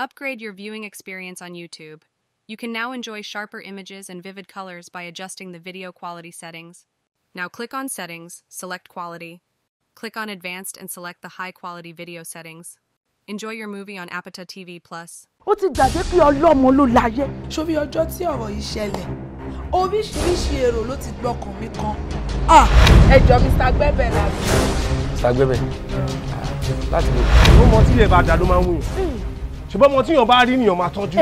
Upgrade your viewing experience on YouTube. You can now enjoy sharper images and vivid colors by adjusting the video quality settings. Now click on Settings, select Quality. Click on Advanced and select the High Quality Video settings. Enjoy your movie on Apata TV+. Plus. Ó ti gbàgbé pé ọlọ́mọ ló láyé. Ṣòbí ọjọ́ tí ọ̀rọ̀ yìí ṣẹlẹ̀, oríṣiríṣi èrò ló ti gbọ́kàn mi kan. Ẹjọ́ Mr. Gbẹ́bẹ̀ làbí. Mr. Gbẹ́bẹ̀ láti lè. Ó mọ tí ilé bá dà ló máa ń ṣùgbọ́n ọmọ tí yàn bá rí nìyàn máa tọ́jú.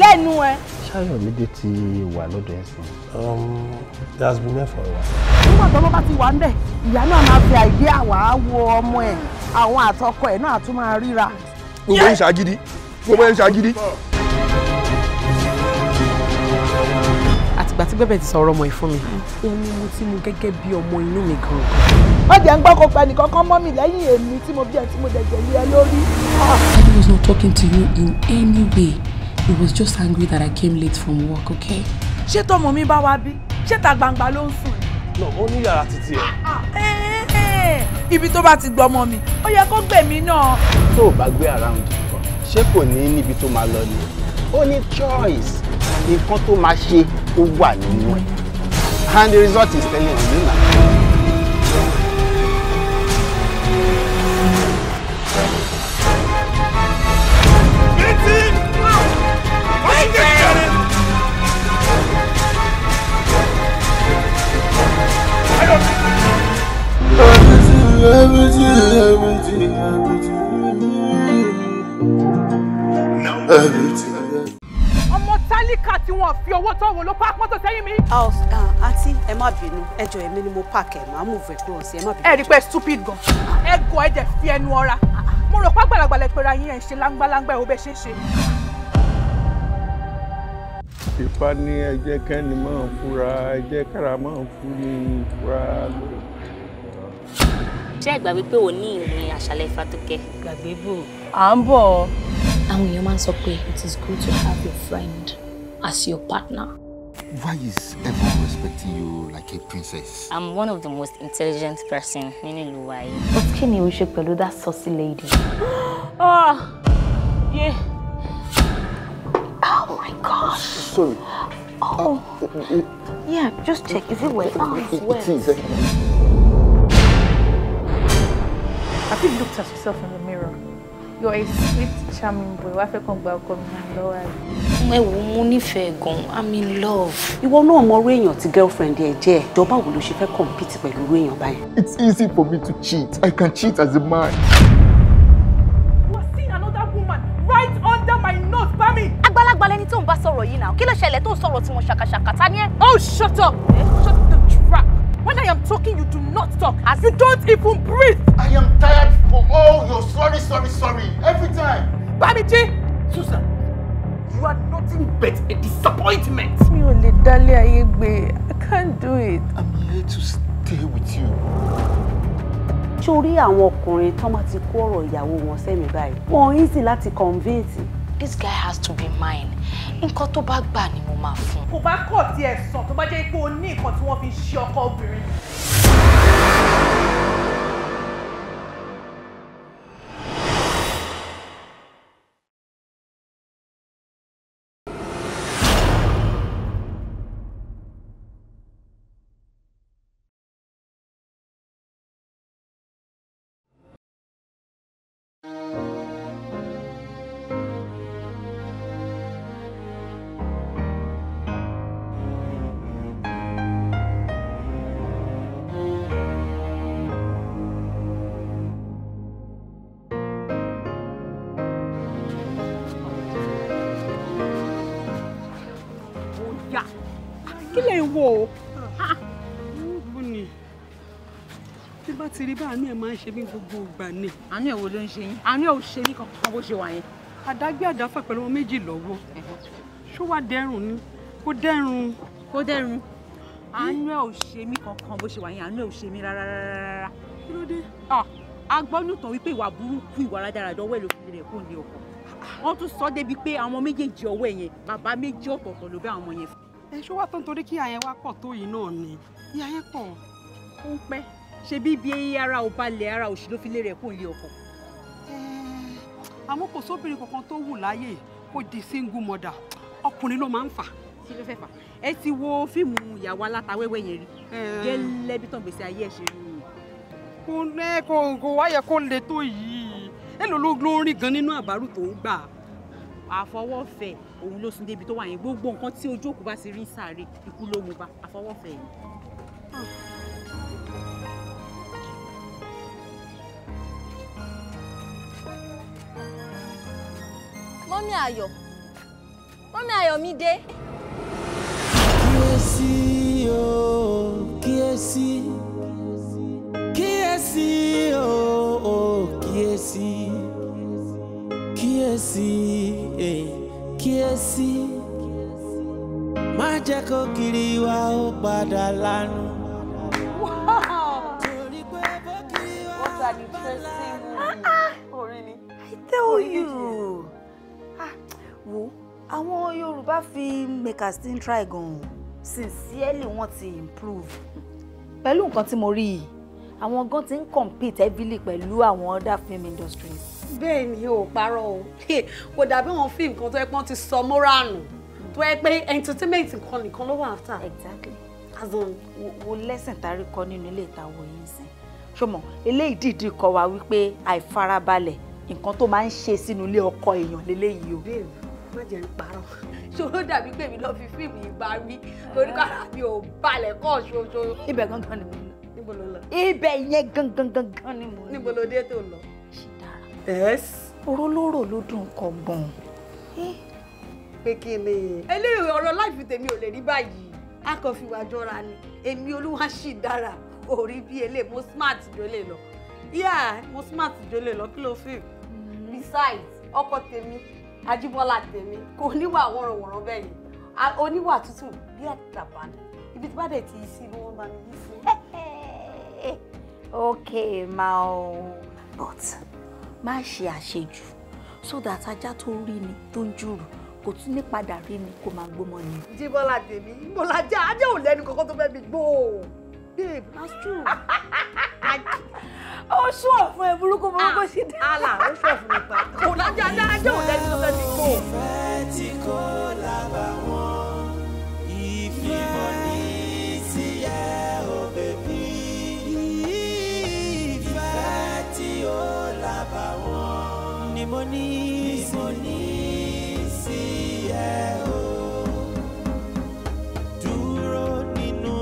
lẹ́nu ẹ. ṣáyọ̀mídé ti wà lọ́dọ̀ ẹ̀ sìn. it um, has been there for a while. nígbà tó ló bá ti wà ń bẹ̀ ìyá náà máa fi àìdí àwa wo ọmọ ẹ̀ àwọn àtọkọ ẹ̀ náà tún máa ríra. gbogbo ń ṣàgídí gbogbo ń ṣàgídí. ìgbà tí bẹ́bẹ̀ ti sọ̀rọ̀ ọmọ yìí fún mi òun ni mo ti mú gẹ́gẹ́ bí ọmọ inú mi gan. má jẹ́ ń gbọ́ kó pa nìkan kán mọ́ mi lẹ́yìn èmi tí mo bí ẹ tí mo dẹ̀jẹ̀ lé ẹ lórí. Daddy was not talking to you in any way he was just angry that I came late from work okay. ṣé tọmọ mi bá wá bí ṣé ta gbangba ló ń sùn. lọ ó ní yàrá títí ẹ. Ah, ah, eh, eh, eh. ibi tó bá ti gbọ́ ọmọ mi ó yẹ kó gbẹ̀mí náà. tó o bá gbé around ṣé kò ní níbi tó máa lọ ni ó ní choice nǹkan tó máa ṣe ó wà nínú ẹ̀ and the result is telling you now. Everything, everything, everything, everything ọmọ tálíkà tí wọn fi owó tọwọ ló pa mọ́tò sẹ́yìn mi. àǹtí ẹ má bínú ẹjọ èmi ni mo pààkì ẹ máa kúrò sí ẹ má bínú. ẹ rí pé stupid gan ẹ gọ ẹ jẹ fi ẹnu ọra mo rò pé àgbàlagbà lẹ pera yín ẹ ń ṣe láńgbáláńgbá ẹ ò bẹ ṣe ṣe. ìfipá ní ẹjẹ kẹ́ni máa ń fura ẹjẹ kára máa ń fún ní ìfura lórí. ṣé ẹ gbàgbé pé òní ìrìn àṣàlẹ̀ Fàtókẹ́. gbàgbé bò à ń bọ̀. And èèyàn man's okay, it is good to have your friend as your partner. Why is everyone respecting you like a princess? I'm one of the most intelligent person nínú ìlú wa yìí. But kí ni o that saucy lady? oh, yeah. Oh my gosh. Sorry. Oh. Uh, yeah, just check. Is it wet? Eh? Oh, it's wet. It is. Have you looked at yourself in the mirror? you are a sweet charming boy wá fẹ́ kàn gba ọkọ mi náà lọ́wọ́ rẹ̀. ẹ wo mo nífẹ̀ẹ́ gan i'm in love. ìwọ náà mọ orú èèyàn tí girlfriend ẹ jẹ́ ìjọba wo ló ṣe fẹ́ compete pẹ̀lú orú èèyàn báyìí. it's easy for me to cheat i can cheat as a man. you are seeing another woman right under my nose bami. àgbàlagbà lẹni tó ń bá sọ̀rọ̀ yìí náà kí ló ṣẹlẹ̀ tó ń sọ̀rọ̀ tí wọ́n ṣàkàṣàkà ta ni ẹ. oh shut up eh, shut the trap. When I am talking, you do not talk. As you don't even breathe. I am tired for all your sorry, sorry, sorry. Every time. Bamiji! Susan, you are nothing but a disappointment. I can't do it. I'm here to stay with you. Sórí and ọkùnrin Tomati Koro, ti kó ọ̀rọ̀ ìyàwó easy sẹ́mi báyìí. convince. This guy has to be mine nǹkan tó bá gbà ni mo máa fún. kò bá kọ̀ tiẹ̀ sàn tó bá jẹ́ pé o ní nǹkan tí wọ́n fi ṣe ọkọ obìnrin. wò ó. bó ni bí bá ti rí bá àánú ẹ máa ń ṣe bí gbogbo ìgbà ni. àánú ẹ wo ló ń ṣe yín àánú ẹ ò ṣe mí kankan bó ṣe wà yẹn. àdágbé àdáfà pẹ̀lú ọmọ méjì lọ́wọ́ ṣó wàá dẹrùn ni kó dẹrùn. kó dẹrùn àánú ẹ ò ṣe mí kankan bó ṣe wà yẹn àánú ẹ ò ṣe mí rárá. kí ló dé. agbọ́nùtàn ah, wípé ìwà burúkú ìwà rádaràdà ọwọ́ ẹ̀ ló fi rẹ̀ kó ní ọkọ̀ wọ́n tún sọ débi pé àwọn méjèèjì ọwọ́ ẹ̀ yẹn bàbá méjì ọ̀tọ̀ọ̀tọ̀ ló bẹ́ àwọn yẹn fún ẹ ṣó wá tó nítorí kí àyẹn wá pọ̀ tó yìí náà ni ìyá yẹn pọ̀. ó ń pẹ́ ṣe bí ibi ara ò balẹ̀ ara òṣì ló fi lé rẹ̀ kó ilé ọkọ. àmọ́ kò sóbìnrin kankan tó wù láyè kó di single mother ọkùnrin ló máa ń fà. kí ló fẹ́ fà ẹ ti wo fíìmù ìyàwó aláta-wẹ́wẹ́ yẹn rí gẹ́lẹ́ bí tán gbèsè ayé ẹ̀ ṣe rí i. kò ní kò wáyẹ kó le tó yìí èlò ló ń rìn gan nínú àbárù tó ń gbà àfọwọ́fẹ́ òun ló sún débi tó wà yẹn gbogbo nǹkan tí ojú òkú bá ti rí sáré ikú ló mú bá àfọwọ́fẹ́ yẹn. Ah. mọ́mí ayọ̀ mọ́mí ayọ̀ mi dé. kíyèsí o kíyèsí kíyèsí o kíyèsí kíyèsí eh, kíyèsí má jẹ́ kó kiri wa ó padà lánàá. What an interesting movie. Ah, oh, ah, really? I tell you. Ah, ah, wo àwọn Yorùbá film makers ti ń try gan-an sincerely wọ́n ti improve pẹ̀lú nǹkan tí mo rí yìí àwọn gan ti ń compete heavily pẹ̀lú àwọn other film industries bẹ́ẹ̀ ni o parọ́ o kò dàbí wọn fíìmù kan tó yẹ pé wọ́n ti sọ mọ́rànù tó yẹ pé entertainment nǹkan nìkan ló wà áfà. exactly as in wo lesson tari kọ nínú ilé ìtawọ yìí sìn ṣọmọ eléyìí dìídì kọ́ wa wípé àìfarabalẹ̀ nǹkan tó máa ń ṣe sínú ilé ọkọ èèyàn lélẹ́yìí o. babe má jẹ́ ń parọ́ ṣòro dàbí pé mi lọ́ọ́ fi fíìmù yìí bá rí torí kára mi ò balẹ̀ kọ́ ṣoṣo. ibẹ̀ gangan ni mo lọ. ibẹ̀ yẹn gangan gangan ni mo lọ. níbo ló dé tó lọ ọ̀rọ̀ lóró ló dùn kọ gbọ̀n. pé kí ni. eléyìí ọ̀rọ̀ láìfi tèmi ò lè rí báyìí a kàn fi wá jọra ni èmi olúwa ṣì dára ò rí bí eléyìí mo smart jọlẹ̀ lọ yíyá mo smart jọlẹ̀ lọ kí ló fi. Mm-hmm. besides ọkọ tèmi ajíbọ́lá tèmi kò níwà wọ̀rọ̀wọ̀rọ̀ bẹ́ẹ̀ yẹn oníwà tútù bí àtàbà ni ibi tí bá dẹ̀ ti sí ni wọ́n máa ń yí sí. okay mao but má ṣe àṣejù so that ajá tó rí ni tó ń jùrù kò tún ní padà rí ni kò máa gbó mọ́ ni. jíbọ́lá tèmi bọ́lá jẹ́ ajá ò lẹ́nu kankan tó fẹ́ẹ́ fi gbó o. babe that's true. ó sún ọ̀fun ẹ̀ burúkú ah, burúkú sí dé. àlà ó sún ọ̀fun mi pa. kò lájà ajá ò lẹ́nu tó fẹ́ẹ́ fi gbó o. mo ní mo ní sí ẹ o dúró nínú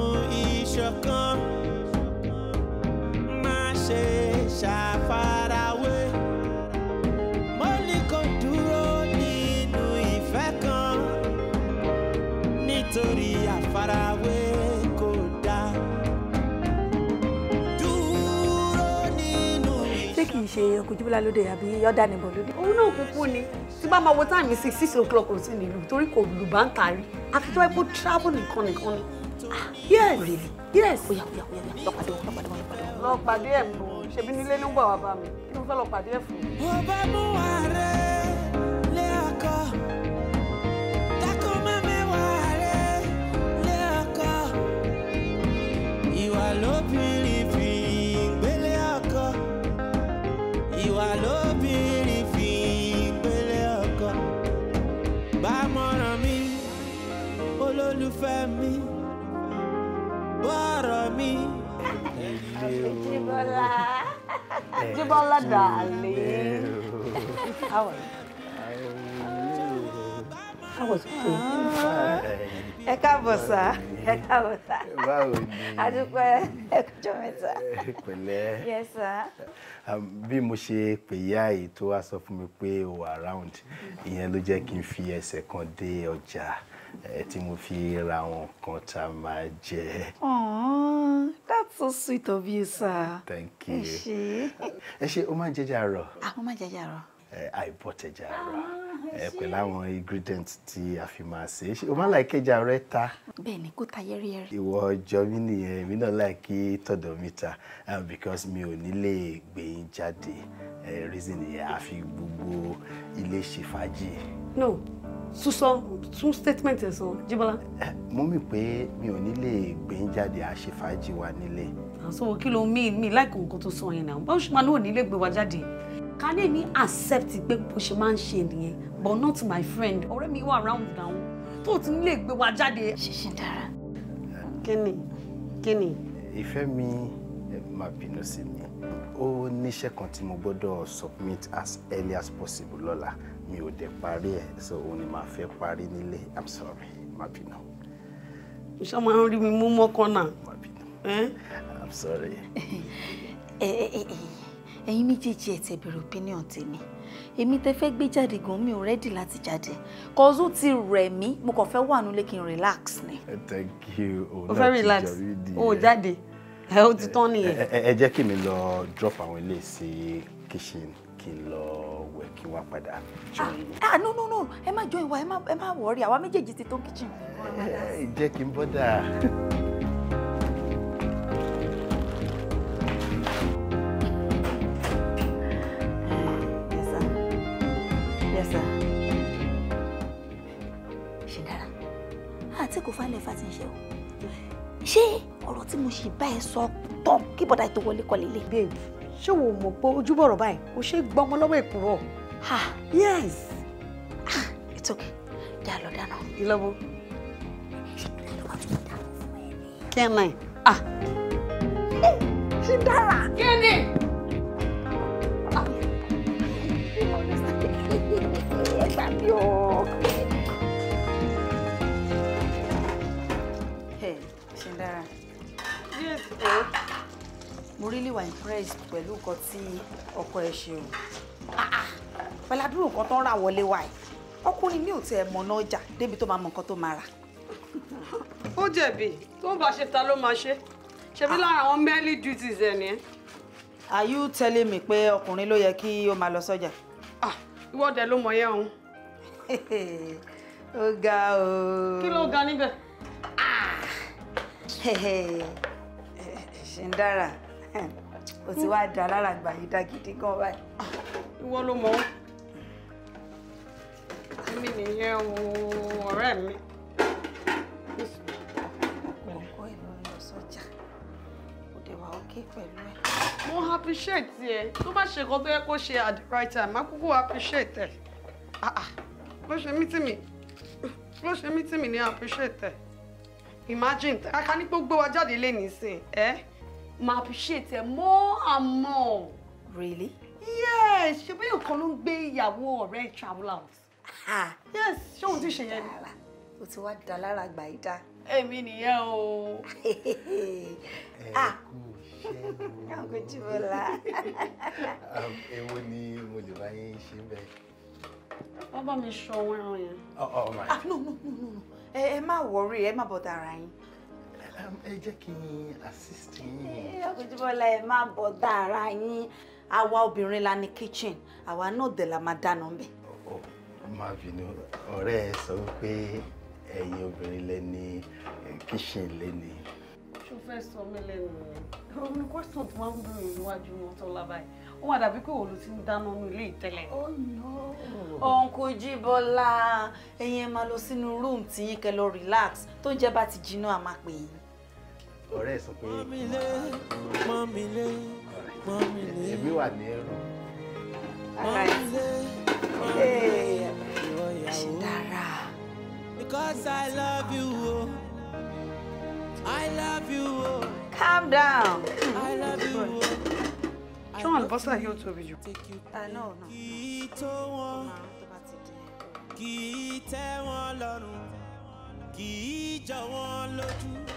ìṣọ̀kan má ṣe ṣáà. ń ṣe okùnjúbílà lóde àbí yọ̀dà nìbọn lóde. òun náà kúkú ni tí bá máa wo táìmì sí six o'clock ò sí nílùú torí kò lù bá ń tàrí àfi tó wáyé kó travel nìkan nìkan ni. Ah, yes yes. oya oya oya lọ́pàdé wọn lọ́pàdé wọn lọ́pàdé wọn. lọ́pàdé ẹ̀ mú ṣebí nílé ló ń bọ̀ wá bá mi kí olólùfẹ́ mi bọ́ọ̀rọ̀ mi. Jibola Jibola darling how are you? How was it? Ah. ẹ káàbọ̀ sá ẹ káàbọ̀ sá báwo ni adúpẹ́ ẹkọjọ mẹ́ta pẹ̀lẹ́ yes sá. Um, bí mo ṣe pè yá èyí tó wá sọ fún mi pé o wà round ìyẹn ló jẹ́ kí n fi ẹsẹ̀ kan dé ọjà. Eh, tí mo fi ra àwọn nǹkan tá a máa jẹ. that's so sweet of you sir. thank you. ẹ ṣé eh, ẹ ṣé o máa jẹjẹ àárọ̀. ah o máa jẹjẹ àárọ̀. Eh, àìbọ̀tẹ̀jà ara ah, ẹ eh, pẹ̀lú àwọn ingredients tí a fi máa ṣe é o máa láì kẹjà rẹ ta. bẹ́ẹ̀ni kó ta yẹrìyẹrì. ìwọ ọjọ́ mi nìyẹn èmi náà láì kí tọ̀dọ̀ mi ta ah, because mi ò nílé gbẹ̀yìn jáde eh, reason yẹn a fi gbogbo ilé ṣe fàájì. no tún sọ tún statement ẹ sọ Jíbọ́lá. mo mì pé mi ò nílé gbẹ̀yìn jáde a ṣe fàájì wa nílé. àṣọ ah, kí ló mean mi láìkó nǹkan tó sọ yẹn náà báwo ṣe máa ní òní lè gbé wa jáde kane mi accept pé bó ṣe máa ń ṣe but not my friend ọ̀rẹ́ mi wà round down tó ti lè gbé wa jáde. ṣìṣìn dára. kíni kíni. ìfẹ́ mi máa bínú sí mi ó níṣẹ́ kan tí mo gbọ́dọ̀ submit as early as possible Lola. mi ò dẹ̀ parí ẹ̀ so òun ni màá fẹ́ parí nílé i'm sorry má bínú. iṣẹ́ máa ń rí mi mú mọ́kànnà. má bínú i'm sorry. Eh, eh, eh, ẹ̀yin méjèèjì ẹ̀ tẹ̀ bẹ̀rẹ̀ tèmi èmi tẹ fẹ́ gbé jáde gan mi ò rẹ́dì láti jáde kọ́sù ti rẹ̀ mí mo kàn fẹ́ wà nílé kí n relax ni. Eh, thank you oh, o fẹ́ relax o jáde ẹ o ti tán nìyẹn. Eh, eh, ẹ jẹ́ kí mi lọ drop àwọn ilé sí kitchen kí n lọ wẹ̀ kí n wá padà join ah, ah no no no ẹ má join wa ẹ má wọrí àwa méjèèjì ti tó kitchen. ẹ jẹ́ kí n bọ́dà. ti ń ṣe o ṣé ọ̀rọ̀ tí mo ṣe bá ẹ sọ tán kí bọ́dà ètò wọlé kọ lélẹ̀. babe ṣé wo mọ̀ pé ojúbọ̀rọ̀ báyìí o ṣe gbọ́ ọmọ lọ́wọ́ èkúrọ̀. ha yes. ah it's okay dá lọ dáná. ìlọ́wọ́. kí ah ṣe dára. kí ni. Ah! ẹ mo really wà impressed pẹ̀lú nǹkan tí ọkọ ẹ ṣe o ah, ah, pẹ̀lú àdúrò nǹkan tó ń rà wọlé wa ẹ̀ ọkùnrin mi ò tiẹ̀ mọ̀nà ọjà débi tó máa mọ nǹkan tó máa rà. ó jẹ̀bi tó ń bá ṣe ta ló máa ṣe ṣebí lára àwọn mẹ́lí duties ẹ̀ nìyẹn. are you telling me pé ọkùnrin ló yẹ kí ó máa lọ sọ́jà. Ah, ìwọ dẹ̀ ló mọ̀ yẹn òun. ó ga o. kí ló ga níbẹ̀ ṣe ń dára o ti wá da lára àgbà yìí dá gidi gan báyìí. ìwọ ló mọ èmi nìyẹn o mi. ọkọ ẹ ló ń lọ sọ́jà ó dé wà ókè ẹ. mo appreciate ẹ tó bá ṣe nǹkan tó yẹ kó ṣe at the right time má kúkú appreciate ẹ ah, ah. bó ṣe mí tì mí bó ṣe mí tì mí ni appreciate ẹ imagine ká ní gbogbo wa jáde lé nìsín ẹ. Eh? máa appreciate ẹ more and more. really. yes She bí nǹkan ló ń your ìyàwó red travel out. yes Show òun ti ṣe yẹn ni. o ti wá da lára àgbà yìí Ah, èmi nìyẹn o. Ah. ẹ kú iṣẹ́ o. àwọn ojú mi la. èwo ni mo lè bá yín ṣe bẹ́ẹ̀. wọ́n bá mi sọ ohun ẹran yẹn. Oh, oh my. ah no no no no ẹ má wọrí ẹ má bọ̀dọ̀ ara yín ẹ jẹ́ kí n assist yín. ojúbọlá ẹ má bọ dára yín àwa obìnrin la ní kitchen àwa náà dẹ̀ la máa dáná mbẹ̀. má bínú ọ̀rẹ́ ẹ sọ pé ẹ̀yin obìnrin lẹ́ni kitchen lẹ́ni. ṣó fẹ́ sọ mí lẹ́nu rẹ̀ omi question tí wọ́n ń bèrè níwájú wọn tó lábàáyé ó wà dàbí pé òòlù ti ń dáná nu ilé ìtẹ́lẹ̀. ọ̀nkò oh, oh. jíbọ́lá ẹ̀yin ẹ̀ máa lọ sínú rúùmù tí yín kẹ́ lọ relax tó ń jẹ́ bá ti jiná a máa pè yín ọ̀rẹ́ sọ pé. mọ̀mílé wà ní ẹrù. because i love you i love you calm down. i love you o. ṣé wọn bọ́sà yóò tóbi jù. àná ọ̀nà. kì í tó wọn kì í tẹ́ wọn lọ́rùn kì í jọ wọn lójú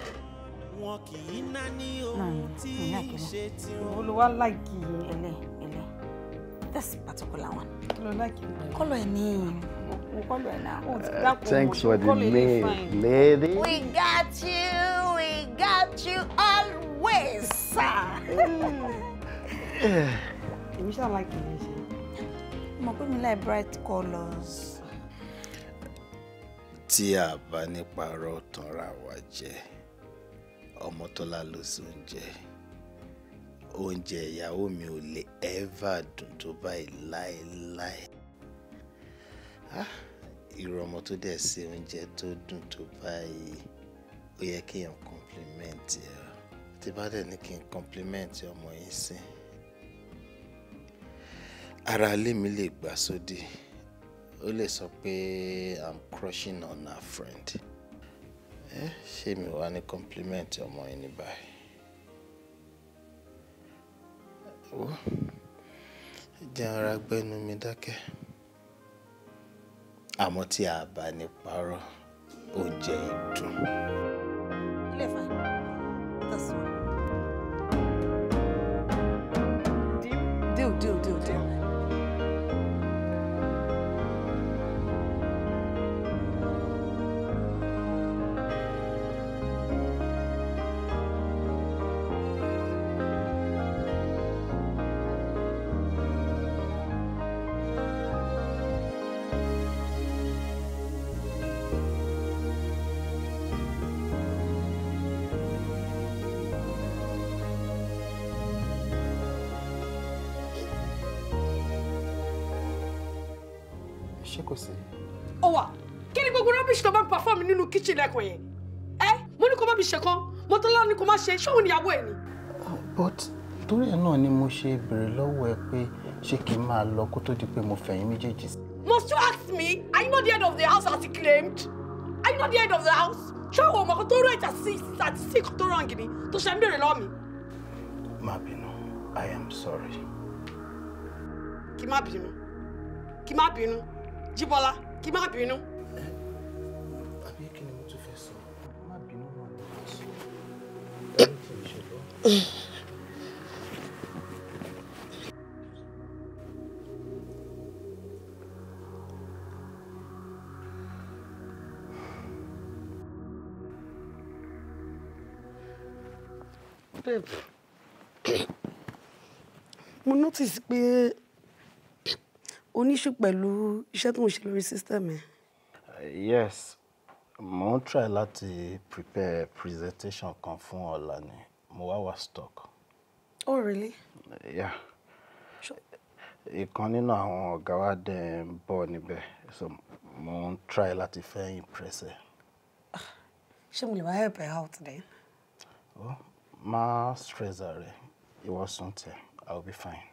wọn kì í ná ní ohun tí í ṣe ti wọn. olùwà láìkì ẹlẹ ẹlẹ this particular one. kí láìkì ẹlẹ. kọ́lọ̀ ẹ̀ ní kọ́lọ̀ ẹ̀ náà. thanks for the mail lady. we got you we got you always sir. èmi ṣáà láìkì ẹlẹ ṣe. mo pè mí láì bright colours. tí a bá ní parọ́ tanra wa jẹ́. Ọmọ́tọ́lá ló se oúnjẹ oúnjẹ ìyàwó mi ò lè ẹ́và dùn tó báyìí láéláé ah, irú ọmọ tó dẹ̀ se oúnjẹ tó dùn tó báyìí ó yẹ kí èèyàn compliment ẹ tí bá dẹ̀ ní kí n compliment ọmọ yín sí ara ilé mi lè gbà sódì ó lè sọ pé I'm crushing on her friend ẹ eh, ṣé mi wá ní compliment ọmọ yìí ní báyìí wo jẹ́ ara gbẹ́nu mi dákẹ́ àmọ́ tí a bá ní parọ́ ó jẹ́ ìdùn. ilé ìfà tẹ̀sán. kò sí. ó kí ni gbogbo rubbish tó bá ń perform nínú kitchen lẹ́kọ̀ọ́ yẹn ẹ mo ní kó má fi ṣe mo tó lọ́ọ́ ni kó má ṣe ṣóun ìyàwó ẹ̀ ni. Ah, but torí ẹ náà ni mo ṣe béèrè lọ́wọ́ ẹ pé ṣé kí n máa lọ kó tó di pé mo fẹ̀yìn méjèèjì sí. must you ask me are you not the head of the house as he claimed are you not the head of the house ṣé àwọn ọmọ kan tó rẹ̀ jà sí àti sí kan tó ràn gidi tó ṣe ń béèrè lọ́ọ̀ mi. má bínú I am sorry. kí má bínú kí má bínú Jíbọ́lá kí má bínú. àbí kí ni mo tún fẹ́ sọ má bínú náà ni mo mo notice pé o ní ṣù pẹ̀lú iṣẹ́ tó ń ṣe lórí system yẹn. yes mo ń try láti prepare presentation kan fún ọ̀la ni mo wá wá stock. oh really. yeah ìkan nínú àwọn ọ̀gá wa dẹ̀ ń bọ̀ níbẹ̀ so mo ń try láti fẹ́ impress ẹ̀. Ah, ṣé mo lè wá help her out then. oh má stress her rẹ ìwọ sùn tẹ i will be fine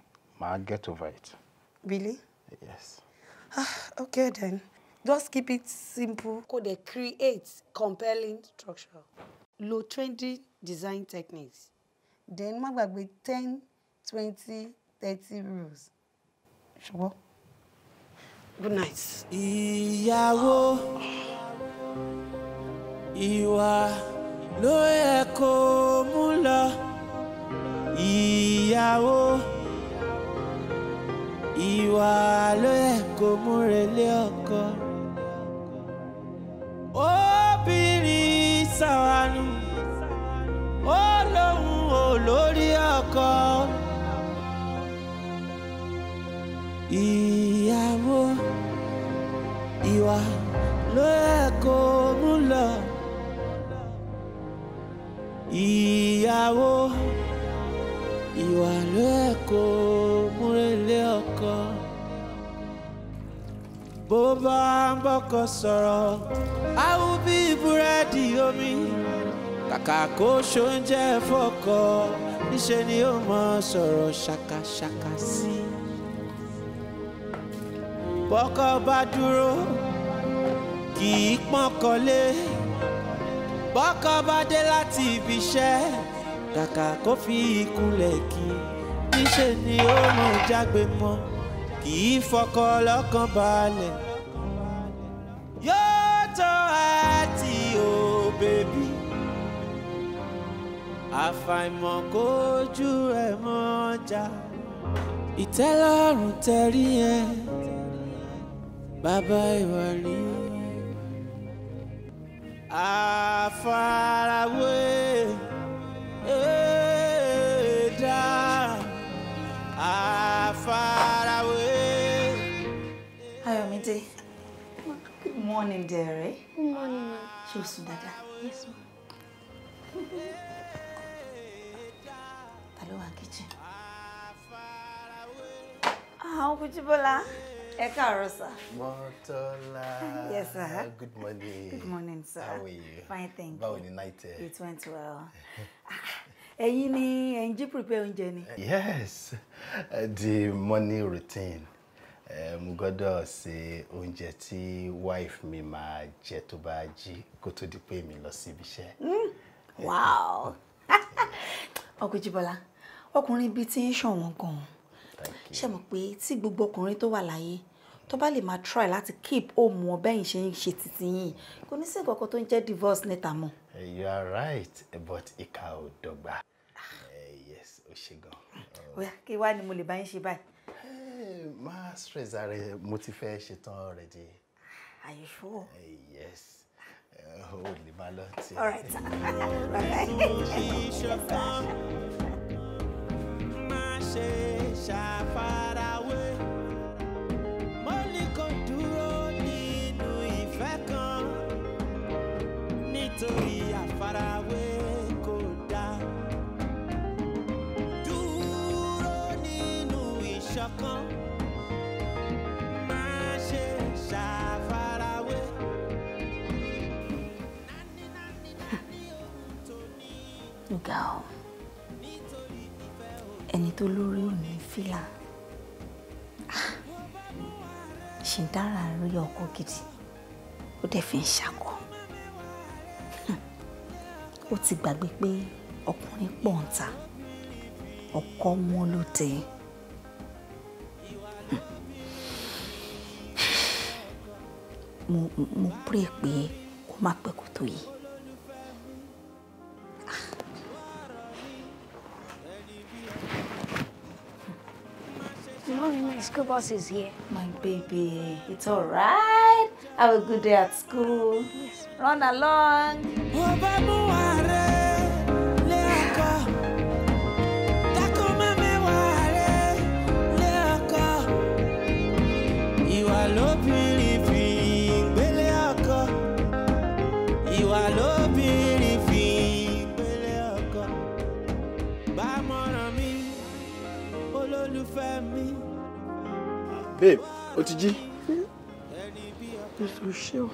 ma get over it. really. Yes. Ah, okay then. Just keep it simple. Kò create compelling structure. Lo trendy design techniques. Then má with ten, twenty, thirty rules. Sure. Good night. Ìyàwó ìwà ló yẹ kó mú lọ ìwà ló yẹ kó múrelé ọkọ obìnrin sàwánú ó lóun ò lórí ọkọ ìyàwó ìwà ló yẹ kó mú lọ ìyàwó ìwà ló yẹ kó. bó bá ń bọ́kọ sọ̀rọ̀ áwù bí búrẹ́dì omi kàkà kó ṣoúnjẹ fọ́kọ níṣẹ́ ni ó máa sọ̀rọ̀ ṣàkàṣàkà sí i bọ́kọ bá dúró kì í pọ́n bọ́kọ bá dé láti ibi iṣẹ́ kàkà kó fi ìkúnlẹ̀ kí níṣẹ́ ni ó máa jágbe mọ́ kì í fọkọ lọ́kàn balẹ̀ yóò tó àti o bèbí àfàìmọ̀ kójú ẹ̀ mọ́jà ìtẹ́lọ́rùn tẹ̀rí ẹ bàbá ìwà rí àfarawé. morning, dearie. Good morning, ma. Show o sùn dáadáa? Yes, ma. Ta ló kitchen? How ah, Uncle you Ẹ káàárọ̀ sir. Motola. Yes, sir. Good morning. Good morning, sir. How are you? Fine, thank you. How was the night It went well. Ẹ̀yin ni ẹ̀ ń prepare oúnjẹ ni. Yes, the morning routine mo gbọ́dọ̀ ṣe oúnjẹ tí wife mi máa jẹ tó bá jí kó tó di pé mi lọ síbi iṣẹ́. Hmm, wow ọkùnrin Jíbọ́lá ọkùnrin bíi ti ń ṣọ̀wọ́n gan-an ṣe mọ̀ pé tí gbogbo ọkùnrin tó wà láyé tó bá lè máa try láti keep home wọn bẹ́yìn ṣe ń ṣe títí yìí kò ní sí nǹkan kan tó ń jẹ́ divorce níta mọ́. Eh, you are right but ìkà ò dọ́gba ah. eh, yes ó ṣe gan. kí wàá ni mo lè bá yín ṣe báyìí má stress rẹ mo ti fẹ́ ṣetán already. Are you sure? yes. Ó lè máa lọ tí. All right. ga ọ ẹni tó lórí òní fìlà ah, ṣì ń dára rí ọkọ gidi ó dẹ̀ fi ń ṣàkọ hmm. ó ti gbàgbé pé ọkùnrin pọ̀ ń ta ọkọ wọn ló tẹ hmm. mo pray pé kó má pẹ́ kó tó yìí. school bus is here. My baby, it's all right. Have a good day at school. Yes. Run along. jí èso ṣe o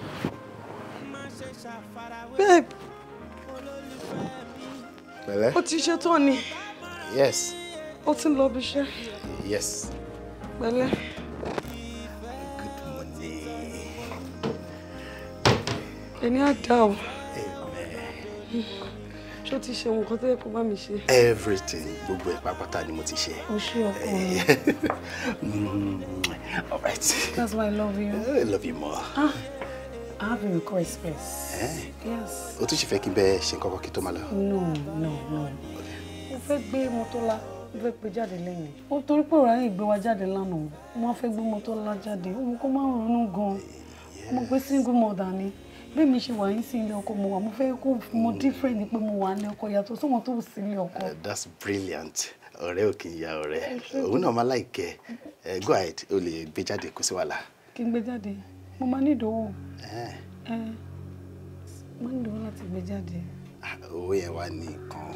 babe pẹ̀lẹ́ o ti ṣe tán ni yes o ti ń lọ bí iṣẹ́ yes pẹ̀lẹ́. good morning. ẹni á dá o. amen. Mm ṣó ti ṣe nǹkan tó yẹ kó bá mi ṣe. everything gbogbo ẹ pápátá ni mo ti ṣe. o ṣe ọkọ eh, mm, rẹ. that's why i love you. Eh, i love you more. Ah, I have a request first. Eh? Yes. O tún ṣe fẹ́ kí n bẹ ṣe nǹkan kan kí tó máa lọ? No, no, no. Mo fẹ́ gbé Mọ́tọ́lá mo fẹ́ pe jáde lẹ́yìn. Ó torí pé òrà yìí gbé wa jáde lánàá. Mo fẹ́ gbé Mọ́tọ́lá jáde. Ó mú kó má ronú gan-an. Eh, mo gbé single mother ni bí mi ṣe wà ní sí ọkọ mo wà mo fẹ́ kó mo mm. different pé mo wà ní ọkọ yàtọ̀ sóhun tó sí ilé ọkọ. Eh, that's brilliant ọ̀rẹ́ ò kì í ya ọ̀rẹ́ òun náà máa láìkẹ́ ẹ eh, go ahead o lè gbé jáde kó sí wàhálà. kí n gbé jáde mo máa ní ìdánwò máa ń lò láti gbé jáde. Ah, owó yẹn wá ní nǹkan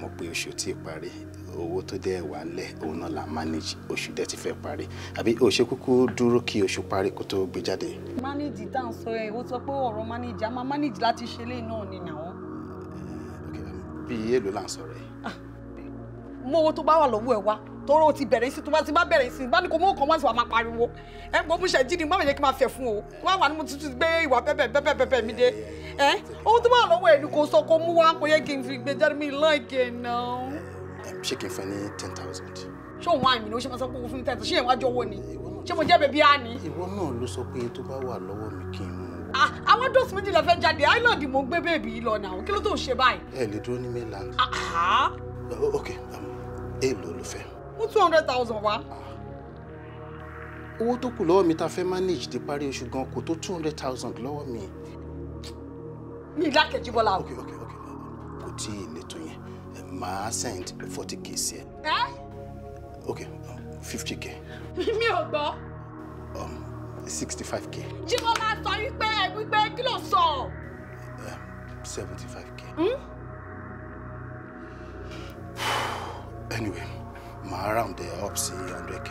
mọ̀ pé oṣù tí ì parí owó tó dẹ̀ wà lẹ̀ òun náà la manage oṣù dẹ̀ ti fẹ́ parí àbí o ṣe kúkú dúró kí oṣù parí kó tó gbé jáde. manage tá à ń sọ ẹ o sọ pé ọ̀rọ̀ manage a máa manage láti ṣe lé náà ni nàá. bí èlò là ń sọ̀rọ̀ ẹ. Ah, mú owó tó bá wà lọ́wọ́ ẹ wá tọrọ ti bẹ̀rẹ̀ sí tí bá bẹ̀rẹ̀ sí bá ní kò mú nǹkan wá sí wa máa pariwo ẹ gbọ́ mo ṣe jí ni báwo yẹ kí n máa fẹ́ fún o wá wà ní mo tuntun gbé ìwà bẹ́bẹ̀ bẹ́bẹ̀ bẹ́bẹ̀ mi dé ẹ ohun tó bá wà lọ́wọ́ ẹ ni kò sọ kó mú wá kó yẹ kí n fi gbé jáde mi láìkè náà. I'm shaking. n any ẹ ní ten thousand. ṣé òun àmì ló ṣe máa sọ pé òun fún mi ten thousand ṣé ìwájú owó ni ṣé mo jẹ́ bèbí àní. ìwọ náà ló sọ pé tó bá wà lọ́wọ́ mi kí n mú un. Ah, àwọn dọ́sì méjì lọ fẹ́ jáde island mo gbé bèbí lọ náà kí ló tó ń ṣe báyìí. ẹ lè dúró ní mainland. Ah, ah. ok èèlò um, ló fẹ́. mú two hundred thousand wá. owó tó kù lọ́wọ́ mi ta fẹ́ manage di parí oṣù gan kò to two hundred thousand lọ́wọ́ mi. mi ìdákẹ́jì bọ́lá o. ok Okay, okay, um, kò tí ì lè tó màá send forty k sí ẹ. ẹ. ok fifty k. mi ò gbọ́. Um, sixty five k. jíwọ́ máa sọ wípé wípé kí ló sọ. Um, seventy five k. Hmm? anyway màá round the up sí hundred k.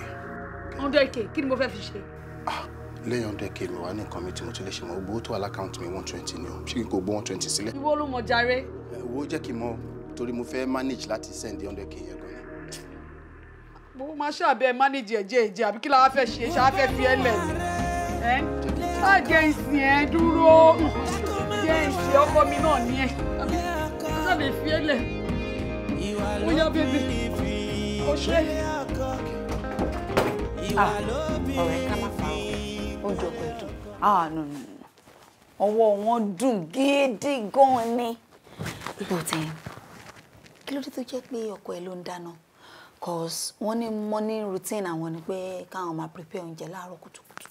hundred k kí ni mo fẹ́ fi ṣe. ah lẹ́yìn hundred k mi wà ní nǹkan mi tí mo ti lè ṣe mọ́ owó tó wà lákàntì mi one twenty ni o ṣé kí n kò gbọ́ one twenty sílẹ̀. ìwọ ló mọ jàre. ẹ jẹ́ kí n mọ torí mo fẹ́ manage láti send hundred k yẹn gan-an. mo máa ṣàbẹ̀ manage ẹ̀jẹ̀ ẹ̀jẹ̀ àbí kí la wá fẹ́ ṣe ṣáá fẹ́ fi ẹ́ lẹ̀ ẹ́ á jẹ́ ìsìn ẹ̀ dúró jẹ́ ìsìn ọkọ mi náà ní ẹ̀ àbí ṣàbẹ̀ fi ẹ́ lẹ̀ ó yá bébí ó ṣe. Ah, ọ̀rẹ́ ká má pa ó dọ̀gbẹ́ dùn. ah no no ọwọ́ wọn dùn gidi gan-an ni. but kí ló dé tó jẹ́ pé ọkọ ẹ̀ ló ń dáná cause wọ́n ní morning routine àwọn ni pé káwọn máa prepare oúnjẹ láàárọ̀ kùtùkùtù.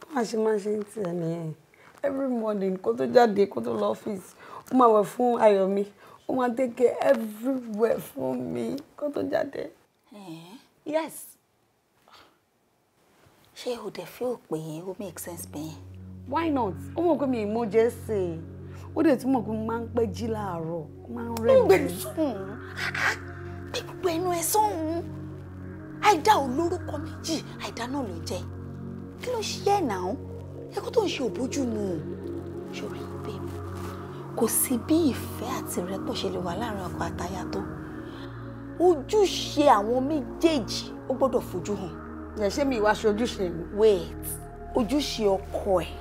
bó wàá ṣe máa ṣe ń tiẹ̀ nìyẹn every morning kó tó jáde kó tó lọ ọ́fíìsì ó máa wẹ̀ fún ayọ̀ mi ó máa take care everywhere fún mi kó tó jáde. yes ṣé o dẹ̀ feel pé ó make sense bẹ́ẹ̀. why not ó mọ̀ pé mi ì mú jẹ́ sí i ó dẹ̀ túmọ̀ pé mo máa ń pẹ́ jí láàárọ̀ máa ń rẹ̀ mí. ń gbẹ̀lú gbogbo ẹnu ẹ sóhun àìdá olórúkọ méjì àìdá náà ló jẹ kí ló ṣe ẹ̀ náà ẹ̀kọ́ tó ń ṣe òbójú mu ṣòrí bẹ́ẹ̀ kò sí bí ìfẹ́ àti ìrẹ́pọ̀ ṣe lè wà láàrin ọkọ àtaya tó ojúṣe àwọn méjèèjì ó gbọ́dọ̀ fojú hàn. yẹ̀ṣẹ́ mi ìwà ṣe mi. wait ojúṣe ọkọ ẹ̀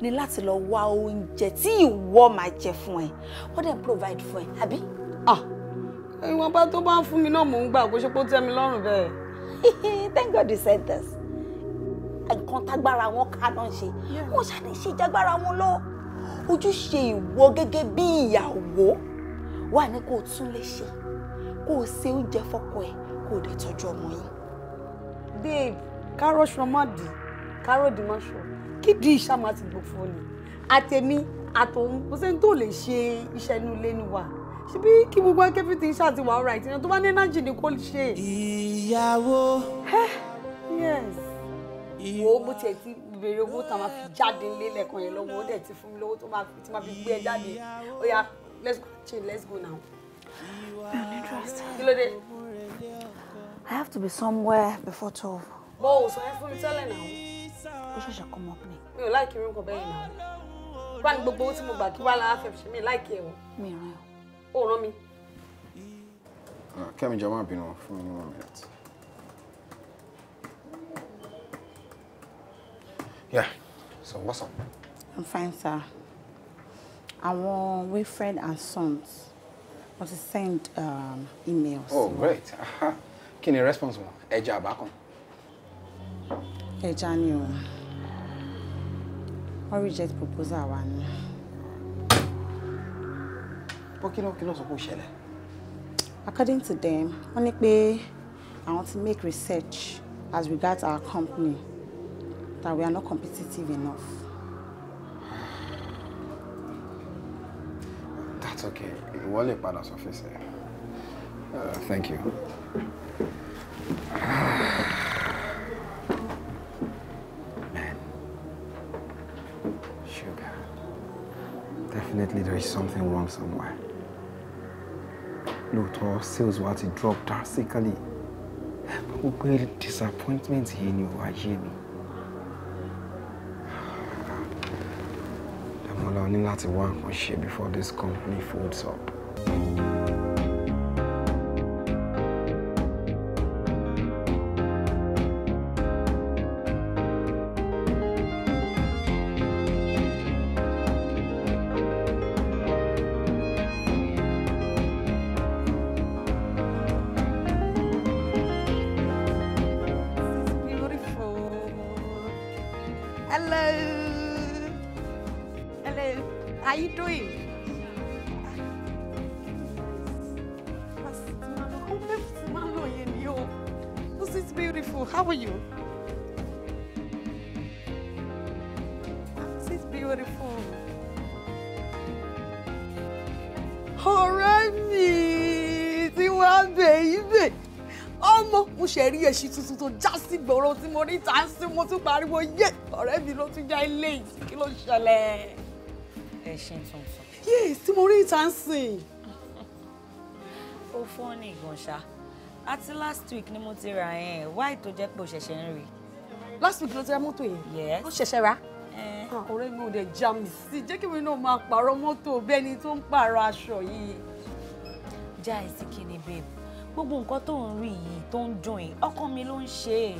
ni láti lọ wá oúnjẹ tí ìwọ máa jẹ fún ẹ wọ́n dẹ̀ provide fún ẹ àbí. Ah, ìwọ̀nba tó bá ń fún mi náà mò ń gbà kó ṣe pé tẹ́ mi lọ́rùn bẹ́ẹ̀. Thank God you said this nǹkan tágbára wọn kaná ṣe wọn ṣàdé ṣe jágbára wọn lọ ojúṣe ìwọ gẹ́gẹ́ bí ìyàwó wà ní kó o tún lè ṣe kó o ṣe oúnjẹ fọ́kọ ẹ kó o dẹ̀ tọ́jú ọmọ yín. babe kárọ̀ṣọ́ má dì má ṣọ́ kídìí ìṣàmù àti gbòfò ni àtẹ̀mí àtòun kò sẹ́ni tó lè ṣe iṣẹ́ inú ilé ni wà ṣebí kí gbogbo akẹ́fì ti ń ṣàtiwà ọ̀rọ̀ àìtí tó bá ní ẹnájì ni kò ṣe. ìyàwó. yes. ìwọ mo tiẹ̀ ti béèrè owó tá a máa fi jáde nílé lẹ́ẹ̀kan yẹn lọ́wọ́ ó dẹ̀ ti fún mi lówó tó máa ti máa fi gbé ẹ jáde ó yá let's go chill let's go now. mi I have to be somewhere before twelve. bọ́ọ̀ sọ ẹ fún mi tẹ́lẹ̀ náà. ó ṣẹ̀ṣẹ̀ come up mi ò láìkí irú nǹkan bẹ́ẹ̀ náà wá ní gbogbo owó tí mo gbà kí wá lára fẹ́ ṣe mí láìkí ẹ̀ o. mi ràn ọ́ ò rán mi. Ah, kẹ́mi jọ máa bínú fún mi ní one minute. yeah so what's up. i'm fine sir àwọn Wilfred and Sons wọ́n ti send um, emails. oh great kí ni response wọn ẹja àbá kan. ẹja ni o wọ́n reject proposal wa ni. wọ́n kí ló kí ló sọ pé ó ṣẹlẹ̀. according to them wọ́n ní pé àwọn ti make research as regards our company that we are not competitive enough. that's okay ìwọ lè padà sọ fèsì uh, thank you. there is something wrong somewhere. Lóòótọ́ sales wa ti drop drastically. great disappointment he knew wàá yé mi. Dàmọ́lá o ní láti wá nǹkan ṣe before this company folds up. ń ṣọlẹ̀. ẹ ṣe ń tuntun. yéè tí mo rí ìta ń sìn. ó fún ní ìgànṣá àti last week ni mo ti rà yẹn wáì tó jẹ́ pé o ṣẹ̀ṣẹ̀ ń rí. last week ló ti ra mọ́tò yẹn. Yes, ó ṣẹ̀ṣẹ̀ rà ọ̀rẹ́ eh. ah, mi ò dẹ̀ já mi sí jẹ́ kí mi náà máa pààrọ̀ mọ́tò bẹ́ẹ̀ ni tó ń pààrọ̀ aṣọ yìí. já sí kí ni babe gbogbo nǹkan tó ń rí yìí tó ń dùn yìí ọkàn mi ló ń ṣe é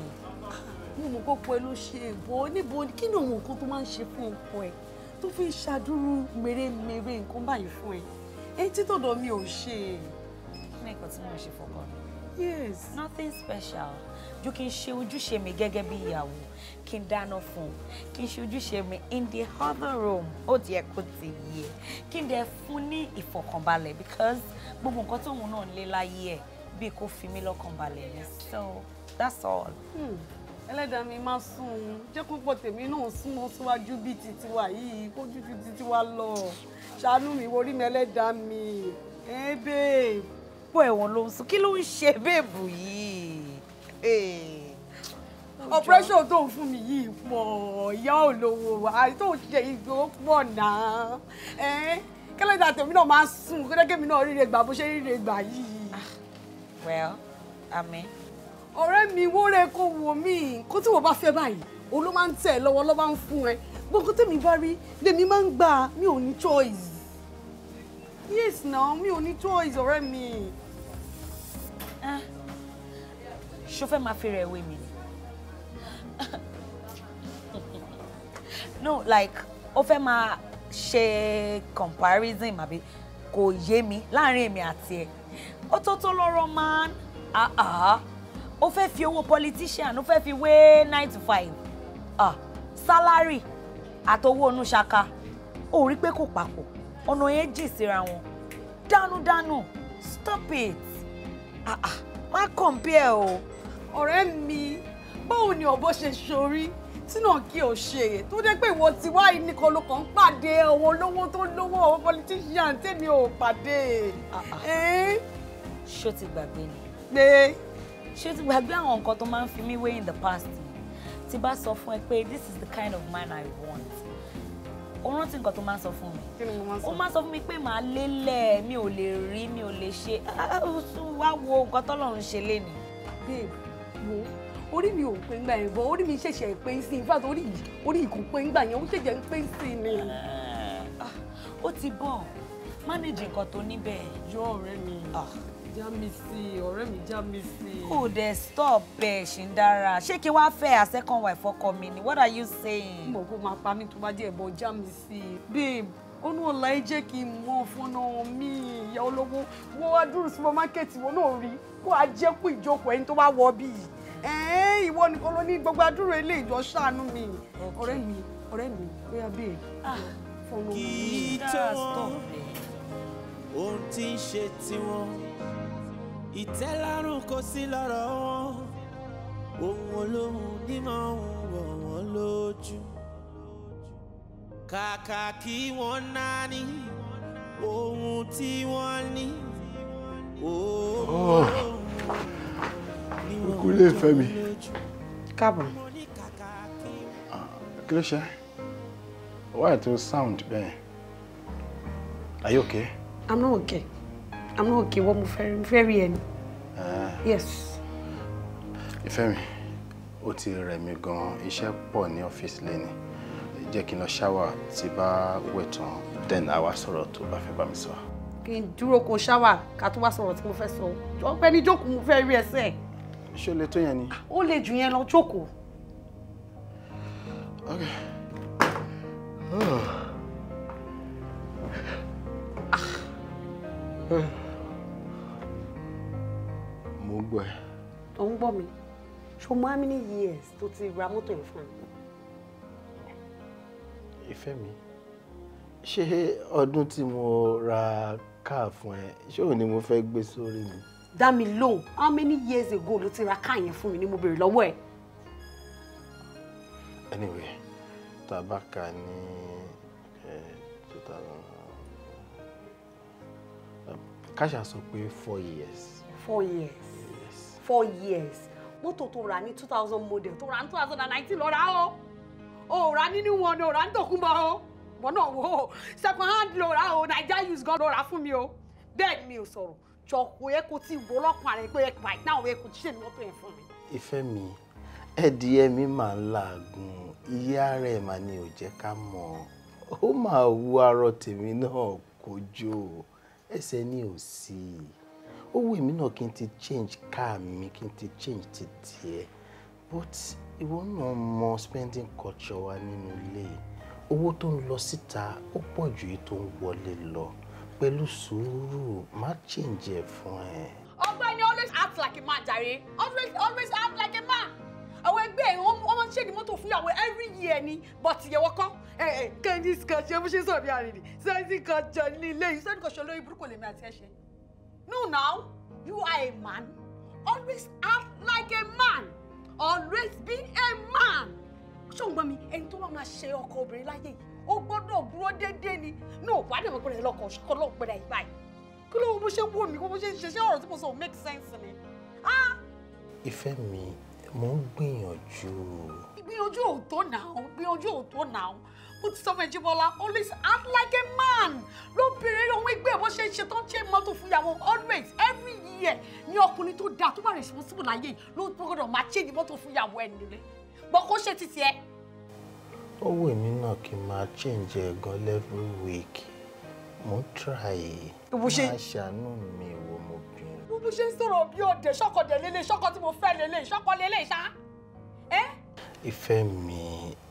mo mọ̀ kó pẹ́ ló ṣe èbó níbo kí ni òun nǹkan tó máa ń ṣe fún ọkọ ẹ̀ tó fi ń ṣàdúró mèremère nǹkan báyìí fún ẹ̀ èyí tí mi ò ṣe. kí ni nǹkan tí mo ṣe fọkàn mi. yes. nothing special ju kí n ṣe ojúṣe mi gẹ́gẹ́ bí ìyàwó kí n dáná fún un kí n ṣe ojúṣe mi in the other room ó di ẹ kó ti yẹ kí n dẹ fún ní ìfọ̀kànbalẹ̀ because gbogbo nǹkan tóun náà ń lé láyé ẹ̀ bíi kó fi mí lọ́kàn ni so that's all. Hmm ẹlẹ́dàá mi má sùn jẹ́ kó pọ̀ tèmi náà súnmọ́ síwájú bíi titi wa yìí kójú ju titi wa lọ ṣàánú mi worí mi ẹlẹ́dàá mi ẹ babe. pọ̀ ẹ̀wọ̀n ló ń sùn kí ló ń ṣe bẹ́ẹ̀bù yìí operation tó ń fún mi yìí pọ̀ ìyá olówó àti tó ń ṣe ìgbó pọ̀ náà kẹlẹ́dà tèmi náà máa sùn kẹ́lẹ́kẹ́mi náà ríre gbà bó ṣe ríre gbà yìí. Ah, well àmín. I mean ọ̀rẹ́ mi wóore kò wò mí kó tí wọ́n bá fẹ́ báyìí òun ló máa ń tẹ̀ lọ́wọ́ ló máa ń fún ẹ gbogbo tèmi bá rí lèmi máa ń gbà mi ò ní choice yes náà mi ò ní choice ọ̀rẹ́ mi. ṣó fẹ́ máa fi rẹ̀ wé mi no like ó fẹ́ máa ṣe comparison àbí kò yé mi láàrin èmi àti ẹ̀ ó tó tó lọ́rọ̀ man. Uh -uh ó fẹ́ fi owó politician ó fẹ́ fi wé nine to five ah salary àtowó onú ṣaka ó rí pé kò papọ̀ ọ̀nà yẹn jì síra wọn dánúdánú stop it ah ah má compare o. ọ̀rẹ́ mi báwo ni ọ̀bọ ṣe ṣorí tínà kí o ṣe é tó jẹ́ pé ìwọ ti wá nìkan ń pàdé àwọn olówó tó lówó àwọn politician tèmi ò pàdé. ṣó ti gbàgbé ni. pé ṣé o ti gbàgbé àwọn nǹkan tó máa ń fi mí wé in the past tí bá sọ fún ẹ pé this is the kind of man I want ó rántí nǹkan tó máa ń sọ fún mi ó máa ń sọ fún mi pé màá lélẹ̀ mi ò lè rí mi ò lè ṣe wá wo nǹkan tọ́lọ́run ṣe lénìí. babe wo orí mi ò pé ń gbà yẹn bọ orí mi ṣẹ̀ṣẹ̀ pé ń sìn in fact orí orí kò pé ń gbà yẹn ó ṣẹ̀ṣẹ̀ pé ń sìn ni. Ah, ó ti bọ̀ manage nǹkan tó níbẹ̀. yọ ọ̀rẹ́ mi. Ah. Jamisi, ọ̀rẹ́ stop ẹ̀ ṣì ń dára. Ṣé kí a second wife for coming. What are you saying? Mo kò máa pa mí to bá jẹ́ ẹ̀bọ Jamisi. Babe, ọ̀nà ọ̀la ẹ jẹ́ kí n mọ fọ́nà mi ìyá olówó. Wo wá dúró supermarket wo náà rí kó a jẹ́ kó ìjókòó ẹni tó bá wọ bí yìí. Ẹ̀ẹ́n ìwọ nìkan ló ní gbogbo adúrò ilé ìjọ ṣàánú mi. Ọ̀rẹ́ mi, ọ̀rẹ́ mi, bóyá babe, ah. fọ́nà mi. Kì í stop wọn, ohun tí ń ṣe tiwọn. ìtẹ́lárùn kò sí lọ́rọ̀ wọn ohun olóhùn nímọ̀ ń wọ̀ wọ́n lójú kàkà kí wọ́n ni. ohun tí wọ́n ní ohun oh. ní wọ́n kú lè fẹ́ mi. káàbọ̀. kí ló ṣe wáyà tó sound bẹ́ẹ̀ are you okay? I'm not okay. I'm not okay. What fẹ́ rí mo fẹ́ rí ah. yes. ìfẹ́ mi ó ti rẹ̀ mí gan-an iṣẹ́ pọ̀ ní ọ́fíìsì lẹ́ni jẹ́ kí n lọ ṣáwà tí then àwa sọ̀rọ̀ tó bá fẹ́ bá mi sọ. kí n dúró kó ṣáwà ká tó wá sọ̀rọ̀ tí mo fẹ́ you ọpẹ́ ní jókòó mo fẹ́ rí ẹsẹ̀. ṣé o lè tó yẹn okay. Oh. Ah. Uh mo ń gbọ́ ẹ. ò ń gbọ́ mi ṣo mọ how many years tó ti ra mọ́tò yẹn fún mi. ìfẹ́ mi ṣé ọdún tí mo ra káà fún ẹ ṣé òun ni mo fẹ́ gbé sórí mi. dá mi lóhùn how many years ago ló ti ra káà yẹn fún mi ni mo béèrè lọ́wọ́ ẹ. anyway tabaka ní two thousand kasha sọ pé four years. four years four years mọ́tò tó rà ní two thousand model tó rà ní two thousand and nineteen lọ rà o ò rà ní new one o rà ní tòkunbọ̀ o wọn náà wò ó second hand lọ rà o naija use gan lọ rà fún mi o bẹ́ẹ̀ mi ò sọ̀rọ̀ jọ̀kọ̀ ẹ kò tí ì wọ ọlọ́pàá rẹ pé right now ẹ kò tí ṣe ní mọ́tò yẹn fún mi. ìfẹ́ mi ẹ̀dìẹ mi máa ń làágùn iye ara ẹ̀ máa ní ò jẹ́ ká mọ̀ ó máa wú arọ tèmi náà kójó ẹsẹ̀ ní òsì. ó wù mí náà kí n ti change car mi kí n ti change ti tiẹ̀ but ìwọ náà mọ spending culture wa nínú ilé owó tó ń lọ síta ó pọ̀ ju èyí tó ń wọlé lọ pẹ̀lú sùúrù má change ẹ̀ fún ẹ. ọ̀gbẹ́ni always act like a man jare always always act like a man àwọn ẹgbẹ́ ẹ̀ wọ́n máa ń ṣèdí mọ́tò fún ìyàwó every year ni but ìyẹ̀wò kan kẹ́ndí kan ṣe bó ṣe sọ̀rọ̀ bí arìnrìn sẹ́ńtì kan jọ nílé yìí sẹ́ńtì kan ṣe olórí burúkú lèmi àti ẹ̀ṣẹ̀. No, now, you are a man. Always act like a man. Always be a man. Ṣọ́ngbọ́n mi, ẹni tó máa ṣe ọkọ obìnrin láyé yìí, ó gbọ́dọ̀ dúró déédéé ni. Ní òpá dẹ̀ wọ́n pẹ̀lẹ́ lọ́kọ̀ ṣọ́kọ́ lọ́wọ́ pẹ̀lẹ́ yìí báyìí. Kí ló bó ṣe ń wò mí, bó ṣe ń ṣe ṣé ọ̀rọ̀ tí mo sọ make sense ni? Ìfẹ́ mi, mò ń gbìyànjú. Gbìyànjú òótọ́ náà, gbìyànjú òótọ́ náà ó ti sọ fún Ẹjíbọ́lá always act like a man lóbìnrin lòun gbé bó ṣe ṣe tó ń ṣe mọ́tò fún ìyàwó always every year ní ọkùnrin tó dáa tó bá responsible láyé ló ń gbọ́dọ̀ máa ṣe ní mọ́tò fún ìyàwó ẹni rẹ gbọ́ kó ṣe títí ẹ. ó wù mí náà kí n máa change ẹ̀gan every week mo ń try máa ṣàánú mi wo mo bí. bó ṣe ń sọ̀rọ̀ bí ọ̀dẹ̀ ṣọ́kọ̀dẹ̀ lélẹ̀ ṣọ́kọ̀ tí mo fẹ́ lélẹ̀ ṣọ́kọ̀ lélẹ̀ ṣá. ìfẹ́ mi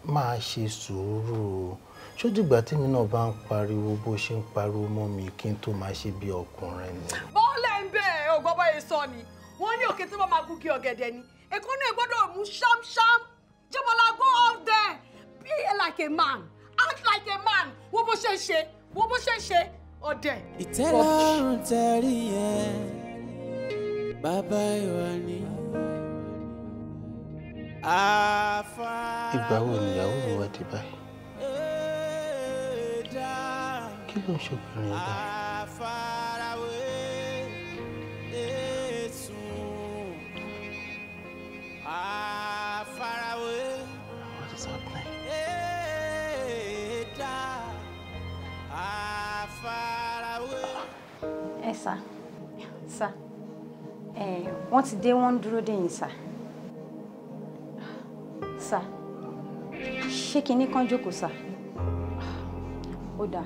máa ṣe sùúrù o ṣódìgbà tèmi náà bá ń pariwo bó ṣe ń pariwo mọ́ mi kí n tó máa ṣe bí ọkùnrin ni. bọ́ọ̀lẹ̀ ń bẹ̀ ọ̀gbọ́bọ̀ yìí sọ ni wọ́n ní òkè tí wọ́n máa kú kí ọ̀gẹ̀dẹ̀ ni èkó náà gbọ́dọ̀ mú ṣámṣám jẹ́bọ́lá go out there be like a man act like a man wo bó ṣe ṣe wo bó ṣe ṣe ọ̀dẹ̀. ìtẹ́lọ́rùn tẹ̀rí yẹn bàbá ìwà ni ìgbà wo nìyàwó mi wá dé báyìí kí ló ń ṣòbìnrin yìí báyìí. What is happening? ẹ sá sá ẹ wọ́n ti dé wọ́n ń dúró dè sá sà ṣé kinní kan jókòó sà ó dáa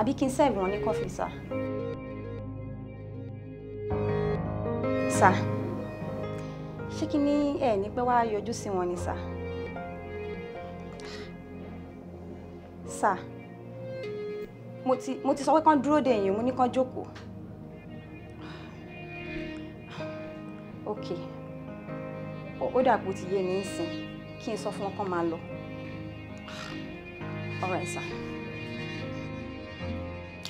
àbí kí n sẹ́ẹ̀bù wọn ní kọ́fì sà. sà ṣé kinní ẹ̀ ní pẹ́ wá yọjú sí wọn ni sà. sà mo ti mo ti sọ pé kán dúró de yín mo ní kán jókòó. okay ó dàgbò ti yé mi sìn kí n sọ fún wọn kán máa lọ alright sir.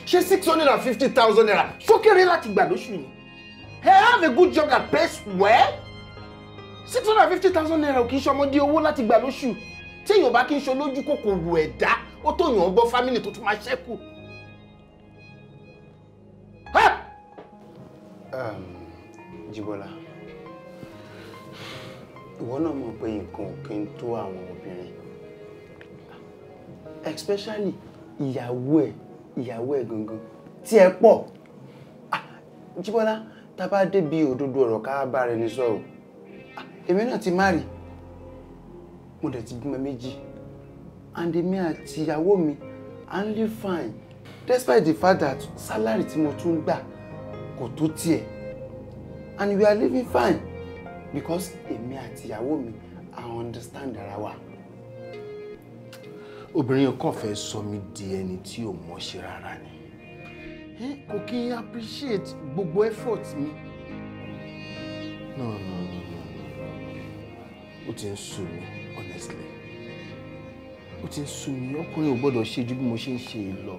ṣé six hundred and fifty thousand naira sókèrè láti gbà lóṣù yìí have a good job that pays well six hundred and fifty thousand naira ò kì í ṣọmọdé owó láti gbà lóṣù tí èèyàn bá kí n ṣe lójú kòkòrò ẹ̀dá ó tó yàn án bọ́ fámìlì tó tún máa ṣẹ́kù. Um, Jíbọ́lá ìwọ náà mọ̀ pé nǹkan ò kí n tó àwọn obìnrin especially ìyàwó ẹ̀ ìyàwó ẹ̀ gangan tí ẹ pọ̀ ah, Jíbọ́lá tá a bá débi òdodo ọ̀rọ̀ ká bá rẹ ní sọ̀rọ̀ ah, èmi náà ti má rí mo dẹ̀ ti bímọ méjì and èmi àti ìyàwó mi à ń live fine despite the fact that salary tí mo tún gbà kò tó tiẹ̀ and we are living fine because èmi àtìyàwó mi i understand ara wa. obìnrin kan fẹ́ sọ mí di ẹni tí ò mọ̀ṣe rárá ni kò kí n appreciate gbogbo effort mi. no no no no ó ti ń sú mi honestly ó ti ń sú mi ọkùnrin ò gbọ́dọ̀ ṣe ju bí mo ṣe ń ṣe é lọ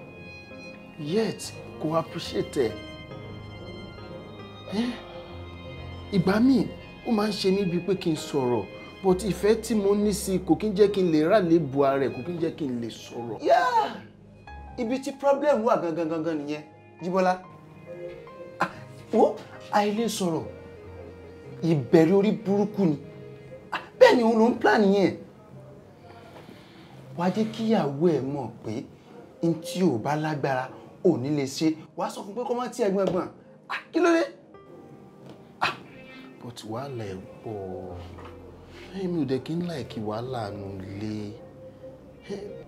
yet kò appreciate ẹ ìgbà míì ó máa ń ṣe mí bíi pé kí n sọ̀rọ̀ but ìfẹ́ tí mo ní sí kò kí ń jẹ́ kí n lè rà lébu ara ẹ̀ kò kí ń jẹ́ kí n lè sọ̀rọ̀. yeah ibi tí problem wà gangan gangan nìyẹn Jíbọ́lá ah, wo àìlè sọ̀rọ̀ ìbẹ̀rẹ̀ orí burúkú ni ah, bẹ́ẹ̀ ni òun ló ń plan yẹn wàá jẹ́ kíyàwó ẹ̀ mọ̀ pé n tí ò bá lágbára ò ní lè ṣe wàá sọ fún pé kó má ti ẹ̀gbọ́n ẹ̀gbọ́n ah, kí ló dé but wàhálà ẹ̀ pọ̀ èmi ò dẹ̀ kí n láìkí wàhálà nù lé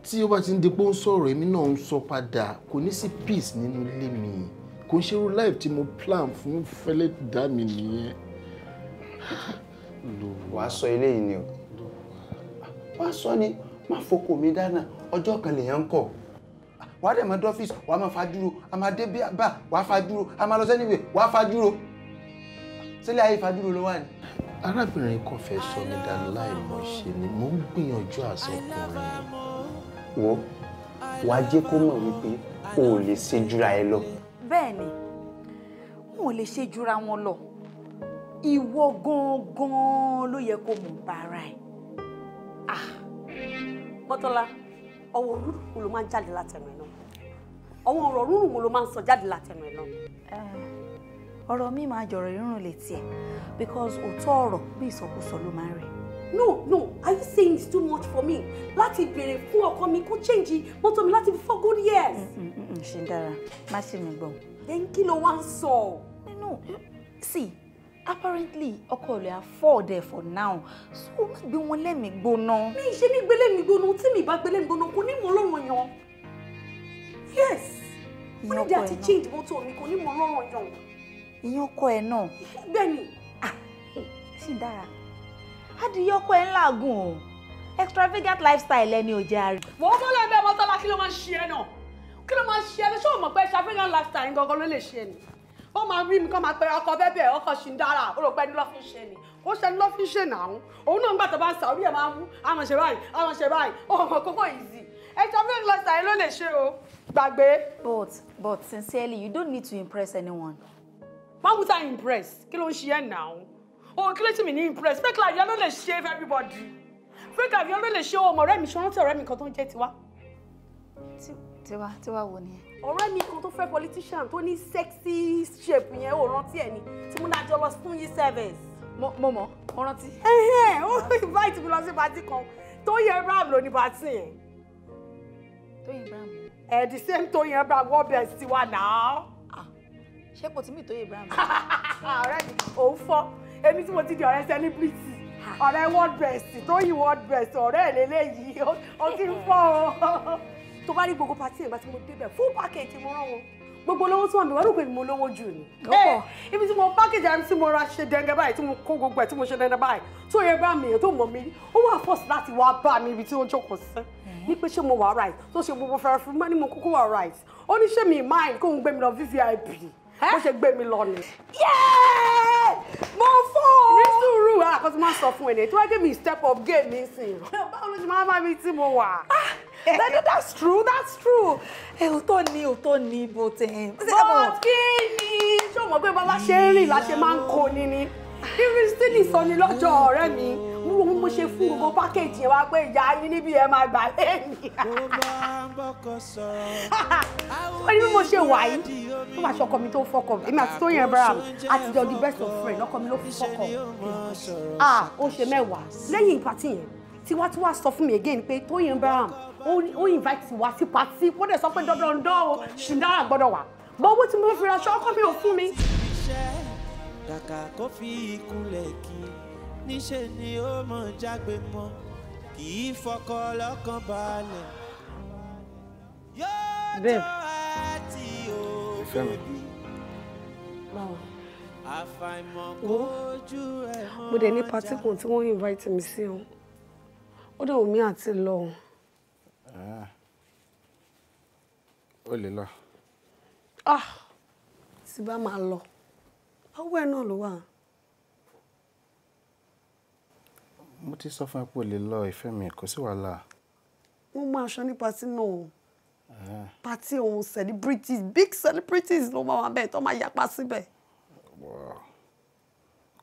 tí ó bá ti ń depó ń sọ̀rọ̀ èmi náà ń sọ padà kò ní sí peace nínú ilé mi kò ń ṣe life tí mo plan fún fẹ́lẹ́ dá mi nìyẹn. wàá sọ eléyìí ni o wàá sọ ni má foko mi dáná ọjọ́ kan lèèyàn ń kọ̀ wàá dẹ̀ mọ́ dọ́fíìsì wàá máa fa dúró a máa dé bí a bá wàá fa dúró a máa lọ sẹ́niwèé wàá fa dúró sílẹ̀ ayé fàdúró ló wà ní. arábìnrin kan fẹ́ sọ mi dànù láì mọ̀ ṣe ni mò ń gbìyànjú àsọkùnrin. wo wàá jẹ́ kó mọ̀ wípé o ò lè ṣe jura ẹ lọ. bẹ́ẹ̀ ni n ò lè ṣe jura wọn lọ ìwọ gangan ló yẹ kó mọ̀ bá ara ẹ̀. bọ́tọ́lá ah, ọwọ́ rúrùkù ló máa ń jáde látẹnu ẹ̀ náà ọwọ́ ọ̀rọ̀ rúrùkù ló máa ń sọ jáde látẹnu ẹ̀ náà. Eh ọ̀rọ̀ mi máa jọ̀rọ̀ rírùn létí ẹ̀ because òótọ́ ọ̀rọ̀ bí ìsọkúsọ ló máa ń rẹ̀. no no are you saying it's too much for me láti béèrè fún ọkọ mi kó change mọ́tò mi láti for good years. Mm, mm, mm, ṣe dára má ṣe mi gbọ́n. then kí ló wá ń sọ. no see apparently ọkọ ò lè afford ẹ for now so ó má gbé wọn lẹ́mìí gbóná. mi ṣe mi gbé lẹ́mìí gbóná tí mi bá gbé lẹ́mìí gbóná kò ní mọ lọ́rùn yan yes mo ní dá ti change mọ́tò mi kò ní mọ lọ́rùn yan ìyẹn ọkọ ẹ náà. bẹ́ẹ̀ni. Ah, ṣì ń dára adìyẹ ọkọ ẹ ń làágùn o extravagant lifestyle ẹni ò jẹ́ àrí. wọ́n mọ́ lẹ́yìn bẹ́ẹ̀ mọ́tọ́lá kí ló máa ń ṣe ẹ náà kí ló máa ń ṣe ẹ lọ ṣé o mọ̀ pé extravagant lifestyle gangan ló lè ṣe ni wọ́n máa rí mi kán máa pẹ́ ọkọ bẹ́bẹ̀ ọkọ ṣì ń dára ó rò pé ẹni lọ́ fi ṣe ni ó ṣe ẹni lọ́ fi ṣe nàáhùn òun náà ń bá ń sà orí ẹ̀ máa mú àwọn báyìí àwọn báyìí extravagant lifestyle ló lè ṣe o gbàgbé. but but sincerely you don't need to impress anyone. Man, would I impressed? Kill on ń ṣe now Oh, kill ló ti mi ní impress fake life yẹn ló lè ṣe for everybody fake life yẹn ló lè ṣe ọmọ ọ̀rẹ́ mi ṣe rántí ọ̀rẹ́ mi kan tó ń jẹ́ tiwa. tiwa tiwa wo ni. ọ̀rẹ́ mi kan tó fẹ́ politician Tony sexy shape yẹn ò rántí ẹ̀ ni tí mo dájọ́ lọ fún yín service. mo mọ̀ mo rántí. ẹ̀hẹ̀ Oh, invite mi lọ sí party kan Tony Abraham ló ní party yẹn. Tóyìn Abraham. ẹ̀ eh, the same Tóyìn Abraham wọ́n bẹ̀ sí wa now? ṣé kò tí mi tó yé Ibrahim. ọ̀rẹ́ mi òun fọ́ èmi tí mo ti di ọ̀rẹ́ celebrity ọ̀rẹ́ world best tó yìn world best ọ̀rẹ́ ẹ̀ lélẹ́yìí ó ti ń fọ́ o. tó bá rí gbogbo pàtí ìgbà tí mo débẹ̀ full package mo rán wọn gbogbo lówó tí wọn bẹ wọn rò pé mo lówó jù ni. ẹ ibi tí mo package àmì tí mo ra ṣe dẹ́ngẹ́ báyìí tí mo kó gbogbo ẹ̀ tí mo ṣe dẹ́ngẹ́ báyìí tó yẹ bá mi yẹn tó mọ̀ mi ó wà force láti wá bá mi ibi tí ó jókòó sí ní mm-hmm. pé ṣé mo wà right tó ṣe gbogbo fẹ́rẹ́ fún mi má ní mo kúkú wà right ó ní ṣé bó ṣe gbé mi lọ ni. mo fọ́ o. ní sùúrù àkọ́ tí máa sọ fún ẹni tí wọ́n gé mi step up game mi sìn. báwo ló ti máa bá mi tí mo wà. Ah, that, that's true, that's true. Ẹ ò tó ní, ò tó ní bó tẹ̀ ẹ́. Bó kí ni? Ṣé o mọ̀ pé bàbá ṣe ń rìn láṣẹ máa ń kó ni ni? Irisi ni sọ ni lọ́jọ́ ọ̀rẹ́ mi òun mo ṣe fún gbogbo pákéjì yẹn wá pé ìyá yín níbi ẹ máa gbà lẹ́yìn. ó ní bí mo ṣe wà yìí tó bá ṣọkọ mi tó fọkọ mi èmi àti Tóyìn Abraham àti jọ di best of friend ọkọ mi ló fọkọ ah ó ṣe mẹ́wàá lẹ́yìn pàtí yẹn tiwantiwa sọ fún mi again pé Tóyìn Abraham ó invite wa sí pàtí wọ́n dẹ̀ sọ pé dandan dán o ṣìndára gbọ́dọ̀ wà bọ́ owó tí mo fi ra aṣọ ọkọ mi ò fún mi. kàkà kó fi ikú lẹ̀ kí níṣẹ́ ni ó mọ̀ jágbe mọ́ kì í fọkọ lọ́kàn balẹ̀. yóò tó àti òbí àfàìmọ̀ kojú ẹ̀ mọ́. mo dẹ̀ ní patí kan tí wọ́n invite mi sí o ó dẹ̀ wù mí àti lọ. Ah. ó lè lọ. ah tí bá máa lọ báwo ẹ náà ló wà. mo ti sọ fún ẹ pé o lè lọ ìfẹ́ mi kò sí wàhálà. wọ́n máa aṣọ ní patí náà patí òun celebrities big celebrities ló máa wà bẹ́ẹ̀ tó máa yapa síbẹ̀.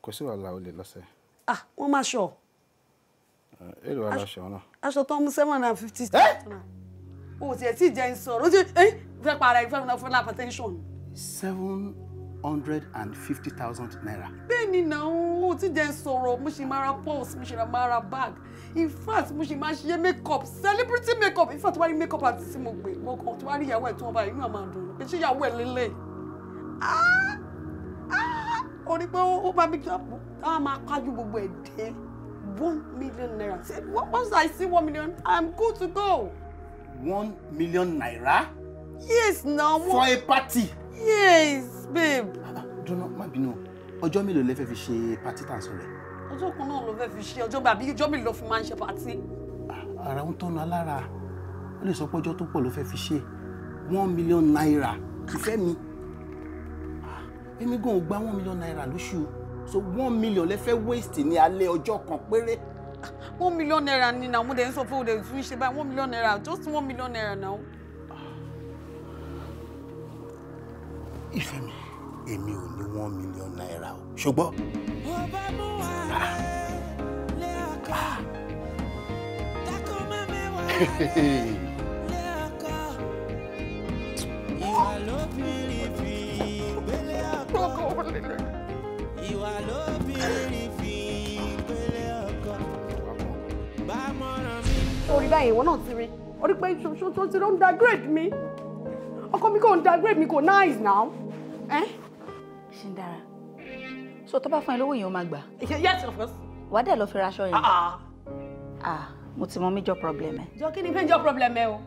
kò sí wàhálà o lè lọ́sẹ̀. ah wọ́n máa ṣọ. èrè wàá lọ ṣọ náà. aṣọ tó ń mú seven hundred and fifty. o ò tiẹ̀ tí ì jẹ́ ń sọ̀rọ̀ o ti fẹ́ para ẹ̀ fẹ́ fún hypertension. seven hundred and fifty thousand naira. bẹ́ẹ̀ni náà o ti jẹ́ sọ̀rọ̀ mo ṣe máa ra pulse mo ṣe máa ra bag in fact mo ṣe máa ṣe makeup celebrity makeup in fact wọ́n rí makeup àti tí mo gbé wọ́n kàn tí wọ́n rí ìyàwó ẹ̀ tí wọ́n bá inú àmà dùn pé ṣé ìyàwó ẹ̀ lélẹ̀ ah! Ah! ó ní pé ó bá mi jọ pọ̀ táwọn máa kájú gbogbo ẹ̀ dé one million naira once I see one million I'm good to go. one million naira. yes na one. for a party yes babe. dunu má bínú ọjọ́ mélòó lẹ fẹ́ fi ṣe pati tà ń sọ̀rọ̀ ẹ̀. ọjọ́ kan náà ló fẹ́ fi ṣe Ojo bàbí ọjọ́ mélòó ló fi máa ń ṣe pati. ara ń tọ́nu alára ó lè sọ pé ọjọ́ tó pọ̀ ló fi ṣe one million naira ìfẹ́ mi èmi gan ò gba one million naira lóṣù so one million lẹ fẹ́ waste ní alẹ́ Ojo kan péré one million naira ni na mo de n sọ fún o de tún ṣe báyìí one million naira just one million naira now. ìfẹ́ mi èmi ò ní one million naira o ṣùgbọ́n. orí báyìí ìwọ náà ti rí orí pé ṣoṣo tó ti ló ń da grade mi ọkọ mi kò ń downgrade mi kò nice now. ṣe eh? ń so tó bá fún ẹ lówó yẹn ó máa gbà. yes of course. wàá dẹ̀ lọ fi raṣọ yẹn. Ah, ah. ah mo ti mọ major problem ẹ. jọ kí ni major problem ẹ o.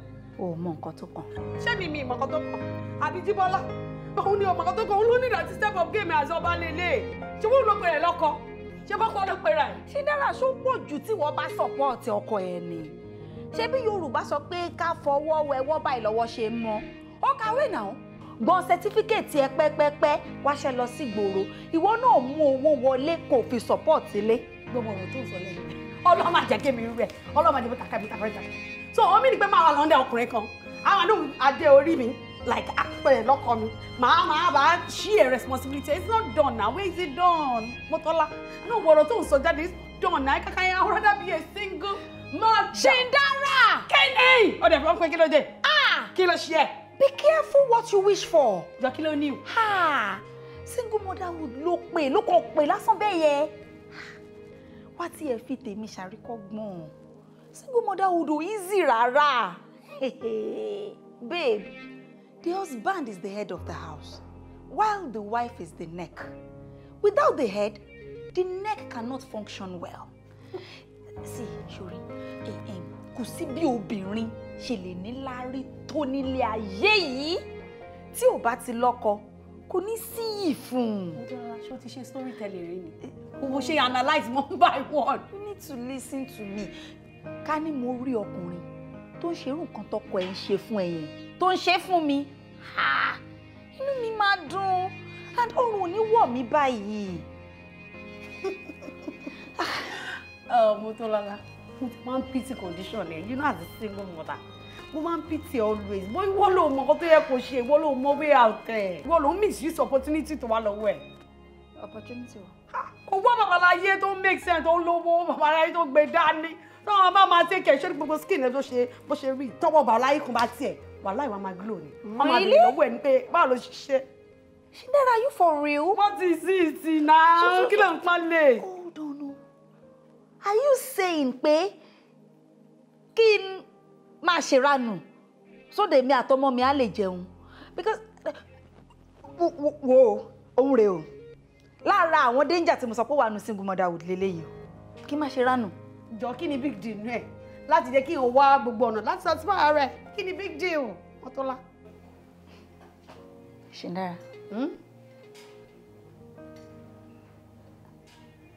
o mọ nǹkan tó kàn. ṣé mi mi ìmọ̀ kan tó kàn àbí jíbọ́lá òun ni ọmọ kan tó kàn òun ló ní láti step up game as ọba lélẹ̀ ṣé wọ́n ló pè rẹ̀ lọ́kọ ṣé bọ́kọ ló pè rẹ̀. ṣé dára ṣó pọ̀ ju tí wọ́n bá support ọkọ ni ṣé bí Yorùbá sọ pé ká fọwọ́ wẹwọ́ báyìí lọ́wọ́ ṣe mọ́ ó kàwé náà gbọ́n sẹtífíkẹ̀tì ẹ pẹ́pẹ́pẹ́ wáṣẹ́ lọ sí gbòòrò ìwọ náà mú owó wọlé kò fi support ilé. gbogbo ọ̀rọ̀ tó ń sọ lẹ́yìn ọlọ́run máa jẹ́ kémi rẹ̀ ọlọ́run máa jẹ́ bó takẹ́ mi takẹ́ takẹ́ so omi ni pé máa wà lọ́ndẹ̀ ọkùnrin kan àwọn àdéhùn adé orí mi like àpẹẹrẹ lọ́kọ mi màá màá bá share responsibility it's not done now where is it done mọ́tọ́lá náà wọ̀rọ̀ tó ń sọ jáde it's done now kàkà yẹn àwọn ọ̀rọ̀dà bíi a single mother. ṣìndára. kí ni ọ̀dẹ̀ fún ọkùnrin kí ló dé ah! kí ló ṣe é be careful what you wish for. jọ kí ló ní o. single motherhood ló pè ló kàn pè lásán bẹ́ẹ̀ yẹ wá tí ẹ fi tèmi ṣàríkọ́gbọ́n single motherhood ò easy rárá babe the husband is the head of the house while the wife is the neck without the head the neck cannot function well see Shuri. Eh, eh, kò sí bí obìnrin ṣe lè ní láárí tó nílé ayé yìí tí ò bá ti lọ́kọ kò ní síyì fún un. ṣé o ti ṣe storytelling rí ni mo ṣe analyse one by one. you need to listen to me ká ní mo rí ọkùnrin tó ń ṣe irú nǹkan tọkọ ẹ̀ ń ṣe fún ẹ tó ń ṣe fún mi inú mi máa dùn and oorun ò ní wọ̀ mí báyìí. ọmọ ah, ah, tó lọ́la mo pity condition ẹ you know as a single mother woman pity always Boy, ìwọ ló mọ nǹkan tó yẹ kó ṣe ìwọ ló mọ way out ẹ ìwọ miss use opportunity to wà lọ́wọ́ ẹ. opportunity wa. kò wá babaláyé tó make sense tó lówó babaláyé tó gbé dání táwọn bá máa take care ṣé gbogbo skin ẹ tó ṣe bó ṣe rí tọwọ́ babaláyé kan bá tiẹ̀ wàhálà ìwà máa glow ni. really wọ́n máa bèrè lọ́wọ́ ẹ ní pé báwo ló ṣe ṣe. Shindara, are you for real? What is it now? Kí ló ń palẹ̀? Oh, are you saying pé kí n máa ṣèranù sóde mi àtọmọ mi á lè jẹun because wo òun rè o lára àwọn danger tí mo sọ pé wà nù single motherhood lélẹ́yìí kí n má ṣèranù. jọ kí ni big deal nù ẹ láti jẹ́ kí n wá gbogbo ọ̀nà láti satisfy ara kí ni big deal ọtọ́lá. ṣìndára hmm?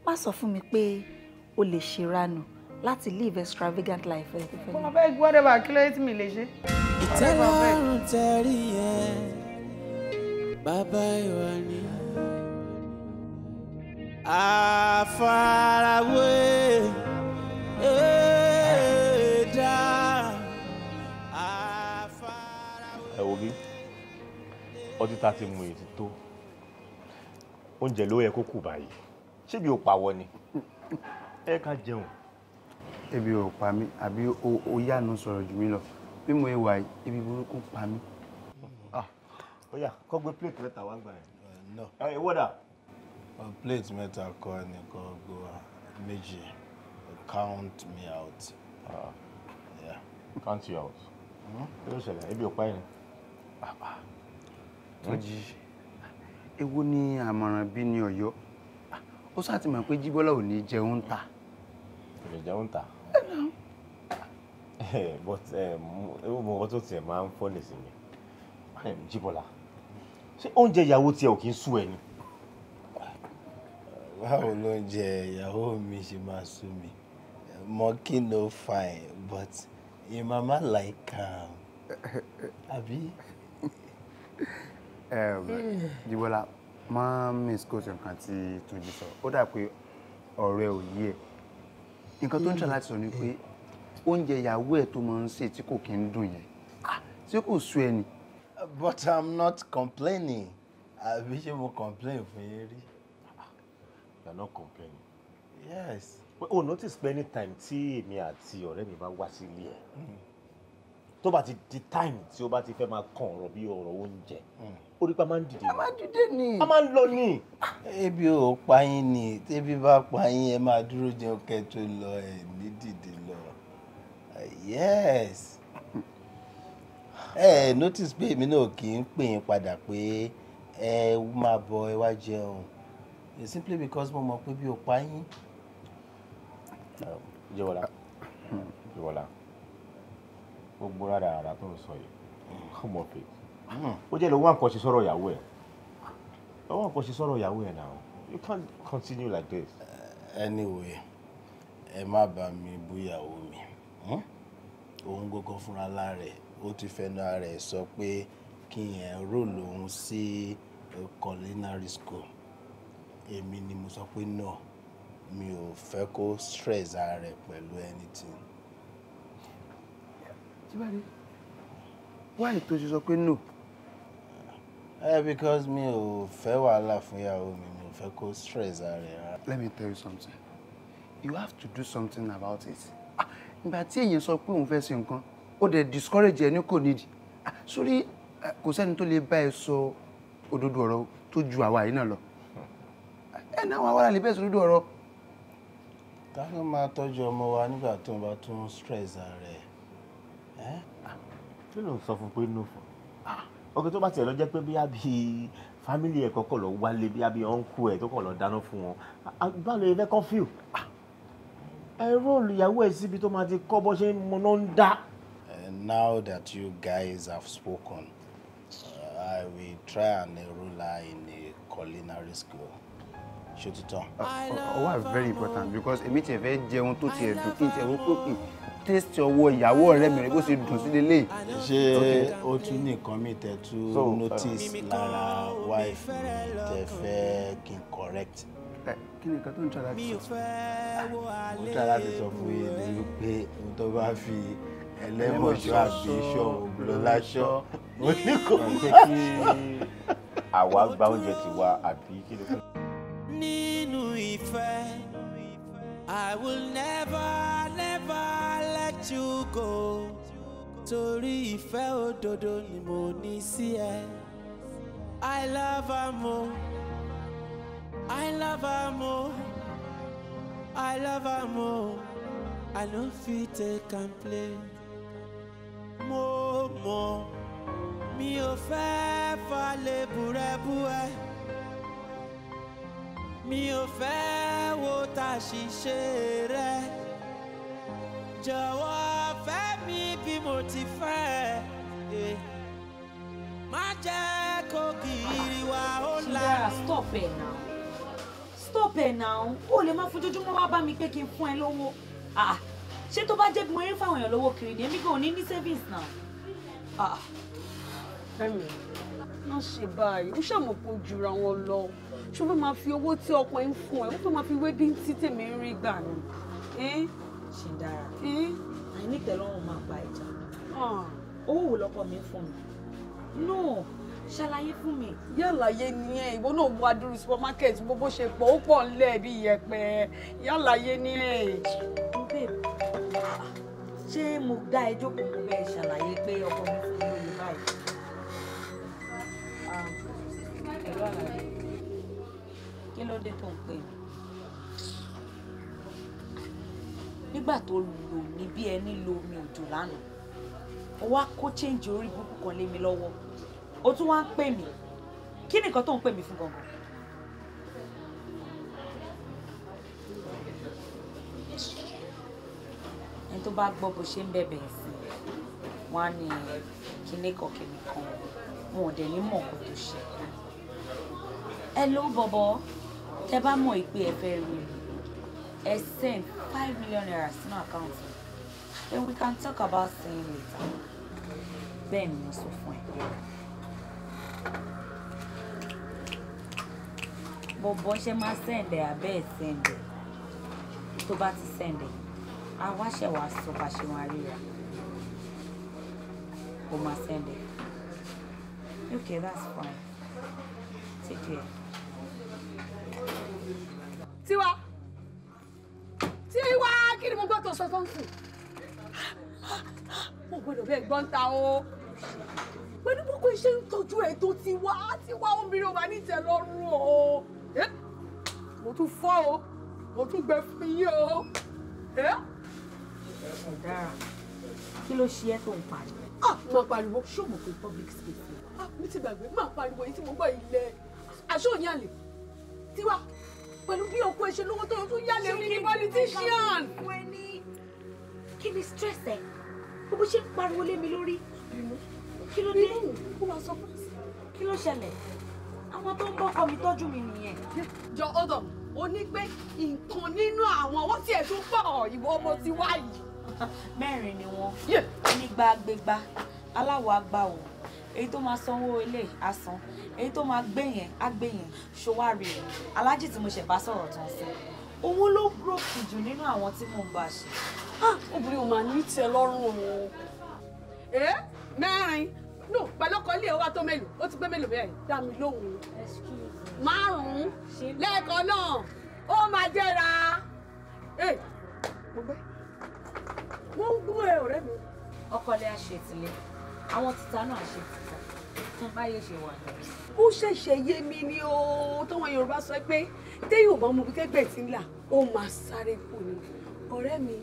má sọ fún mi pé o lè ṣe ranù láti live extravagant life ẹ fẹ́. mo fẹ́ whatever kí ló yẹ tí mi lè ṣe. ìtẹ́lọ́rùn tẹ̀rí ẹ bàbá ìwà ni àfarawé ẹ̀ẹ́dá àfarawé. ẹ wo bí ọtí tá ti mú èyí tó oúnjẹ ló yẹ kó kù báyìí ṣé bí o pàwọ ni ẹ ká jẹun. ebi ò pa mí àbí ó yànnú sọ̀rọ̀ jù mí lọ bí mo wà ibi burúkú pa mí. ọ̀yà ah, kọ́ gbé plate mẹ́ta wá gbà yẹn. Eh, ẹ wọ́dà. plate mẹ́ta kọ́ ẹnìkan gbọ́ méjì count me out. Uh, yeah. count you out. Hmm? kí ló ṣẹlẹ̀ ebi ò pa yẹn. Túnjí ewu ni àmọ̀ràn bí ní Ọ̀yọ́ ah, ó sá ti mọ̀ pé Jíbọ́lá ò ní jẹun ta. Mm -hmm kò lè but um, mo tó tiẹ̀ máa ń fọ́nì sí mi Jíbọ́lá ṣé oúnjẹ ìyàwó tiẹ̀ ò kí ń sú ẹ ni. báwo ló ń jẹ ìyàwó mi ṣe máa sú mi mọ́kì no fine but your mama like am àbí. Jíbọ́lá máa ń miss kóòtù nǹkan tí Túnjí sọ ó dà pé ọ̀rẹ́ ò yí ẹ̀ nǹkan tó ń ṣàlàyé sọ ni pé mm. oúnjẹ ìyàwó ẹ̀ tó máa ń ṣe tí kò kí ń dùn yẹn tí kò sú ẹni. but i'm not complaining àbí ṣé mo complain fún yín rí. you are not complaining. yes. o oh, notice pé anytime tí èmi àti ọ̀rẹ́ mi bá wá sílé ẹ̀. Mm tó bá ti di táìmù tí ó bá ti fẹ́ máa kàn ọ̀rọ̀ bí ọ̀rọ̀ oúnjẹ orípa hmm. máa ń dìde. a máa dìde a máa ń lọ ni. Ah, ebi ò pa yín ni tẹ́bí bá pa yín ẹ máa dúró jẹun kẹ́ tó lọ ẹ ní dìde lọ ah, yes ẹ notice pé èmi náà kì í pè yín padà pé ẹ máa bọ̀ ẹ wá jẹun it's simply because mo mọ̀ pé bí ò pa yín. jẹ́wọ́lá hmm. jẹ́wọ́lá gbogbo rárá rárá tó ń sọ yìí ọmọ pé mm. ó jẹ́ lọ́wọ́ nǹkan ṣe sọ̀rọ̀ ìyàwó ẹ̀ lọ́wọ́ nǹkan ṣe sọ̀rọ̀ ìyàwó ẹ̀ now you can't continue like this. Eh, anyway ẹ má bá mi búyàwó hmm? mi òun gbogbo fúnra lára ó ti fẹnu ara ẹ̀ sọ pé kí ẹ rò lòun sí culinary school èmi ni mo sọ pé no mi ò fẹ́ kó stress ara rẹ̀ pẹ̀lú anything jíbáre wáyé tó ṣe sọ no. ẹ eh, because me, ò fẹ́ wàhálà fún ìyàwó mi mi ò fẹ́ kó stress ààrẹ let me tell you something you have to do something about it. Ah, ìgbà tí èèyàn so pé òun fẹ́ ṣe nǹkan ó dẹ̀ discourage ẹ ní kò nídìí ah, sórí eh, kò sẹ́ni tó lè bá ẹ sọ òdodo ọ̀rọ̀ tó ju àwa yìí náà lọ eh, ẹ náà wà wàhálà lè bẹ́ẹ̀ sọ òdodo ọ̀rọ̀. táwọn máa tọ́jú ọmọ wa nígbà tó ń bá stress ààrẹ Ah, kí ló ń sọ fún pé no fún ọkẹ ah, tó bá tiẹ̀ lọ jẹ́ pé bíyà bíi fámìlì ẹ̀ kọ́kọ́ lọ wálé bíyà bíi ọ̀nkù ẹ̀ tó kọ̀ lọ dáná fún wọn ah, báwo lè fẹ́ kàn fíù ẹ̀rọ olùyàwó ẹ̀ síbi tó máa ti kọ́ bọ́ ṣe ń mọná ń dá. Eh, now that you guys have spoken, uh, I will try and enroll her in a culinary school ṣòtítọ́. ọwọ́ are very important because èmi tiẹ̀ fẹ́ jẹun tó tiẹ̀ dùn kí n tiẹ̀ wọ́n pé hmm, tẹ́sítì ọwọ́ ìyàwó ọ̀rẹ́ mi rẹ̀ bó ṣe dùn sí lélẹ̀. ṣé ó tún nìkan mi tẹ̀ tún uh, notice lára wife mi tẹ fẹ́ kí n correct. Eh, kí ni nǹkan tó ń tọ́ láti sọ fún mi. tọ́ láti sọ fún yín ni wípé n tó bá fi ẹlẹ́mọ̀ṣọ́ àbíṣọ́ ògbólọ́láṣọ́ ó hmm. ní kò máa ń àwa gba oúnjẹ tiwa àbí kí ló nínú ìfẹ́ I will never let you go torí ìfẹ́ òdodo ni mo ní sí ẹ. I love am o, I love am o, I love am o, I no fit take am play. Mo mọ̀ mi ò fẹ́ falẹ̀ búrẹ́bú ẹ. Mi ò fẹ́ wo ta ṣìṣe rẹ jọ̀wọ́ fẹ́ mi bí mo ti fẹ́ ẹ eh. má jẹ́ kó kiri wa ó la. stop ẹ̀ náà stop ẹ̀ náà O lè má fojoojúmọ́ wá bá mi pé kí n fún ẹ lówó ah, ṣé tó bá jẹ́ bí mo rí fáwọn èèyàn lówó kiri ni èmi kò ní ní savings náà. Ah. fẹ́mi má ṣe báyìí ó ṣàmọ̀pọ̀ jura wọn lọ ṣùgbọ́n máa fi owó tí ọkọ ẹ ń fún ẹ ó tó máa fi wé bí títèmi ń rí gbà ni. Eh? ṣì ń dára àìní hmm? ìtẹ́lọ́rùn máa pa ìjà ah. owó wo lọ́kọ mi fún mi no ṣàlàyé fún mi. yàlàyé ni ẹ ìwọ náà wo adúrú supermarket bó bó ṣe pọ̀ ó pọ̀ ńlẹ̀ bí iyẹ̀pẹ̀ yàlàyé ni ẹ. Oh, babe ṣé mo dá ẹ jókòó mo bẹ ṣàlàyé pé ọkọ mi fún mi lóye báyìí. Ah. kí ló dé tó ń pè mí. nígbà tó lò ní bí ẹni lo omi òjò lánàá ó wá kó change orí burúkú kan lé mi lọ́wọ́ ó tún wá ń pè mí kí ni nǹkan tó ń pè mí fún gangan. ẹni tó bá gbọ́ bó ṣe ń bẹ̀bẹ̀ sí wọn á ní kíní kan kíní wọn ò dẹ̀ ní mọ̀ nǹkan tó ṣe. ẹ ló bọ̀bọ̀ tẹ bá mọ̀ ìpè ẹ̀fẹ́ rí mi ẹ send five million euros to my account. then we can talk about saying later Then ni mo sọ fún ẹ. bọ̀bọ̀ ṣe send it. I ẹ̀ send it. To bá ti send ẹ̀ àwa was wá sọ bá ṣe wọn ríra ó máa send it. okay that's fine take care. tiwa tí wá kí ni mo gbọ́ tó sọ tó ń sùn mo gbọ́dọ̀ bẹ́ẹ̀ gbọ́n ta o pẹ̀lú bó kò ṣe ń tọ́jú ẹ̀ tó ti wá ti wá obìnrin ò bá ní tẹ̀ lọ́rùn o mo tún fọ́ o mo tún gbẹ fún yín o. ọ̀daràn kí ló ṣe ẹ́ tó ń pariwo. Ah, máa pariwo ṣó mo pe public space. Ah, mi ti gbàgbé máa pariwo èyí tí mo gbọ́ ilẹ̀ aṣọ òyìn àlè tiwa pẹ̀lú bí òkú ẹ̀ ṣe lówó tó tún yálẹ̀ ní politician. kí ni stress ẹ bó bó ṣe ń pariwo lé mi lórí kí ló dé kó máa sọ fún kí ló ṣẹlẹ̀ àwọn tó ń bọ́kọ mi tọ́jú mi nìyẹn. jọ ọdọ o ní pé nǹkan nínú àwọn owó tí ẹ tún pọ̀ ìwọ ọmọ ti yìí. mẹ́rin ni wọ́n nígbà gbégbá aláwọ̀ àgbà èyí tó máa sanwó ilé àsan èyí tó máa gbé yẹn á gbé yẹn ṣòwárí alájì tí mo ṣẹ̀ bá sọ̀rọ̀ tán sí owó ló gòkè jù nínú àwọn tí mo ń bá ṣe. Ah, obìnrin ò máa ní tiẹ̀ lọ́rùn o. ẹ mẹ́rin no pẹ̀lọ́kọ ilé wa tó mélòó ó ti gbé mélòó bẹ́ẹ̀ dá mi lóhùn márùn-ún lẹ́ẹ̀kan náà ó máa jẹ́ra. mo gbé wọ́n ń gbọ́ ẹ ọ̀rẹ́ mi. ọkọ lè ṣètìlẹ́yìn àwọn títa náà ṣe tuntun báyé ṣe wà ní. ó ṣẹ̀ṣẹ̀ yé mi ni o tọ́wọ́n yorùbá sọ pé téyìn ò bá mọ bí kẹ́gbẹ́ ti ń là ó máa sáré kù ni ọ̀rẹ́ mi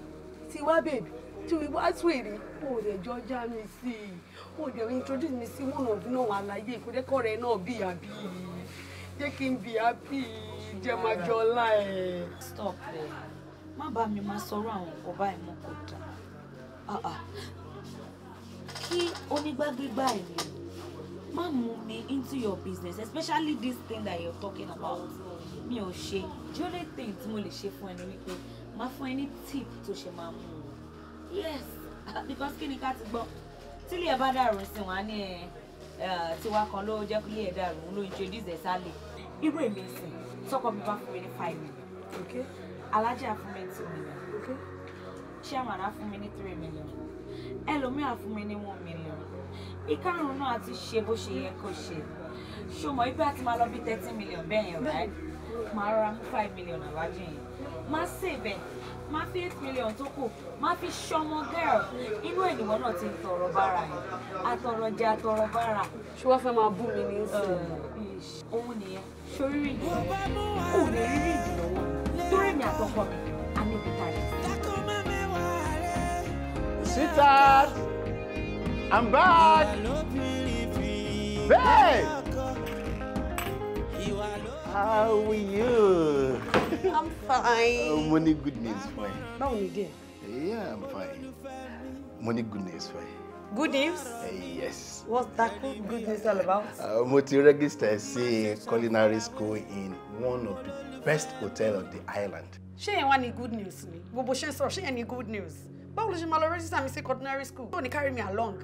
ti wá bèbí tí wíwá sùwèrè ó lè jọ já mi sí i ó lè introduce mi sí one of no àlàyé ìkúndẹ́kọ̀ rẹ̀ náà bí àbí jẹ́ kí n bí happy jẹ́ máa jọ ọlá ẹ̀. stop ẹ má bá mi máa sọ̀rọ̀ àwọn ọba ẹ̀ mọ́ kò dáa ah, ah kí onígbàgbégbà ènìyàn má mú mi into your business especially this thing that you're talking about mi ò ṣe the only thing tí mo lè ṣe fún ẹni wípé máa fún ẹni tip tó ṣe máa mú un yes because kí ni ká ti gbọ́ tílé ẹ bá dàrú sí wọn á ní ẹ tiwa kan ló jẹ́ kílé ẹ dàrú ló introduce ẹ sálẹ̀ irú èmi sìn tọkọ mi bá fún mi ní five million alájà fún mi two million okay? chairman á fún mi ní three million ẹlòmíà fún mi ní one million ìkarùn náà àti ṣe bó ṣe yẹ kó ṣe ṣó mọ̀ ibi àti máa lọ bí thirty million bẹ́ẹ̀ yẹn right máa rọra five million àwájú yẹn máa save ẹ̀ máa fi eight million tó kù máa fi ṣọmọ girl inú ènìyàn náà ti ń tọrọ bára yẹn àtọrọ jẹ àtọrọ bára. ṣé wọ́n fẹ́ máa bú mi ní sùn. òun nìyẹn ṣoríri ìdílé òun lè rírí ìdílé owó lórí mi àtọkọ mi. Sweetheart, I'm back. Hey, How are you? I'm fine. Uh, money good news fine. Báwo ni díẹ̀? Yeah, I'm fine. Money good news fine. Good news? Uh, yes. What's that good, news all about? Uh, mo ti register sí culinary school in one of the best hotels on the island. She ain't want any good news ni? Gbogbo ṣe ń sọ̀rọ̀ ṣé good news? báwo ló ṣe máa lọ register mi sí ordinary school tó ní carry me along.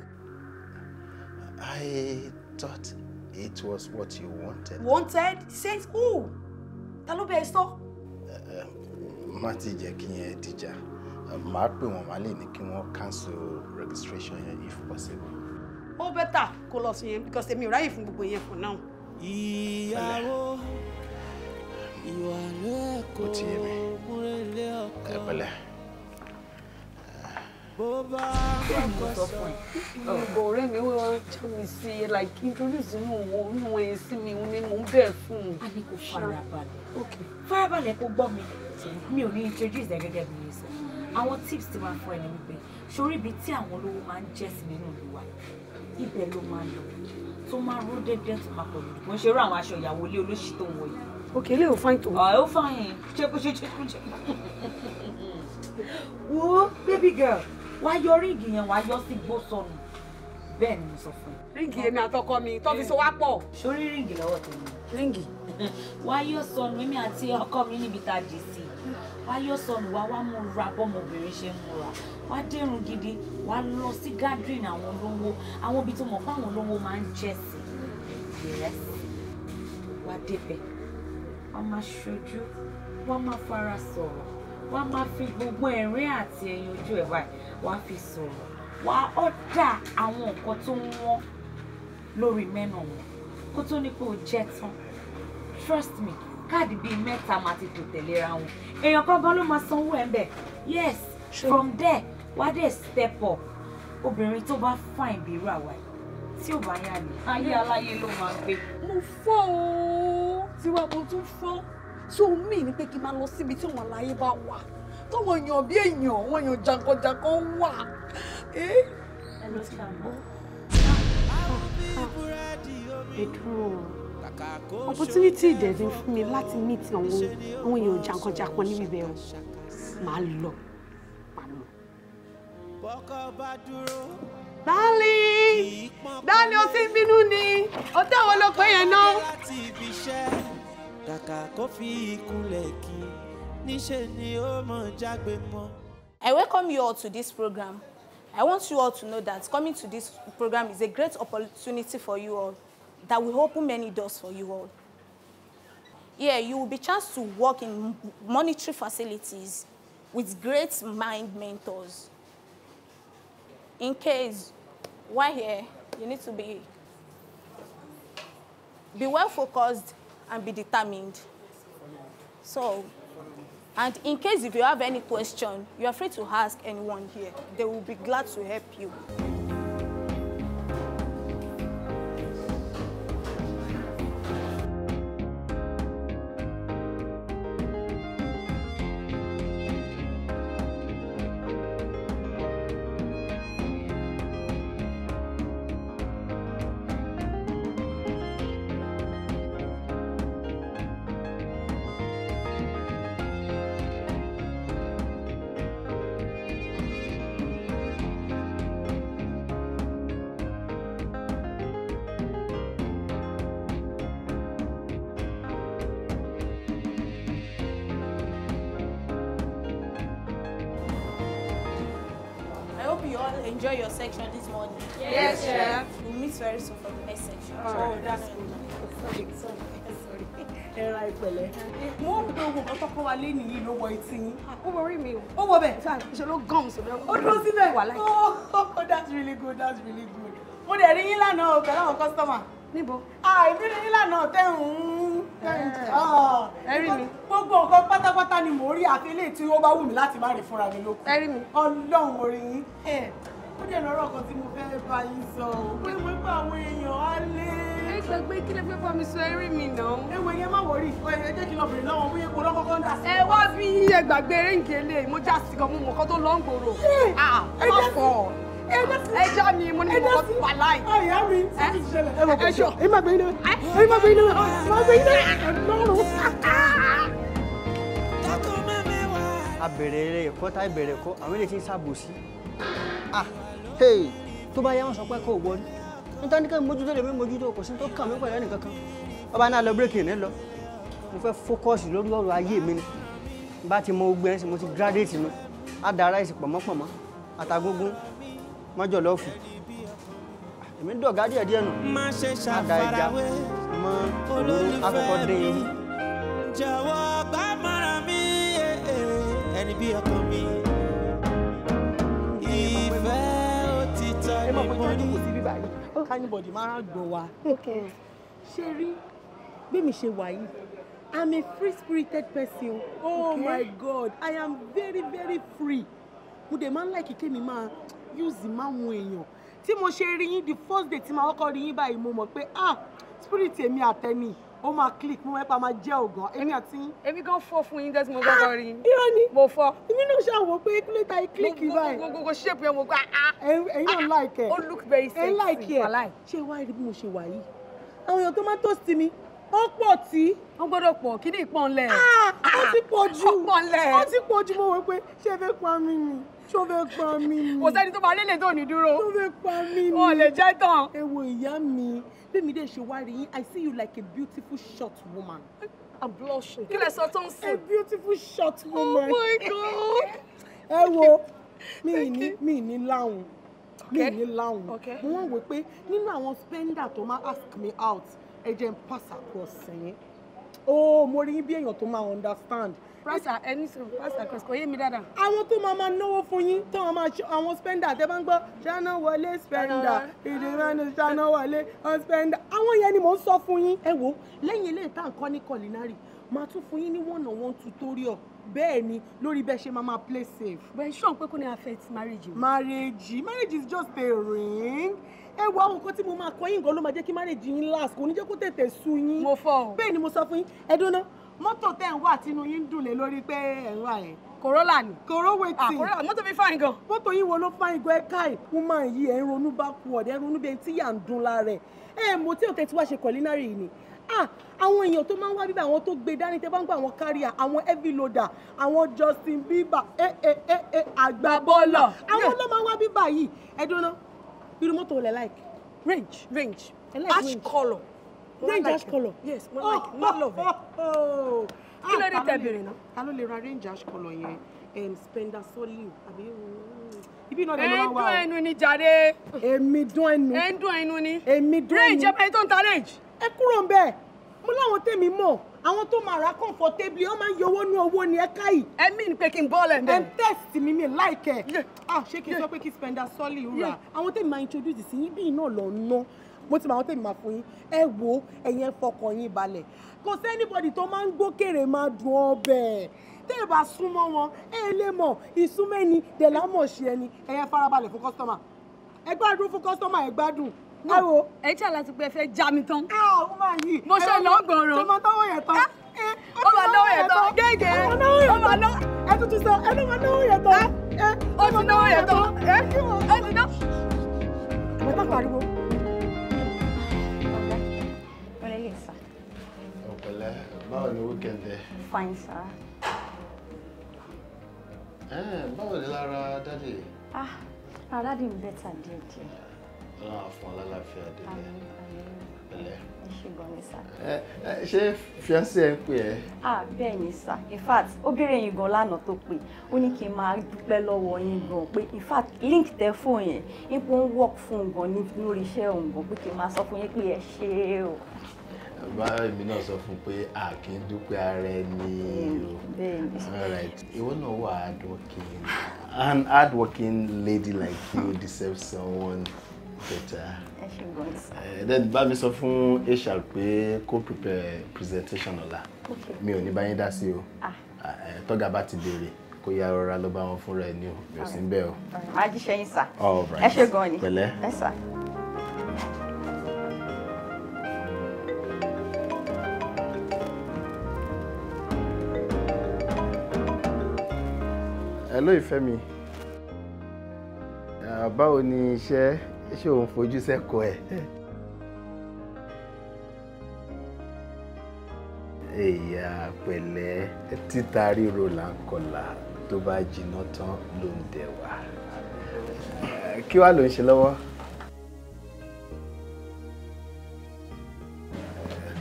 I thought it was what you wanted. Wanted? Says who? Ta ló bẹ sọ? Eh, eh, má ti jẹ́ kí yẹn dìjà. Eh, màá pè wọ́n má lè ní kí wọ́n cancel registration yẹn if possible. Ó bẹ́tà kó lọ sí yẹn because èmi ò ráyè fún gbogbo yẹn for now. Ìyàwó ìwà lẹ́kọ̀ọ́ múrẹ̀lẹ́ ọkọ ọ̀rẹ́ mi wọ́n wọ́n àwọn tips ti máa fún ẹ wípé sórí ibi tí àwọn olówó máa ń jẹ́ sí nínú ìlú wa ibẹ̀ ló máa lọ tó máa ró dédé tó máa pọ̀lú mo ṣe rú àwọn aṣọ ìyàwó ilé olóṣì tó ń wọ yìí. òkè ilé ò fáyìn tó. ọ̀ ó fáyìn ṣé kó wo baby girl wàá yọ ríǹgì yẹn wàá yọ sí gbó sọnù bẹ́ẹ̀ ni mo sọ fún ẹ. ríǹgì èmi àtọkọ mi tó fi so wá pọ̀. sórí ríǹgì lọ́wọ́ tèmi. ríǹgì. wàá yọ sọnù mímí àti ọkọ mi níbi tá a jì sí wàá yọ sọnù wàá wá múra bọ́mọbìnrin ṣe ń múra wá dẹrùn gidi wá lọ sí gathering àwọn olówó àwọn ibi tó mọ̀ fáwọn olówó máa ń jẹ́ sí wá débẹ̀ wá máa ṣojú wá máa fara sọ̀rọ̀ wá máa fi gbogbo ẹ̀rín àti ẹyin ojú ẹ̀ báyìí wàá fi sọ̀rọ̀ wàá ọ̀dà àwọn nǹkan tó ń wọ́n lórí mẹ́nà wọn kó tó ní pé o jẹ́ tán trust me káàdì bíi mẹ́ta máa ti tò tẹ̀léra wọn èèyàn kan gan ló máa sanwó ẹ̀ ń bẹ̀ yes from there wá dé step up obìnrin tó bá fine bí irú àwa yìí tí ò bá yá ni ayé aláyé ló máa gbé. mo fọ́ o tiwa mo tún fọ́ so mi ni pé kí n máa lọ síbi tí òun àlàyé bá wà táwọn èèyàn bí èèyàn àwọn èèyàn jàǹkànjàǹkàn wà. ẹ lọ ṣàbọ̀ ẹ dúró opportunity ìdẹ̀dín fún mi láti meet àwọn àwọn èèyàn jàǹkànjàǹkàn níbi bẹ́ẹ̀ o máa lọ máa lọ. Dálí! Dálí o ti ń bínú ni! Ọtẹ́ wo ló pé yẹn náà? Kàkà kó fi ikú lẹ̀ kí. I welcome you all to this program. I want you all to know that coming to this program is a great opportunity for you all that will open many doors for you all. Here, you will be chance to work in monetary facilities with great mind mentors. In case, while here, you need to be, be well focused and be determined. So, And in case if you have any question, you are free to ask anyone here. They will be glad to help you. bẹ̀. ṣe ló gàn sí lọ́wọ́. ó dúró síbẹ̀ wà oh, oh, oh that's really good that's really good. mo dẹ̀ rí yín lánàá o pẹ̀lú àwọn kọ́sítọ́mà. níbo. àìrí ah, rí yín lánàá tẹ̀hún. Eh, ah, ẹ rí mi. gbogbo nǹkan pátápátá ni mò rí àti eléyìí tí ó bá wù mí láti má rí fúnra mi lókun. ẹ rí mi. ọlọ́run mo yín. Eh, ó dẹ̀ lọ́rọ̀ kan tí mo fẹ́ bá yín sọ pé mo gbà àwọn èèyàn á lé gbàgbé kí lè fẹ́ bá mi sọ eré mi náà. ewé yẹn má wọrí ẹ jẹ́ kí n lọ bèrè lọ́wọ́ bóyá epo lọ́kọ́ kan dà sí. ẹ wá bí ẹ gbàgbé eré nkele mo já sí kan mo mọ̀ kán tó lọ́ ń gbòòrò. Ah, ah, ẹ má fọ ẹ já mi mo ní mo kọ́ wà láì. ọ̀yá mi ti eh? ti ṣẹlẹ̀. ẹ wọ kò sọ ẹ má gbé iná ẹ má gbé iná eh? ẹ má gbé iná ẹ lọ́rùn. Eh? eré ẹ̀kọ́ tá ìbẹ̀rẹ̀ ẹ̀kọ́ àwọn èlé ti ń sábòsí. Ah, tó bá yá wọn sọ pé kó wọlé. nítorí kí n mójútó lèmi mójútó kò sí tó kàn mí pẹ̀lú ẹnì kankan ba na lọ bírèkì ní lọ mo fẹ́ fókọ́sì lórí ọ̀rọ̀ mi ni bá ti mọ ogbẹ́ sí mo ti gírádéètì mi àdàrà ìsìn pọ̀mọ́pọ̀mọ́ àtagógún mọ́jọ̀lọ́ọ̀fù èmi mara Oh. kánibọ̀dì máa ń gbọ̀n wa. ṣé rí bí mi ṣe wà yìí i'm a free spirited person oh okay. my god i am very very free mo dẹ̀ máa ń láìkí kémi máa use máwọn èèyàn tí mo ṣe rí yín the first day tí màá kọ́kọ́ rí yín báyìí mo mọ̀ pé ah spirit èmi àtẹni ó máa click mo mẹ́pa máa jẹ́ ògàn èmi àti. èmi gan fọ́ fún yín dẹ́sí mo gbọ́dọ̀ rí. irọ́ ni mo fọ́. èmi náà ṣàwọ̀ pé kílódé ayé click báyìí. gbogbo gbogbo shape yẹn mo gbà á. Ah, ah. ẹ̀yin náà ah, like ẹ. ó look very sexy ẹ̀yin like ẹ ṣé wàá rí bí mo ṣe wà yìí. àwọn èèyàn tó máa tó sí mi ó pọ̀ tí. wọ́n gbọ́dọ̀ pọ̀ kí ni ìpọ́nlẹ̀. ó ti pọ̀ jù ó ti pọ̀ jù mo wò pé ṣé ẹ fẹ́ pa mí ni ṣó fẹ́ pa mí ni. kò sẹ́ni tó máa lélẹ̀ tó ní dúró. ṣó fẹ́ pa mí ni. wọn lè jẹ́ tán. ẹ wo ìyá mi bẹ́ẹ̀ dé ṣe wá rí yín I see you like a beautiful short woman. I'm blushing. kí lẹ sọ tó ń sùn. a beautiful short oh woman. oh my god. ẹ wo mi ní mi ní láwùn mi ní láwùn mo wọ́n wò pé nínú àwọn spender tó máa ask me out ẹ jẹ́ n pass across sẹ́yìn. oh mo rí bí èèyàn tó máa understand pásà ẹni sùn pásà kọsí kò yé mi dáadáa. àwọn tó máa máa náwó fún yín tó máa máa ṣe àwọn spender tẹ bá ń gbọ́ ṣáná wọlé spender ìdìbẹ́nu ṣáná wọlé spender àwọn yẹn ni mò ń sọ fún yín. ẹ wo lẹ́yìn ilé ìta nǹkan ní culinary máa tún fún yín ní one on one tutorial bẹ́ẹ̀ ni lórí bẹ́ẹ̀ ṣe máa máa play safe. bẹ́ẹ̀ ṣọ́n pé kò ní affect marriage. marriage marriage is just a ring ẹ wo àwọn nǹkan tí mo máa kọ yín gan ló máa jẹ́ kí marriage yín last kò ní jẹ́ kó tètè sú yín. mo fọ o bẹ́ẹ̀ ni mo sọ fún yín ẹ dúró náà mọ́tò tẹ̀ ń wà tínú yín dùn lé lórí pé ẹ̀ ń wà yẹn. Corolla ni. Corolla wetin. Ah, Corolla mọ́tò mi fáyín gan. Mọ́tò yìí wo ló fáyín gan ẹ káì. Woman yìí ẹ̀ ń ronú backward ẹ̀ ń ronú bẹ́ẹ̀ tí yà ń dun lára ẹ̀. Ẹ mo tí òkè tí ṣe culinary yìí ni ah, àwọn èèyàn tó máa ń wá bíbá àwọn tó gbé dání tẹ bá ń gbọ́ àwọn káríà àwọn heavy loader àwọn Justin Bieber ẹ ẹ ẹ ẹ àgbàbọ́ọ̀lọ̀ àwọn ló máa ń wá bíbá yìí ẹ dúró náà irú mọ́tò olè like range range ash colour Ranger color. Yes, Oh, like mo love it. Ah, kí ló dé tẹ̀ bèrè náà? Ta ló lè ra Ranger color yẹn? Um, spender Soliu àbí ibi náà lẹ́nu wá wá o. ẹ ń dún ẹnu ni jàre. èmi dún ẹnu. ẹ ń dún ẹnu ni. èmi dún ẹnu. rẹ́ǹjẹ́ báyìí tó ń ta mo láwọn tèmi mọ̀ àwọn comfortably ó máa ń yọwọ́ ní owó ni ẹ ká yìí. ẹ mí ni pé kí n bọ́ ọ̀lẹ̀ mẹ́. ẹ test mi mi láìkẹ́. ah ṣé kí n sọ pé kí spender sọ́ọ̀lì rà àwọn introduce sí yín bí iná lọ ná mo ti mọ àwọn tèmi máa fún yín ẹ wo ẹ̀yin ẹ fọkàn yín balẹ̀ kò sí anybody tó máa ń gbókèrè máa dùn ọbẹ̀ tẹ́ ẹ bá súnmọ́ wọn ẹ lè mọ̀ ìsúnmẹ́ni dẹ̀lámọ̀ṣẹ́ ẹni ẹ̀yẹ farabalẹ̀ fún kọ́sítọ́mà ẹ gbádùn fún kọ́sítọ́mà ẹ gbádùn awo ẹ tí aláti pé fẹ́ já mi tán. ẹ ò máa yí. mo ṣe lọ gbọrọ. ọmọ tọwọ yẹn tán. ó máa lọ́wọ́ yẹn tán. gègé ó máa lọ. ẹ tuntun sọ ẹ ló máa lọ́wọ́ yẹn tán. ó ti lọ́wọ́ yẹn tán. ó ti lọ. ẹ má pariwo. Pẹ̀lẹ́, báwo ni weekend ẹ? Fine, sir. Eh, báwo ni lára daddy? Ah, ara dádì ń better díẹ̀ díẹ̀. Ọlọ́run fún ọ lálàáfíà délé. Pẹ̀lẹ́. Ẹ ṣe gan ni sá. Ṣé fiancé ẹ Ah, bẹ́ẹ̀ sir. In fact, ó béèrè yín gan lánàá tó pé ó ní kí n máa dúpẹ́ lọ́wọ́ yín gan in fact link tẹ fóònù yẹn ipò work fún un gan lórí iṣẹ́ òun gan pé kí n máa sọ fún yín pé bá èmi náà sọ fún pé a kì í dúpẹ́ ara ẹni o hmm, ìwọ náà wà hardworking an hardworking lady like you deserve someone better eh, then bá mi sọ fún HR pé kó prepare presentation ọ̀la mi ò ní bá yín dá sí o ah. eh, tọ́gà bá ti béèrè kó yá rọra ló bá wọn fúnra ẹ ní o mi ò sí ń bẹ́ẹ̀ o. ajíṣẹ́yìn sá ẹ ṣe gan-an ni ẹ sá. hello ìfẹ́ báwo ni iṣẹ́ ṣé òun fojú sẹ́kọ̀ọ́ ẹ̀. èyà pẹ̀lẹ́ títa ríro là tó bá jiná tán ló ń dẹ̀wà kí wàá ló ń ṣe lọ́wọ́.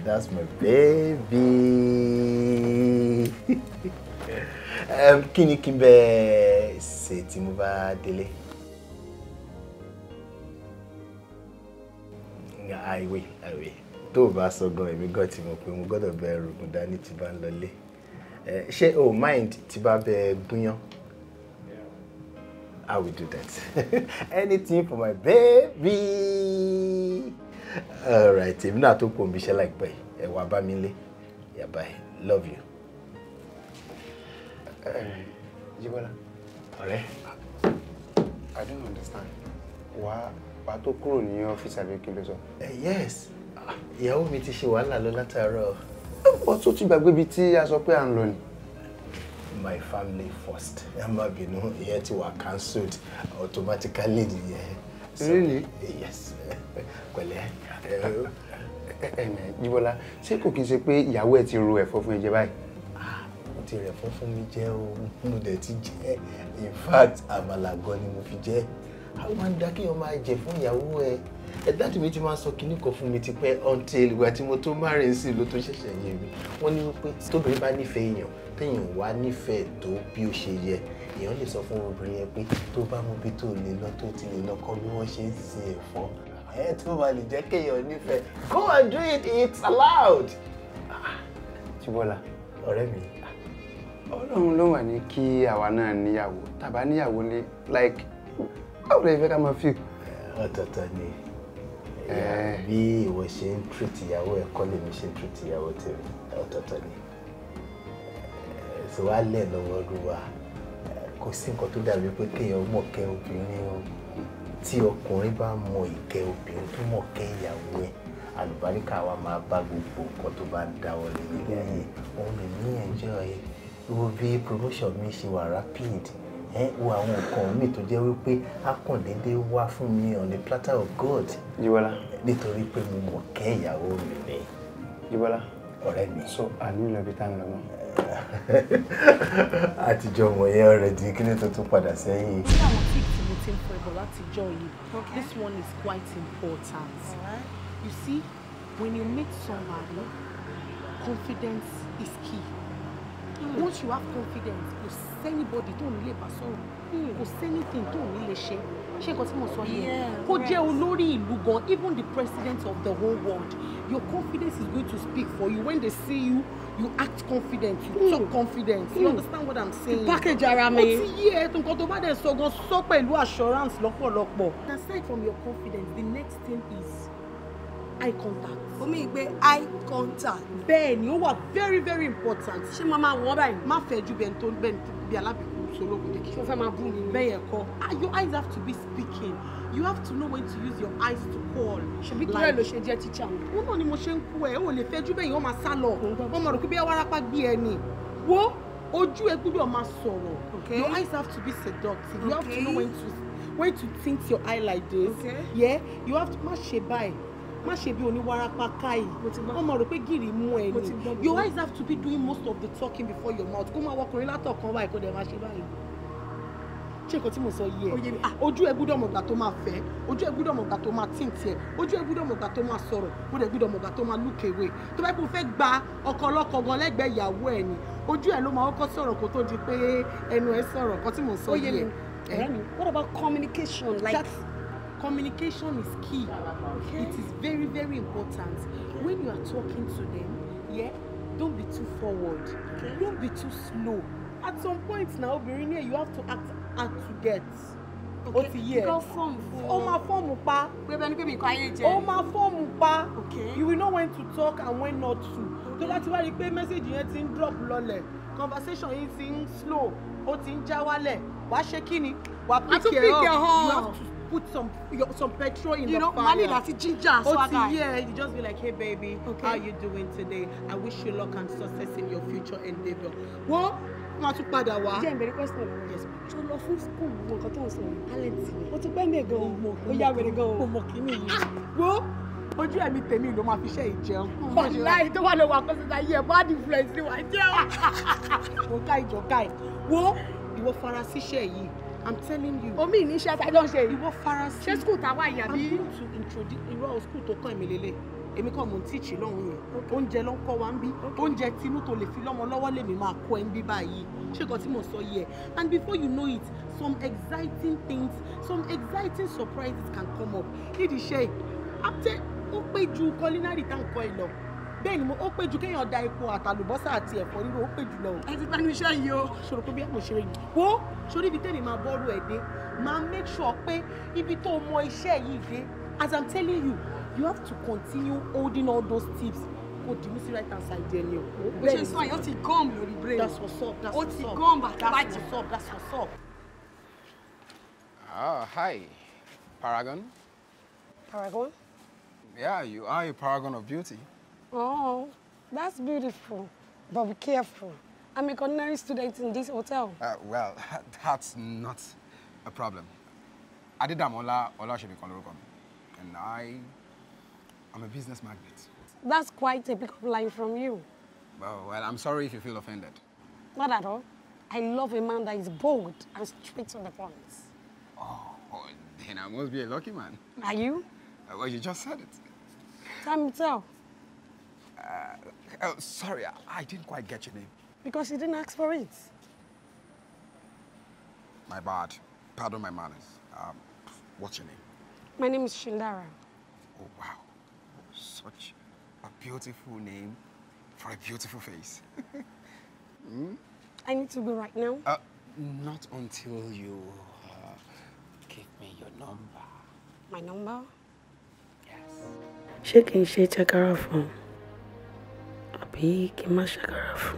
That's my baby. kí ni kí n bẹ ṣe tí mo bá délé. I will, tó o bá sọ gan èmi gan ti mọ̀ pé mo gbọ́dọ̀ bẹ rògùn dání tí bá ń lọlé ṣé o mind tí bá bẹ gúnyán. I will do that. Anything for my baby. All right, èmi náà tó kò ń bíṣẹ́ láìpẹ́ ẹ̀ wá bá mi lé. Yeah, bye. Love you jibola. Ọ̀rẹ́. I don't understand. Wà wà tó kúrò ní ọ́fíìsì àbí kí ló sọ. Eh, yes, ah, ìyàwó mi ti ṣe wàhálà lọ látàárọ̀. Bọ́ tó ti gbàgbé ibi tí a sọ pé à ń lọ ni. My family first. Ẹ má bínú, ìyẹn ti wà cancelled automatically nìyẹn. Really? Yes. Pẹ̀lẹ́. Ẹ̀ẹ̀mẹ̀ eh, eh, Jíbọ́lá, ṣé kò kí n ṣe pé ìyàwó ẹ̀ ti ro ẹ̀fọ́ fún ẹ jẹ báyìí? ti fún fún mi jẹ́ o mo dẹ̀ ti jẹ́ in fact àmàlà gan ni mo fi jẹ́ àwọn máa ń dá kéèyàn máa jẹ fún ìyàwó ẹ ẹ̀dá tèmi ti máa ń sọ kinní kan fún mi ti pẹ́ until ìgbà tí mo tó márùn-ún sí ló tó ṣẹ̀ṣẹ̀ yé mi wọ́n ní wípé tóbìnrin bá nífẹ̀ẹ́ èèyàn téèyàn wá nífẹ̀ẹ́ tó bí ó ṣe yẹ èèyàn lè sọ fún obìnrin yẹn pé tó bá mú bí tó lè lọ tó ti lè lọ kọ́ bí wọ́n ṣe ń sin ẹ̀fọ́ ẹ̀ tó máa lè jẹ́ kéèyàn nífẹ̀ẹ́ go and do it it's allowed. Chibola ah. ọ̀rẹ́ mi ọlọ́run ló wà ní kí àwa náà níyàwó tàbá níyàwó lé like báwo lè fẹ́ ká máa feel. ọ̀tọ̀ọ̀tọ̀ ni bí ìwọ ṣe ń treat ìyàwó ẹ̀ kọ́ lèmi ṣe ń treat ìyàwó tèmi ọ̀tọ̀ọ̀tọ̀ ni ẹ̀sìn wa lẹ̀ lọ́wọ́ olúwa kò sí nǹkan tó dàbí pé kéèyàn mọ̀ kẹ́ obìnrin o tí ọkùnrin bá mọ ìkẹ́ obìnrin tó mọ̀ kẹ́ ìyàwó ẹ̀ àlùbáríkà wa máa bá gbogbo nǹkan tó bá ń dáwọ́ lé nílé ayé òun lè ní enjoy wo bí promotion mi ṣe wà rapid ẹ wo àwọn nǹkan mi tó jẹ́ wípé a kàn déédéé wá fún mi on the platter of God? Jíbọ́lá. nítorí pé mo mọ̀ kẹ́ ìyàwó mi ni. Jíbọ́lá. ọ̀rẹ́ mi. so àní lọ bí tá n lọ mọ. àtijọ́ wọ̀nyẹn already kí ni tó tún padà sẹ́yìn. ṣé àwọn tí tí mo ti ń fọ ibọ̀ látijọ́ yìí this one is quite important you see when you meet somebody confidence is key once you have confidence kò sẹ́nibọ́dì tó ní lè bá sọ̀rọ̀ hmm. kò sẹ́nìtìn tó ní lè ṣe ṣé nǹkan tí mo sọ yìí kó jẹ́ olórí ìlú gan even the president of the whole world your confidence is going to speak for you when they see you you act confident you mm. talk confident mm. you hmm. understand what i'm saying. the package ara mi. ó ti yí ẹ nǹkan tó bá dẹ̀ sọ gan sọ pẹ̀lú assurance lọ́pọ̀lọpọ̀. aside from your confidence the next thing is eye contact. omi ìgbé eye contact. bẹ́ẹ̀ni ó wà very very important. ṣé màmá wọ́n báyìí má fẹ́ ju bẹ́ẹ̀ tó bẹ́ẹ̀ bí alábìkú sológun dèkì. ṣé o fẹ́ máa bú mi. bẹ́ẹ̀ yẹn kọ́ ah, your eyes have to be speaking you have to know when to use your eyes to call. ṣebí kúrẹ́ ló ṣe jẹ́ tíṣà wọn. wọn náà ni mo ṣe ń kú ẹ ó lè fẹjú bẹ́ẹ̀ yẹn ó máa sá lọ wọn mọ̀ rò pé bí ẹ wárápá gbé ẹ ni wo ojú ẹ gbúdọ̀ máa sọ̀rọ̀ your eyes have to be seductive you okay. have to know when to when to tint your eye like this okay. yeah you have to má ṣe báyìí má ṣe bí oníwárapá káyì wọ́n mọ̀ rò pé gìrì mú ẹ ni your eyes have to be doing most of the talking before your mouth kó máa wọkùnrin látọ̀kan wáyé kó dẹ̀ máa ṣe báyìí ṣé nǹkan tí mo sọ yìí ẹ ah, ojú ẹ gbúdọ̀ mọ̀gbà tó máa fẹ́ ojú ẹ gbúdọ̀ mọ̀gbà tó máa tíǹtì ẹ ojú ẹ gbúdọ̀ mọ̀gbà tó máa sọ̀rọ̀ ó dẹ̀ gbúdọ̀ mọ̀gbà tó máa lùkèwé tó bá kó fẹ́ gba ọkọ ọlọ́kọ gan lẹ́gbẹ̀ẹ́ ìyàwó ẹ̀ ni ojú ẹ ló máa kọ́kọ́ sọ̀rọ̀ kó tó di pé ẹnu ẹ sọ̀rọ̀ nǹkan tí mo sọ yìí ẹ. mi what about communication like communication is key okay. it is very very important when you are talking to them yeah don't be too forward okay. don't be too slow at some point na obìnrin ní you have to act and to get o ti yẹ o ma fọ́ọ̀mù pa o ma fọ́ọ̀mù pa you will know when to talk and when not to tó bá ti wá rí i pé mẹ́sẹ̀gì ti ń drop lọlẹ̀ conversation yìí ti ń slow O ti ń já wálẹ̀ Wa ṣe kí ni wà á pick ẹ̀ up you have to put some your, some petrol in you the know, fire. You know, money that's ginger. Oh, yeah, you just be like, hey baby, okay. how you doing today? I wish you luck and success in your future endeavor. Well, wọn tún padà wá. jẹ́ ìbẹ̀rẹ̀ question tó lọ fún school mọ nǹkan tó ń sọ yìí talent ni. o ti pẹ́ mi gan o o yà wẹ̀rẹ̀ gan o. o mọ kíni yìí. wo ojú ẹ̀mí tèmi ló máa fi ṣe ìjẹun. ọ̀nà tó wà lọ́wọ́ àkọsílẹ̀ ayé ẹ̀ bad influence ni wà á jẹ́ wà. mo ká ìjọ ká ẹ̀ wo ìwọ fara síṣẹ́ yìí I'm telling you. omi ní iṣẹ́ ta ló ń ṣe yìí. ìwọ farasin. ṣé school ta wá yìí I'm going to introduce irọ́ school To kàn mí lélẹ̀ èmi kàn mò ń tíìchì lọ́hùn yẹn oúnjẹ ló ń kọ́ wa ń bí oúnjẹ tinú tó lè fi lọ́mọ lọ́wọ́ lèmi máa kọ́ ẹ ń bí báyìí ṣé nǹkan tí mo sọ yìí and before you know it some exciting things some exciting surprises can come up nídìí iṣẹ́ ẹ̀ after ó pé ju culinary tá n kọ́ ẹ lọ bẹ́ẹ̀ ni mo ó pé ju kéèyàn da epo àtàlùbọ́sà àti ẹ̀fọ́ rírò ó pé jù lọ. ẹ ti tánú iṣẹ́ yìí o. ṣòro pé bí àwọn òṣèré yìí wo sórí ibi tẹ́lẹ̀ máa bọ́ọ̀rù ẹ̀ dé máa make sure pé ibi tó mọ iṣẹ́ yìí dé as i'm telling you you have to continue holding all those tips kò dì mí sí right hand side ẹni o. o ṣe sọ yìí ó ti gum lórí brain. that's what's up that's what's up. ó ti gum àtàbàjẹ́. that's what's up that's what's up. ah hi paragon. paragon. yeah you are a paragon of beauty. Oh, that's beautiful, but be careful. I'm a culinary student in this hotel. Uh, well, that's not a problem. Adedamola be Konorokom, and I i am a business magnate. That's quite a pickup line from you. Well, well, I'm sorry if you feel offended. Not at all. I love a man that is bold and straight on the points. Oh, oh, then I must be a lucky man. Are you? Uh, well, you just said it. Time will tell. Uh, oh, sorry, I didn't quite get your name. Because you didn't ask for it. My bad. Pardon my manners. Um, what's your name? My name is Shindara. Oh, wow. Such a beautiful name for a beautiful face. hmm? I need to go right now. Uh, not until you uh, give me your number. My number? Yes. She can share her phone. tàbí kí n má ṣàkàrà fún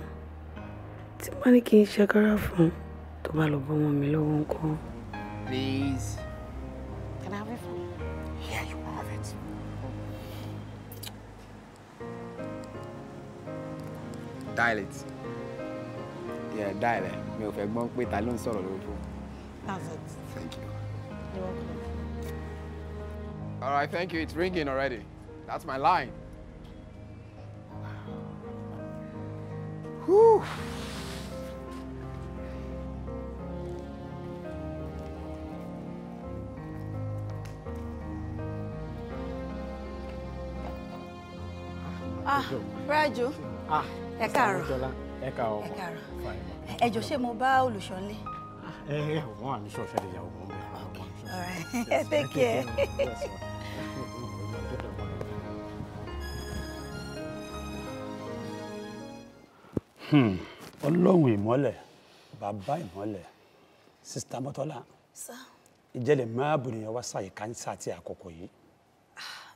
tí n bá ní kí n ṣàkàrà fún tó bá lọ bọ́ ọmọ mi lọ́wọ́ ńkọ́. please. can I have it for you? yeah you have it. dial it. yeah dial it mi ò fẹ́ gbọ́n pé ta ló ń sọ̀rọ̀ lórí fún. that's it. thank you. you're welcome. all right thank you it's ringing already that's my line. Whew. Ah, Rájú. Ah, ẹ káàárọ̀. Ẹ káàárọ̀. Ẹ káàárọ̀. Ẹ jọ̀ọ́ ṣé mo bá olùṣọ́lé? Ah, ẹ ẹ wọ́n àmì ṣọ̀ṣẹ́ lè yàwó mọ́ mi. All right, take care. Hmm. ọlọ́run ìmọ́lẹ̀ bàbá ìmọ́lẹ̀ sista mọ́tọ́lá ìjẹ́lẹ̀ máa bù nìyẹn wá sáyé káńsà àti àkókò yìí. Ah,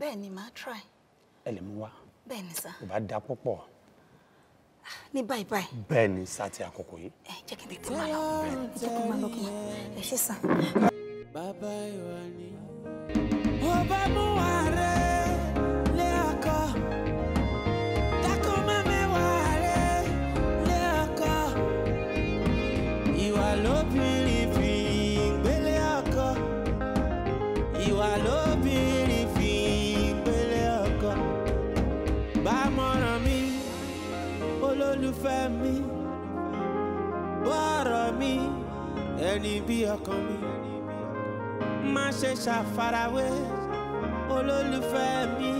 bẹ́ẹ̀ ni màá try. ẹ lè mú wa. bẹ́ẹ̀ ni sá. kò bá da púpọ̀. Ah, ní báyìí báyìí. bẹ́ẹ̀ ni sá àti àkókò yìí. ẹ jẹ́ kí n tètè máa lọ jẹ́ kí n máa lọ kí n ẹ ṣe sá. bàbá ìwà ni ọba mú wa rẹ̀. ẹni bí ọkàn mi má ṣe ṣàfarawé olólùfẹ́ mi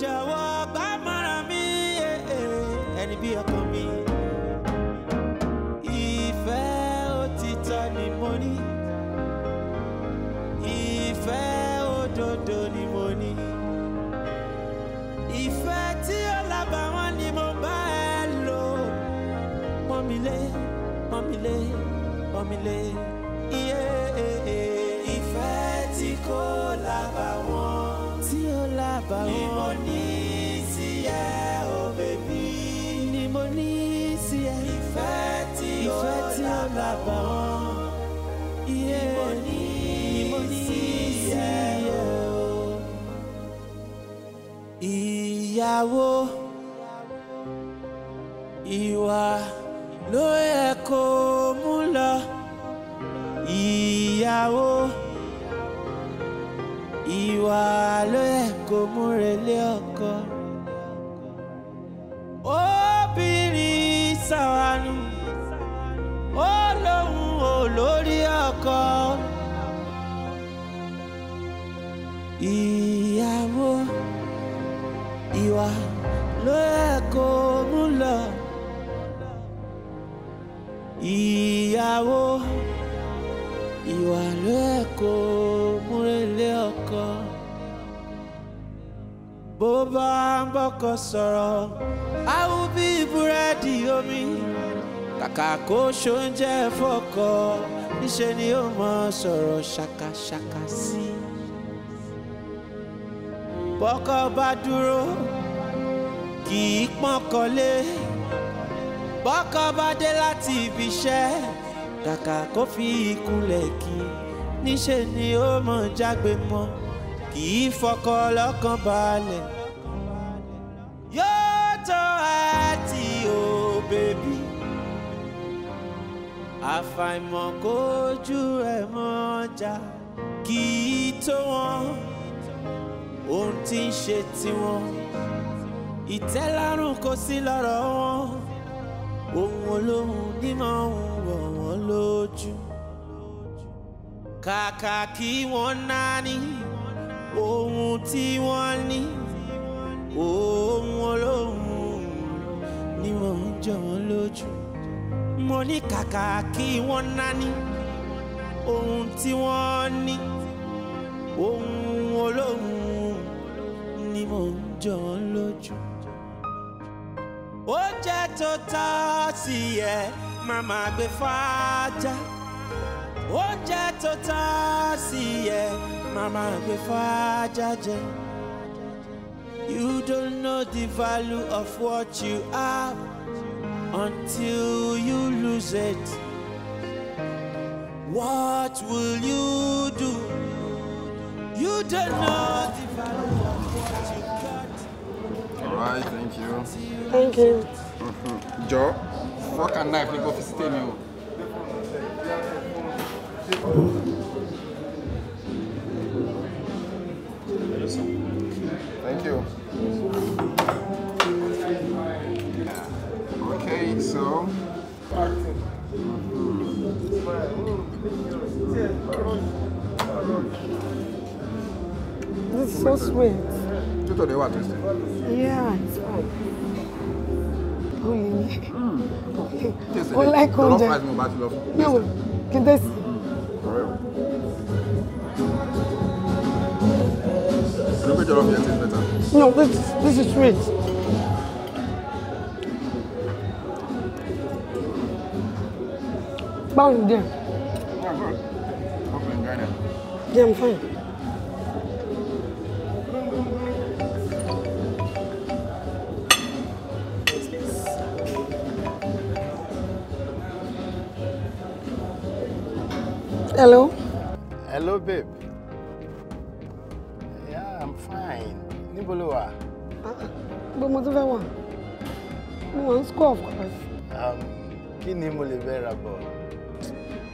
jọ̀wọ́ gbàmọ̀ràn mi ẹni bí ọkàn mi ìfẹ́ òtítọ́ ni mo ní ìfẹ́ òdodo ni mo ní ìfẹ́ tí ó lábàwọ́n ni mo bá ẹ lò pọ́n lé pọ́n lé pọ́n mi lé iye ìfẹ́ tí kò lábàwọ́n tí ó lábàwọ́n ni mo ní sí ẹ o oh bèbí ni mo ní sí ẹ ìfẹ́ tí ó lábàwọ́n iye ni mo ní sí ẹ oh. ìyàwó. wá ló yẹ kó múrelé ọkọ. obìnrin ṣàwánú ó lóun ò lórí ọkọ. ìyàwó ìwà ló ó bá ń bọ́kọ sọ̀rọ̀ á wú bí búrẹ́dì omi kàkà kó ṣoúnjẹ fọ́kọ níṣẹ́ ni ó mọ sọ̀rọ̀ ṣàkàṣàkà sí i bọ́kọ bá dúró kì í pọ́nkọ́lé bọ́kọ bá dé láti ibi iṣẹ́ kàkà kó fi ìkúnlẹ̀ kí níṣẹ́ ni ó mọ̀ jágbe mọ́ kì í fọkọ lọ́kàn balẹ̀. Baby, àfàìmọ̀ kójú ẹ̀ mọ́jà kì í tó wọn ohun tí ń ṣe tiwọn ìtẹ́lárùn kò sí lọ́rọ̀ wọn ohun olóhùn ní máa ń wọ̀ wọ́n lójú kàkà kí wọ́n náání ohun tí wọ́n ní ohun olóhùn ni mò ń jọ wọ́n lójú mo ní kàkà kí wọ́n nání ohun tí wọ́n ní ohun olóhùn ni mò ń jọ wọ́n lójú. ó jẹ́ tó tọ́ sí ẹ màmá gbé fàájà ó jẹ́ tó tọ́ sí ẹ màmá gbé fàájà jẹ. You don't know the value of what you have until you lose it. What will you do? You don't know the value of what you got. Alright, thank you. Thank you. hmm Joe, fork and knife, we go for steaming. Thank you. Thank you. Okay, so. This is so sweet. You thought they were tasting? Yeah, it's fine. Mm. Okay. Yes, All I can do. No, can taste. The major of your is better. No, this this is sweet. Bang there. dẹ̀? good. Hope you enjoyed it. Yeah, I'm fine. Hello? Hello, babe. tó fẹ́ wà mo wà ní of course. Um, kí ni mo lè bẹ́ẹ̀ ra bọ̀.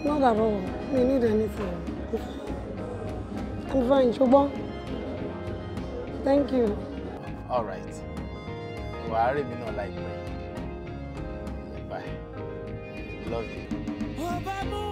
not at all mi need anything i'm fine ṣùgbọ́n thank you. all right wàá rè mí náà láìpẹ́ bye love you.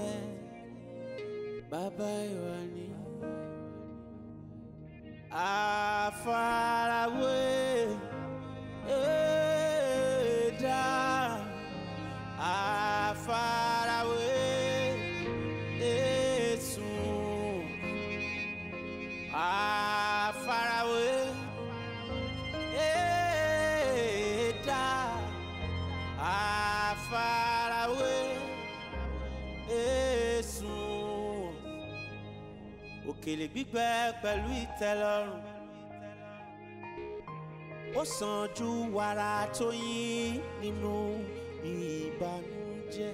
bàbá ìwà ni àfarawé. Eh. òkèlè gbígbẹ pẹ̀lú ìtẹ́lọ́rùn ó sàn ju wàrà tó yín nínú ìbànújẹ́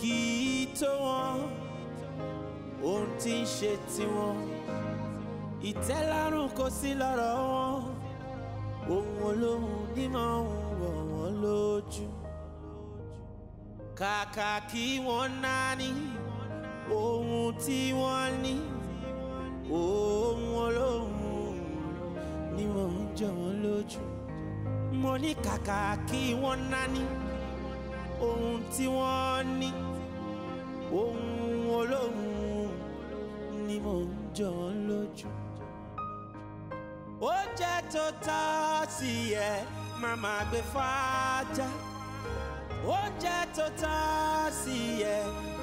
kì í tó wọn ohun tí ń ṣe tiwọn ìtẹ́lọ́rùn kò sí lọ́rọ̀ wọn ohun olóhùn ní ń wọ̀ wọ́n lójú kàkà kí wọ́n náání ohun tí wọ́n ní ohun olóhùn ni wọ́n ń jọ wọ́n lójú mo ní kàkà kí wọ́n nání ohun tí wọ́n ní ohun olóhùn ni mo ń jọ wọ́n lójú ó jẹ́ tó tọ́ sí ẹ màmá gbé fàájà ó jẹ́ tó tọ́ sí ẹ.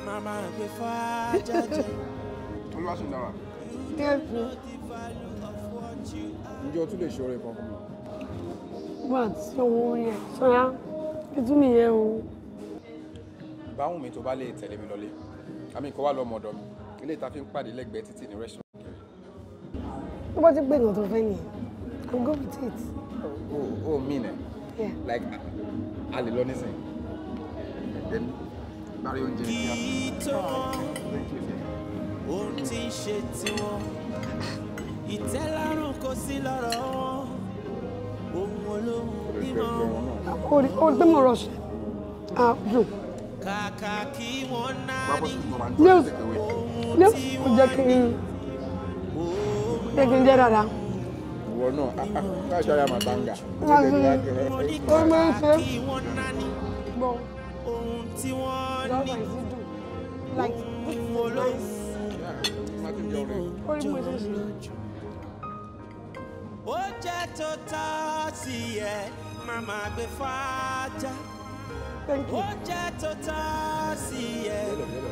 Mama, màmá gbé fájà jẹ. olùwàsùn dára. kẹ́ẹ̀kú. ǹjẹ́ o tún lè ṣọ̀rọ̀ ẹ̀kọ́ fún mi. wà á ti owó yẹn sọ́yá ìtú nìyẹn o. báwọn mi tó bá lè tẹ̀lé mi lọlé àmì kó wá lọ ọmọ ọ̀dọ̀ mi ilé ìta fi ń pàdé lẹ́gbẹ̀ẹ́ títì ní rẹ́sítọ̀ kiri. tó bá ti gbé ìgbọ̀n tó fẹ́ nìyẹn i'm go with it. o o mean it. Yeah. like a lè lọ nísìnyí parí oúnjẹ ní ohun tí ń ṣe tiwọn ìtẹ́lárùn kò sí lọ́rọ̀ wọn ohun olóhùn mímọ́. orí orí pé mo rọ sí ààbò. kàkà kí wọ́n náà ní ohun tí wọ́n ní jẹ́ kí n jẹ́ dáadáa. ìwọ náà káṣọ ya màtanga. ó máa ń ṣe lọ́dọ̀ ó jẹ́ tó tá sí ẹ màmá gbé fàájà. ó jẹ́ tó tá sí ẹ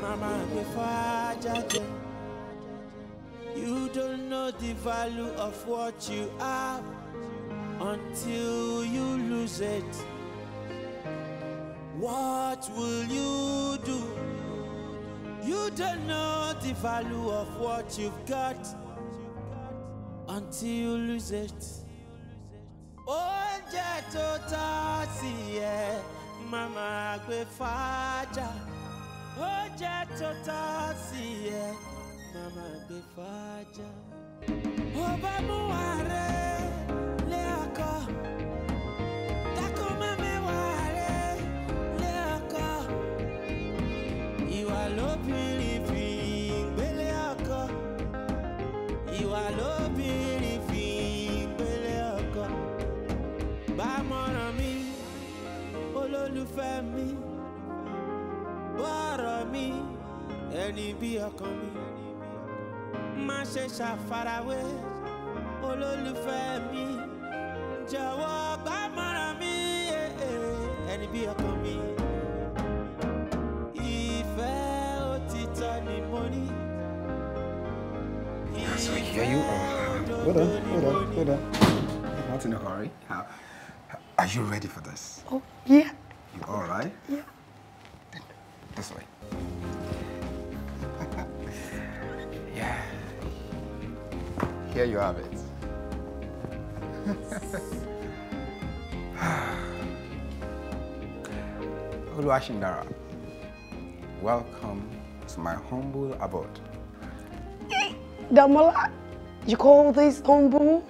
màmá gbé fàájà jẹ. You don't know the value of what you have until you lose it. What will you do? You don't know the value of what you've got until you lose it. Oje tó ta sí màmá gbé faja. Oje tó ta sí màmá gbé faja. Oba muare. mú lóbìnrin fi ìgbélé ọkọ ìwà lóbìnrin fi ìgbélé ọkọ bámọ̀ràn mi olólùfẹ́ mi bọ́ọ̀rọ̀ mi ẹni bí ọkàn mi má ṣe ṣàfarawé olólùfẹ́ mi jọ̀wọ́ gbàmọ̀ràn mi eh, eh, ẹni bí ọkàn mi. So here you are. Oh, hold on, hold on, hold on. I in a hurry. how, are you ready for this? Oh, yeah. You all right? Yeah. Then, this way. yeah. Here you have it. Oluwashindara, welcome to my humble abode. Eh. Damola, you call this humble?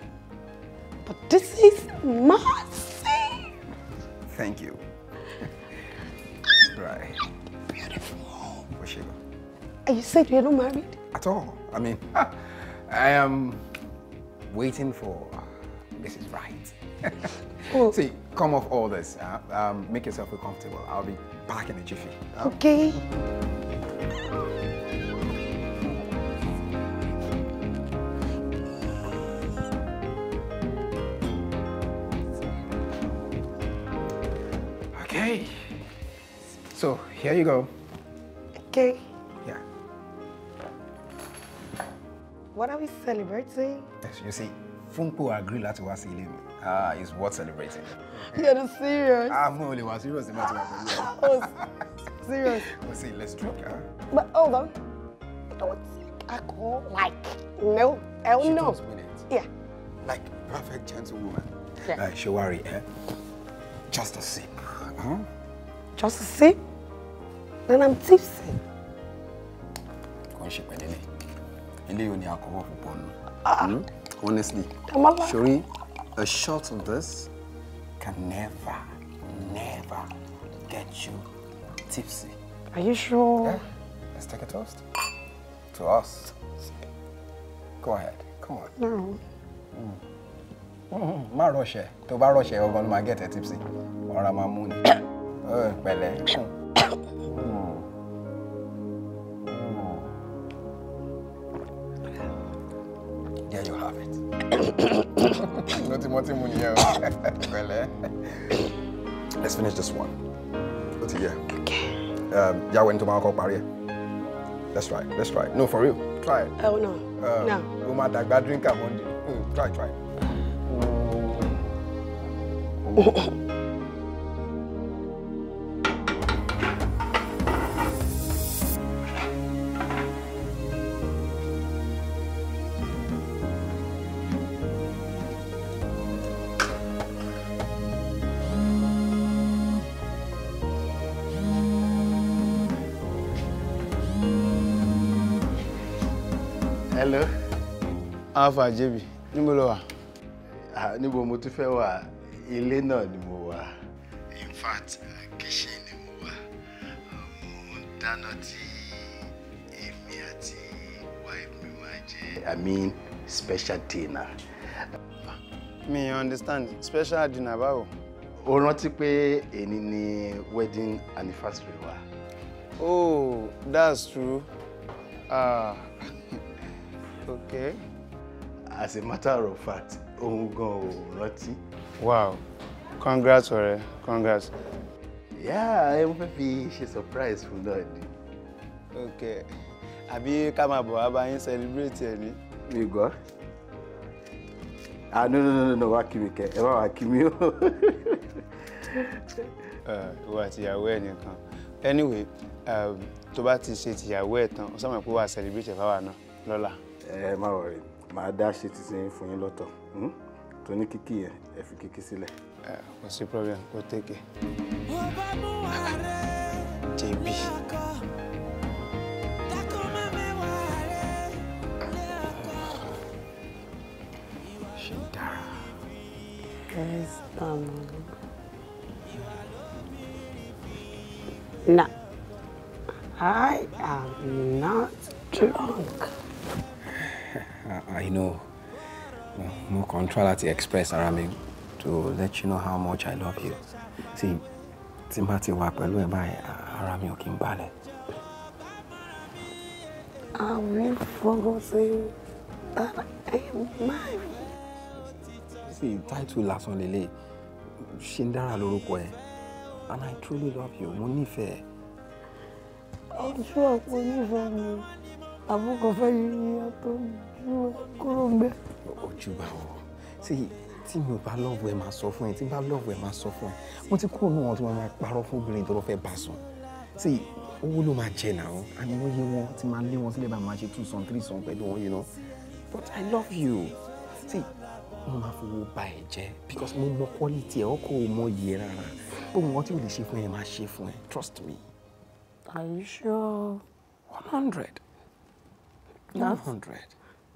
But this is mercy. Thank you. right. Beautiful. And you said you're not married? At all. I mean, I am waiting for Mrs. Right. oh. See, come off all this. Uh, um, make yourself feel comfortable. I'll be back in a jiffy. Uh, okay. Okay. So here you go. Okay. Yeah. What are we celebrating? Yes, you see, Funko agreed láti wá sí ilé mi. Ah, it's worth celebrating. You're not serious. I'm ah, mo lè wá serious nígbà tí oh, serious. Well, see, let's drink. Huh? Ah. But hold on. I don't drink alcohol. Like, no, hell she no. She does it. Yeah. Like, perfect gentlewoman. Yeah. Like, worry, eh? Just a sip. Huh? Just see. Then I'm tipsy. Kò ń ṣe pẹ̀lẹ́lẹ̀. Eléyìí ò ní alcohol púpọ̀ ah. hmm? Honestly, Shori, a shot of this can never, never get you tipsy. Are you sure? Yeah. Let's take a toast. To us. Go ahead. Come on. No. Mm. Hmm, má rọṣẹ tó bá rọṣẹ ọgbọ́n ló máa gẹ̀tẹ̀ tipsy ọ̀rá máa mú ni pẹ̀lẹ́. There hmm. hmm. you have it. Ló ti mọ́ tí mo nìyẹn o. Pẹ̀lẹ́. Let's finish this one. Ó ti yẹ. Yàwó um, ẹni tó máa kọ́ parí ẹ̀. Let's try, let's try. No, for real, try. Oh, no, um, no. Ó máa dàgbà drinker Monday. Mm, try, try. Hello. Afa JB, níbo wa. wà? Ah, N'ibo mo tún ilé náà ni mo wà in fact kitchen ni mo wà mo dáná tí èmi àti wife mi máa jẹ i mean special dinner. mi understand special dinner báwo. o rántí pé èyí ni wedding anniversary wa. oh that's true. Ah. okay. as a matter of fact òun gan ò rántí wow congrats ọ̀rẹ́ congrats. Yeah, I'm happy. fẹ́ surprised for surprise Okay. Abi, come up, àbí ká máa celebrate ẹ̀ You go. ah no no no no no wá kí mi kẹ ẹ má wá kí mi o. Eh, ìwọ àti ìyàwó ẹ nìkan anyway um, tó bá ti ṣe tìyàwó ẹ tán ó sábà pé wàá celebrate ẹ fáwa náà lọ́la. ẹ eh, má wọrí màá dá ṣe títí fún yín lọ́tọ̀ hmm? tó ní ẹ fi kékeré sílẹ̀. ẹ kò sí problem kò tèké. jẹ̀bi. No, I am not drunk. I know. more. kàn ń try express ara to let you know how much I love you. See, tí bá ti wà pẹ̀lú ẹ̀ báyìí, ara mi ò kí ń balẹ̀. Have you forgotten that I am married? See, title lásán lélẹ̀, Shindara lórúkọ ẹ̀, and I truly love you, mo nífẹ̀ẹ́. Ojú ọ̀pọ̀ onífẹ̀ẹ́ mi, àbúkọ̀ fẹ́ yí ìyá tó ju kúrò ń bẹ́. Ojú bá wọ̀, see tí mi ò bá lọ́ọ̀bù ẹ̀ máa sọ fún ẹ tí bá lọ́ọ̀bù ẹ̀ máa sọ fún ẹ mo ti kúrò náà wọn tí wọ́n máa parọ́ fún obìnrin tó lọ́ fẹ́ bá sùn sí owó ló máa jẹ náà àní wọ́n yé wọn tí máa lé wọn sílẹ̀ bá máa ṣe two son three son pẹ̀lú wọn you know but I love you see mo máa fowó ba ẹ̀ jẹ́ because mo mọ quality ẹ̀ ọkọ̀ ò mọ yìí rárá gbogbo wọn tí ò lè ṣe fún ẹ máa ṣe fún ẹ trust me. Are you sure? One hundred. One hundred.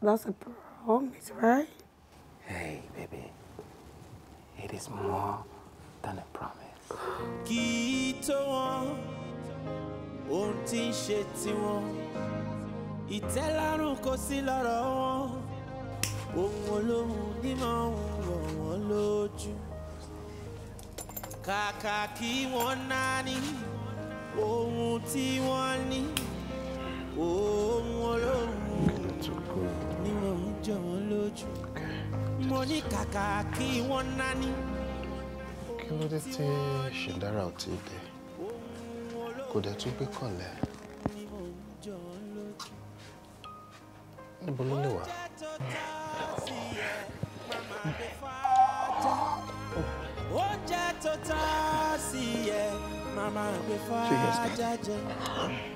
That's a promise, right? Hey, baby. It is more than a promise. Kì tó wọn, ohun tí ń ṣe tiwọn, ìtẹ́lárùn kò sí lọ́rọ̀ wọn, ohun olóhùn ní ń wọ̀ wọ́n lójú. Kàkà kí wọ́n náání ohun tí wọ́n ní, ohun olóhùn ní ń jọ wọ́n lójú mo ní kàkà kí wọ́n nání. kí ló dé tí ṣèdára ò tí dé kò dé tún gbé kànlẹ̀ níbo ló lè wà. oúnjẹ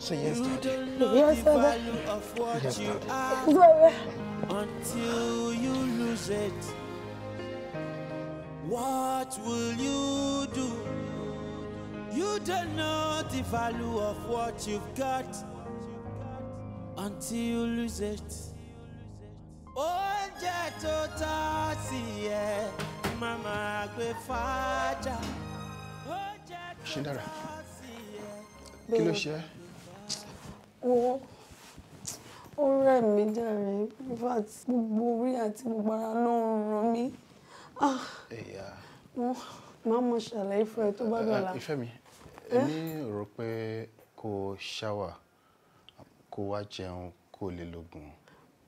So yes, Daddy. Yes, Daddy. Yes, Daddy. Daddy. Until you lose it, what will you do? You don't know the value of what you've got until you lose it. Oúnjẹ tó ta sí ẹ, màmá gbé fàájà. Ṣé dára? Kí ló ṣe é? Wo ó rẹ̀ mí jàre, in fact gbogbo orí àti gbogbo ara ló ń ro mí. Ah, Màá mọ ṣàlàyé fún ẹ tó bá dọ̀la. Ìfẹ́ eh, eh, mi, eh? èmi rò pé kó shower, kó wá jẹun, kó lè lògùn.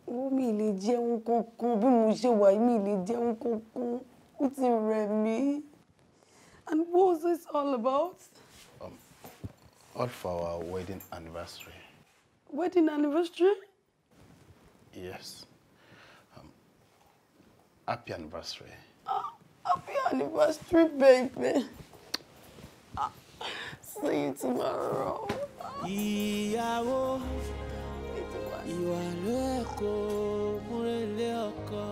Wo mi lè jẹun kankan bí mo ṣe wà yìí, mi lè jẹun kankan. Ó ti rẹ̀ mí. And what was this all about? Um, all for our wedding anniversary. Wedding anniversary? Yes. Um, happy anniversary. Oh, happy anniversary, baby. Ah, see you tomorrow. Ah. Ìyàwó, ìwà ló ẹ̀kọ́ múrelé ọkọ.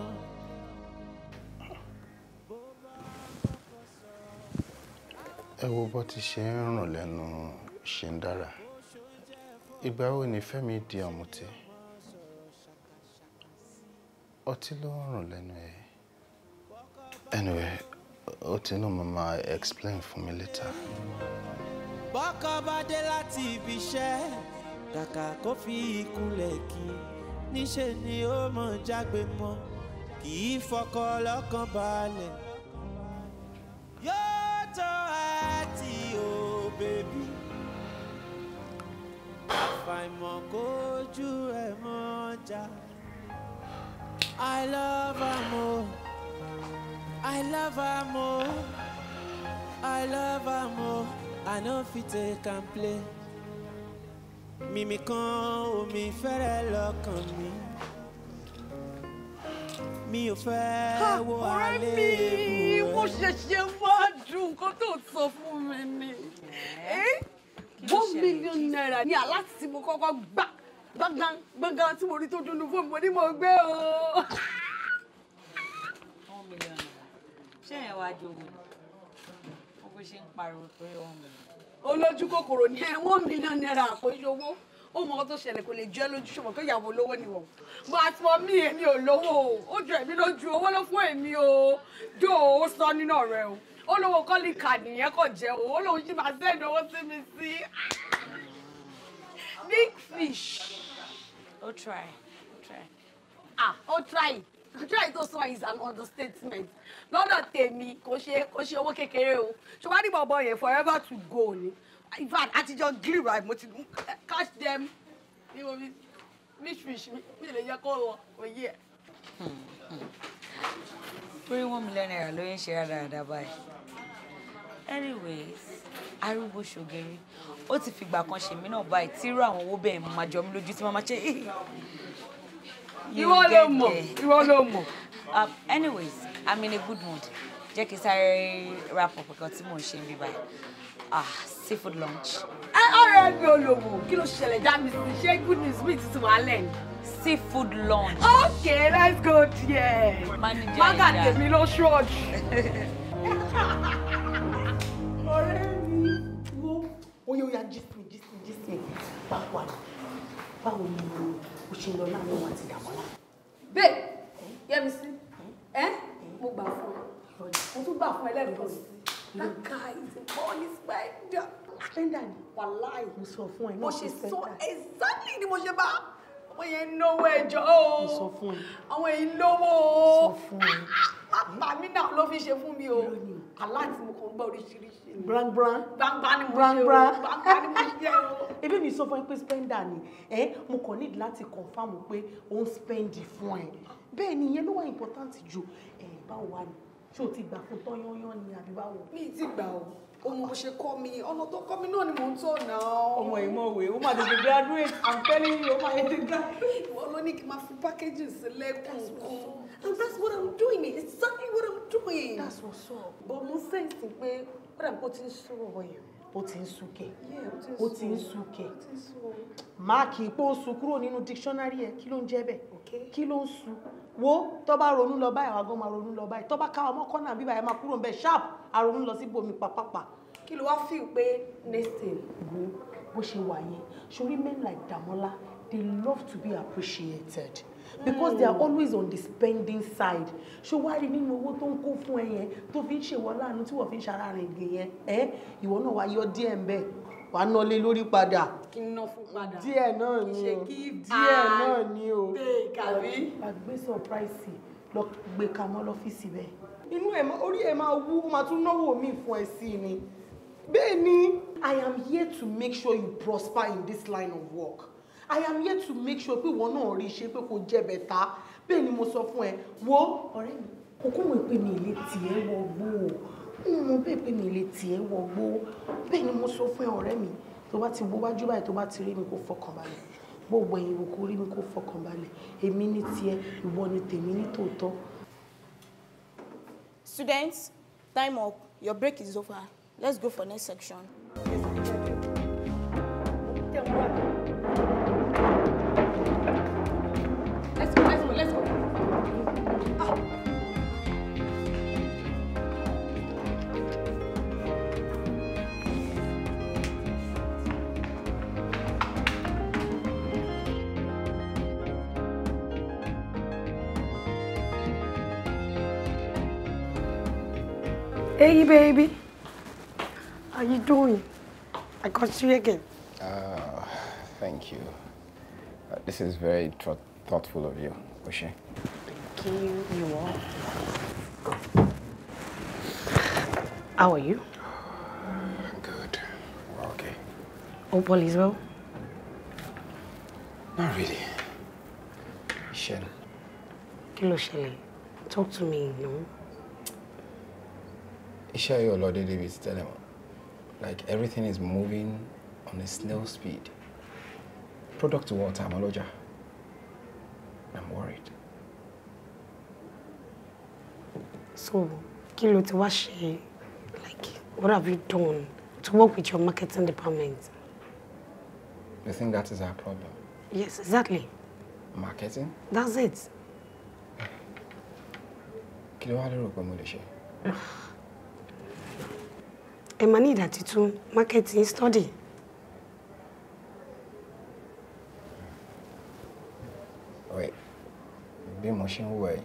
Ẹ ti ṣe ń rùn lẹ́nu ṣe ìgbà wo ni Fẹ́mi di ọ̀mùtí ọtí ló rùn lẹ́nu ẹ̀ anyway ọtí náà mo máa explain fún mi later. bọ́kọ bá dé láti ibi iṣẹ́ kàkà kó fi ìkúnlẹ̀ kí níṣẹ́ ni ó mọ̀ jágbe mọ́ kì í fọkọ lọ́kàn balẹ̀ yóò tó ẹ ti o bèbí mọ̀ kójú ẹ̀ mọ́ já. I love her more. I love her more. I love her more. I no fit take am play. Mímí kan omi fẹ́rẹ̀ lọ́kàn mi. Mi ò fẹ́ wo àlébù mi, mo ṣẹ̀ṣẹ̀ wá dùn nǹkan tó sọ fún mi ni. Eh? one million naira ni aláti tí mo kọ́kọ́ gbà gbọ́ngàn gbọ́ngàn tí mo rí tó dúnú fún mi ní mo gbé o. naira ṣé ẹ̀ wá jogo ó bó ṣe ń pariwo pé one million. olójú kòkòrò ní ẹ one million naira kò ṣòwò ó mọ ọkọ tó ṣẹlẹ̀ kò lè jẹ lójú ṣùgbọ́n kí ìyàwó olówó ni wọn bó a ti mọ mí èmi ò lówó ó ju èmi lójú owó ló fún èmi o jó o sọ nínú ọ̀rẹ́ o olówó kọ́líkà nìyẹn kò jẹ́ o olówó yìí máa sẹ́ni owó sí mi sí big fish. o try o try. ah o try o try to sọ is an understatement lọ́dọ̀ tèmi kò ṣe kò ṣe owó kékeré o ṣùgbọ́n nígbà ọ̀bọ yẹn forever to go ni in fact àtijọ́ glee right mo ti catch them ní mo Big fish fish mi lè yẹ kó lọ òye orí one million naira ló ń ṣe rádaràda báyìí anyways arúgbó ṣògiri ó ti fìgbà kan ṣèmí náà báyìí tí irú àwọn owó bẹ́ẹ̀ máa jọ mí lójú tí màmá ṣe ìwọ ló mọ̀ ìwọ ló mọ̀. anyways i'm in a good mood jẹ́ kí n sáré wrap up nǹkan tí mò ń ṣe níbí báyìí. Ah, seafood lunch. ẹ ọ̀rẹ́ mi olówó kí ló ṣẹlẹ̀ já mi sí ṣé good news mi ti tún wà lẹ́yìn. seafood lunch. okay let's go there. manager ìyá maga tèmi ló ṣọ́ọ̀jù. ọ̀rẹ́ mi wo oyè oyè gist me gist me gist me báwo ni báwo ni o ṣe lọ láàrin wọn àti Dàmọ́lá. bẹ́ẹ̀ Yẹ́misí ẹ mo gbà fún ọ mo tún gbà fún ẹlẹ́rìí kan sí. that guy is a police spider stender ni. wàláì mo sọ fún ẹ náà ṣe stender. mo ṣe sọ exactly ni mo ṣe bá ọmọ yẹn náwó ẹjọ́ o. mo sọ fún ẹ. àwọn èyí lówó o. mo sọ fún ẹ. pápá mi náà ló fi ṣe fún mi o. aláǹtí mo kàn ń gbọ́ oríṣiríṣi. brand brand. gbangba ni mo ṣe o. gbangba ni mo ṣe o. ebi mi sọ fún ẹ pé spender ni ẹ mo kàn need láti confam pé ó ń spend fún ẹ bẹ́ẹ̀ ni ìyẹn ló wà important jù ẹ báwo wà ní ṣé o ti gbà fún tán ni àbí báwo. mi ti gbà o ó mọ bó ṣe kọ́ mi ọ̀nà tó kọ́ mi náà ni mò ń tọ̀ náà. ọmọ ìmọ̀wé ó máa tètè graduate i'm telling you ó máa tètè graduate. ìwọ ló ní kí n máa fi pákéjì sílẹ̀ kọ̀ọ̀kan and that's what i'm doing It's exactly what i'm doing. that's what. up. but mo sẹ́ǹsì pé ó dàbí kó ti ń sọ̀rọ̀ wọ̀nyẹn ó ti ń súnkẹ ó ti ń súnkẹ máàkì pé ó ń sun kúrò nínú dictionary ẹ kí ló ń jẹ́ bẹ́ẹ̀ kí ló ń sun wo tó bá ronú lọ báyìí àwọn agan máa ronú lọ báyìí tó bá ká ọmọ kọ́nà bíbá ẹ máa kúrò ń bẹ sharp àronú lọ sí bomi pàpàpà. kí ló wá feel pé nestin. wo bó ṣe wà yẹn sori men like Damola they love to be appreciated because they are hmm. always on the spending side ṣó wá rí nínú owó tó ń kó fún ẹ yẹn tó fi ń ṣèwọ láàánú tí wọ́n fi ń ṣara rìn gbìn ẹ ìwọ náà wá yọ díẹ̀ ń bẹ́ẹ̀ wàá ná lé lórí padà. kí n ná fún padà. díẹ̀ náà ni o díẹ̀ náà ni o. kàbí. àgbé sọpráìsì lọ gbé ka mọ́ lọ́fíìsì bẹ́ẹ̀. inú ẹ̀ orí ẹ̀ máa wú ó máa tún náwó mi fún ẹ sí ni. bẹ́ẹ̀ ni I am here to make sure you prosper in this line of work. I am here to make sure pé ìwọ náà rí iṣẹ́ pé kò jẹ́ bẹ̀ta bẹ́ẹ̀ ni mo sọ fún ẹ wo ọ̀rẹ́ mi kókó wọn pè mí ilé tiẹ̀ wọ gbó mo bẹ́ẹ̀ pé mi lè tiẹ̀ wọgbó bẹ́ẹ̀ ni mo sọ fún ọ̀rẹ́ mi tó bá ti wọ́wájú báyìí tó bá ti rí mi kó fọkàn balẹ̀ gbogbo ẹ̀yìn wò kó rí mi kó fọkàn balẹ̀ èmi ní tiẹ̀ ìwọ ni tèmi ní tòótọ́. Students, time up. Your break is over. Let's go for next section. Hey, baby. How you doing? I got you again. Uh, thank you. Uh, this is very thoughtful of you, Oshie. Thank you. You are. How are you? I'm good. We're okay. Opal is well? Not really. Shen. Hello, ló talk to me, you know iṣẹ́ yóò lọ déédéé bíi ti tẹ́lẹ̀ like everything is moving on a snail speed product to water, àmọ́ lọ́jà I'm worried. so kilo ló ti like what have you done to work with your marketing department. you think that is our problem. yes exactly. marketing. that's it. kí ló wá ẹ máa ní ìdàtítún marketing study. Wait, bí mo ṣe ń wọ ẹ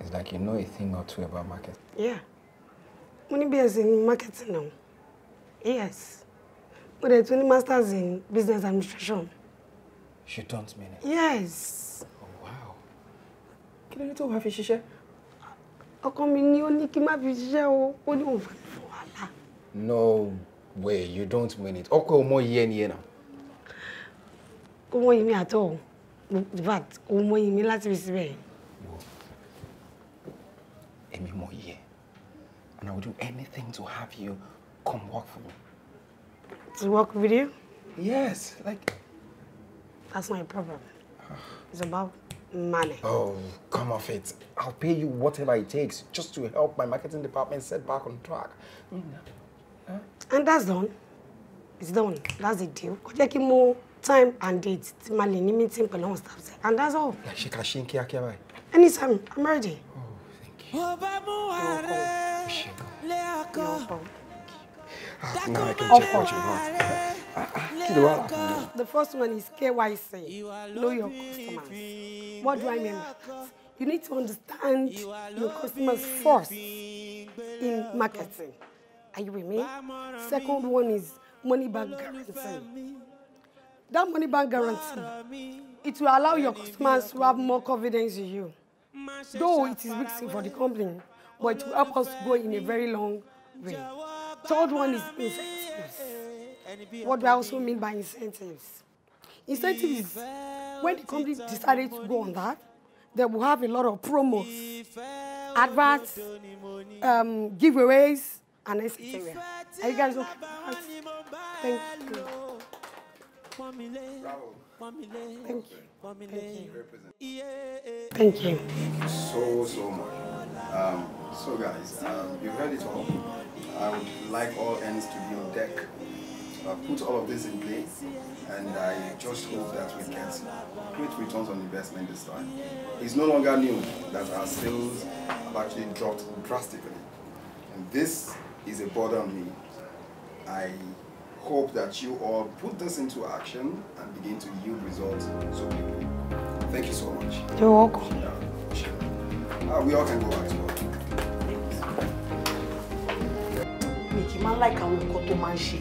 it's like you know a thing or two about marketing. Yeah, mo ní BS in marketing now. Yes, mo dẹ̀ tún ní masters in business administration. She don't mean it. Yes. Oh, wow. Kí ló ní tó wàá fi ṣiṣẹ́? Ọkọ mi ni ó ní kí n má fi ṣiṣẹ́ o, ó ní òun fẹ́ fún. No way, you don't mean it. Ọkọ ọmọ yen yena. ẹ̀ yimi Kò mọ but kò yimi yìí mi láti mo síbẹ̀. and I would do anything to have you come work for me. To work with you? Yes, like. That's not a problem. It's about money. Oh, come off it. I'll pay you whatever it takes just to help my marketing department set back on track. Mm and that's done it's done that's the deal kò jẹ́ kí mo time and date tí ma lè ní meeting pẹ̀lú àwọn staff and that's all. ṣe ká ṣe ń kíákíá báyìí. anytime i'm ready. oh thank you. ọba mú oh, oh, ààrẹ lé ọkọ ọkọ the first one is KYC know your customers what do i mean you need to understand your customers first in marketing. Are you with me? Second one is money bank guarantee. That money bank guarantee, it will allow your customers to have more confidence in you. Though it is risky for the company, but it will help us go in a very long way. Third one is incentives. What do I also mean by incentives? Incentives, when the company decided to go on that, they will have a lot of promos, adverts, um, giveaways, a nice experience. Are you guys okay? Thank you. Bravo. Thank you. Thank you. Thank you. So, so much. Um, so guys, um, you've heard it all. I would like all ends to be on deck. I've put all of this in play and I just hope that we get great returns on investment this time. It's no longer new that our sales have actually dropped drastically. And this is a burden on me. I hope that you all put this into action and begin to yield results so people. Thank you so much. You're welcome. Yeah, sure. uh, we all can go back to work. máa ń láìka àwọn nǹkan tó máa ń ṣe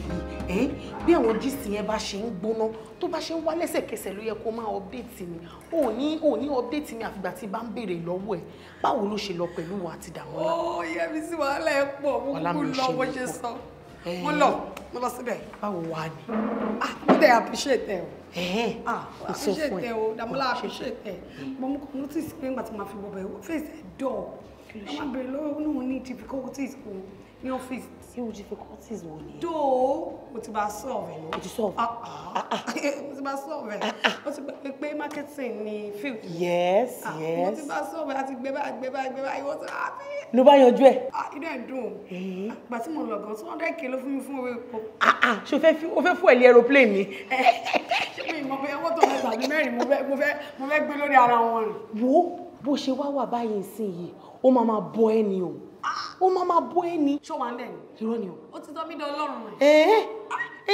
yìí bí àwọn gist yẹn bá ṣe ń gbóná tó bá ṣe ń wá lẹ́sẹ̀kẹsẹ̀ ló yẹ kó máa update mi ò ní ò ní update mi àfìgbà tí bá ń béèrè lọ́wọ́ ẹ̀ báwo ló ṣe lọ pẹ̀lú wa àti Dàmọ́lá. ó yẹ mi sí wàhálà ẹ pọ̀ mo kú lọ bó ṣe sọ mo lọ mo lọ síbẹ̀. báwo wà ni. ah mo dẹ̀ appreciate ẹ o ah, appreciate ẹ o Damola appreciate ẹ mo mú kàn irú difficulties wo ni. tó o mo ti bá solve lọ. o ti solve. Ah, Ah mo ti bá solve ah, ah. o ti gbàgbé pé marketing ni field. yes ah, yes. mo ti bá solve láti gbé bá gbé bá gbé bá ìwọ ti rà á bí. ló bá yanjú ẹ. inú ẹ dùn àgbà eh. tí mo lọ gan two hundred k ló fún mi fún owó epo. ṣé o fẹ́ fún ẹ̀ lé aeroplane ni. Eh, ṣé mi ìmọ̀ bóyá wọ́n tó mẹ́ta àbí mẹ́rin mo fẹ́ gbé lórí ara wọn rìn. wo bó ṣe wá wà báyìí nísìnyí ó máa máa bọ ẹni o ó máa máa bó ẹ ni. ṣó wàá lẹ́yìn. irọ́ ni o. ó ti tọ́ mí dán ọlọ́run rẹ̀. ẹ̀ẹ́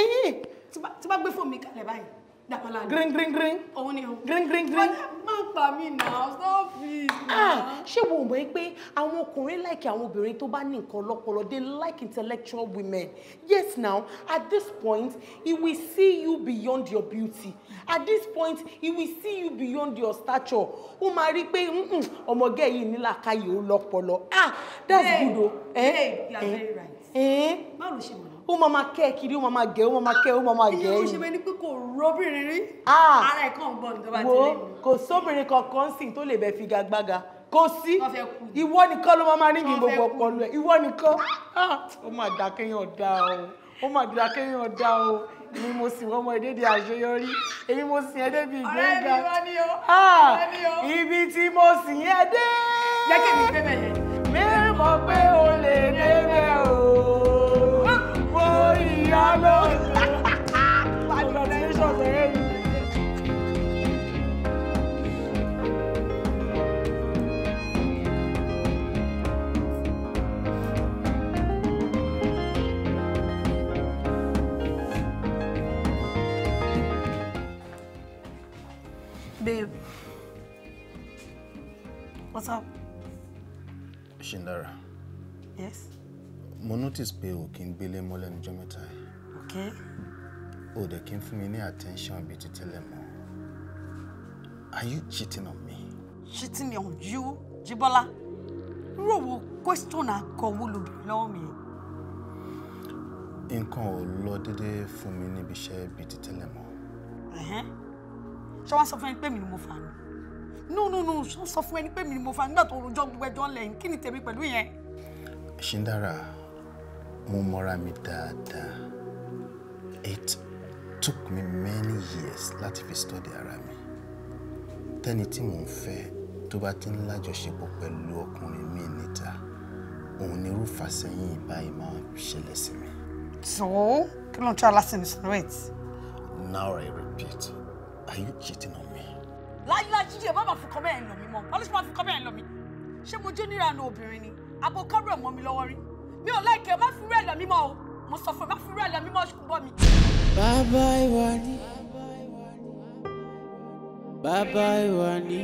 ẹ̀yìn. tí bá gbé fóònù mi kalẹ̀ báyìí dàpọ̀lá ni. green green green. òun ni o. green green green. má pa mí náà stop it. Ah, ṣé wo mọ̀ pé àwọn ọkùnrin like àwọn obìnrin tó bá ní nǹkan ọlọ́pọlọ they like intellectual women yes now at this point he will see you beyond your beauty at this point he will see you beyond your stature ó máa rí i pé ọmọge yìí ní làákàyè ó lọ́pọlọ ah that's good o. Eh? hey you are very eh? right. Eh? báwo ló ṣe mọ̀ ó kiri ó máa máa gẹ̀ ó máa máa kẹ́ ó máa máa gẹ̀ ẹ́. ìyẹn ò ṣe bẹ́ẹ̀ ni pé kò róbìnrin rí. Ah! ara ẹ̀ kàn ń gbọ́ nígbà tí ó lè mú. kò sóbìnrin kankan sì tó lè bẹ́ẹ̀ figagbága kò sí ìwọ nìkan ló máa rí ní gbogbo ọpọlọ ẹ ìwọ nìkan ah! ó máa dà kéèyàn o ó máa dà kéèyàn o èmi mo sì wọ́n mọ ìdédé àṣeyọrí mo sì ẹ́ débi ìgbéga ibi tí mo sì yẹn dé. pé o lè débẹ̀ o mo ìyá lọ. notice pé o kì í gbélé mọ́ lẹ́nu ọjọ́ mẹ́ta yìí. ok. o dẹ̀ kí n fún mi ní attention bíi ti tẹ́lẹ̀ mọ́. are you cheating on me? cheating on you Jibola? irú òwò question àgọ wo ló bẹ̀rẹ̀ lọ́wọ́ mi. nǹkan ò lọ déédéé fún mi níbi iṣẹ́ bíi ti tẹ́lẹ̀ mọ́. ṣé wàá sọ fún ẹni pé mi ni mo fà á nù nù nù sọ fún ẹni pé mi ni mo fà á nígbà tó rojọ́ gbogbo ẹjọ́ lẹ́yìn kí ni tèmi pẹ̀lú yẹn. Shindara mo mọra mi dáadáa it took me many years láti fi study ara mi tẹ́ni tí mò ń fẹ́ tó bá ti ń lájọṣepọ̀ pẹ̀lú ọkùnrin mi níta òun ni irúfà sẹ́yìn ìbáyìí máa ń ṣẹlẹ̀ sí mi. so kí ló ń try láti insinuate. now i repeat are you cheating on me. láyéláyé jíjẹ bàbá fi kọ́ bẹ́ẹ̀ lọ mí mọ́ wọ́n ló ṣe máa fi kọ́ bẹ́ẹ̀ lọ mí ṣé mo jẹ́ níranú obìnrin ni àbò kọ́rọ̀ mọ́ mi lọ́wọ́ rí mi ò láìkẹ́ má fi rẹ̀ lọ mímọ́ o mo sọ fún ẹ má fi rẹ̀ lọ mímọ́ ṣùgbọ́n mi. bàbá ìwà ni bàbá ìwà ni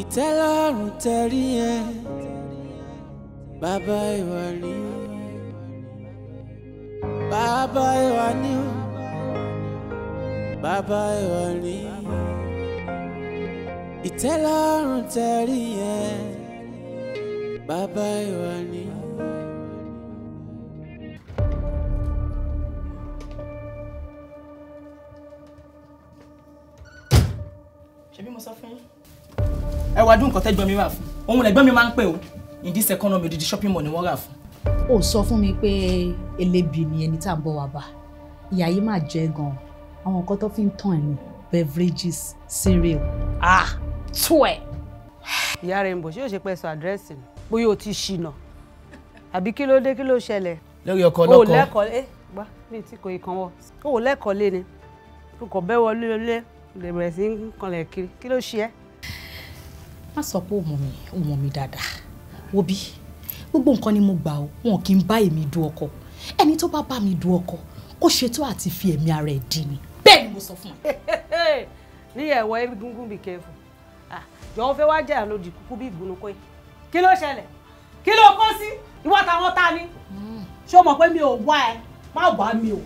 ìtẹ́lọ́rùn tẹ̀rí ẹ bàbá ìwà ni bàbá ìwà ni bàbá ìwà ni ìtẹ́lọ́rùn tẹ̀rí ẹ bàbá ìwà ni. ẹ wá dún nǹkan tẹ́gbọ́n mi rà fún òun lẹ́gbọ́n mi máa ń pè o in this economy odidi shopping mall ni wọ́n rà fún. ó sọ fún mi pé elébi ni ẹni tá à ń bọ̀ wá bá ìyá yìí máa jẹ́ gan-an àwọn nǹkan tó fi ń tàn ẹ̀ beverages cereal ah tó ẹ̀. ìyá rẹ̀ ń bọ̀ ṣé o ṣe pẹ́ sọ àdírẹ́sì ni bóyá o ti ṣìnà àbí kí ló dé kí ló ṣẹlẹ̀. lórí ọkọ lọkọ o lẹ́kọ̀ọ́ lé gbá mi tí kò kàn wọ o lẹ́kọ̀ọ́ lé ni o kò bẹ́ wọlé lé lè bẹ̀rẹ̀ sí í kanlẹ̀ kiri kí ló ṣe ẹ́ má sọ pé òmò mi òmò mi dáadáa wo bí gbogbo nǹkan ni mo gbà ó wọn kì í bá èmi du ọkọ ẹni tó bá bá mi du ọkọ kó ṣètò àti fi ẹ̀mí ara ẹ̀ dì ní bẹ́ẹ̀ ni mo sọ fún ẹ. ní ẹ̀wọ̀ ẹbí gúngún bí kẹfù ah, jọ̀wọ́ fẹ́ wá jẹ́ àlòdì kúkú bí ìgbónú kọ́ yìí kí ló ṣẹlẹ̀ kí ló kó sí ìwọ àtàwọn ta ni hmm. ṣé o mọ̀ pé mi ò wá ẹ má wá mi o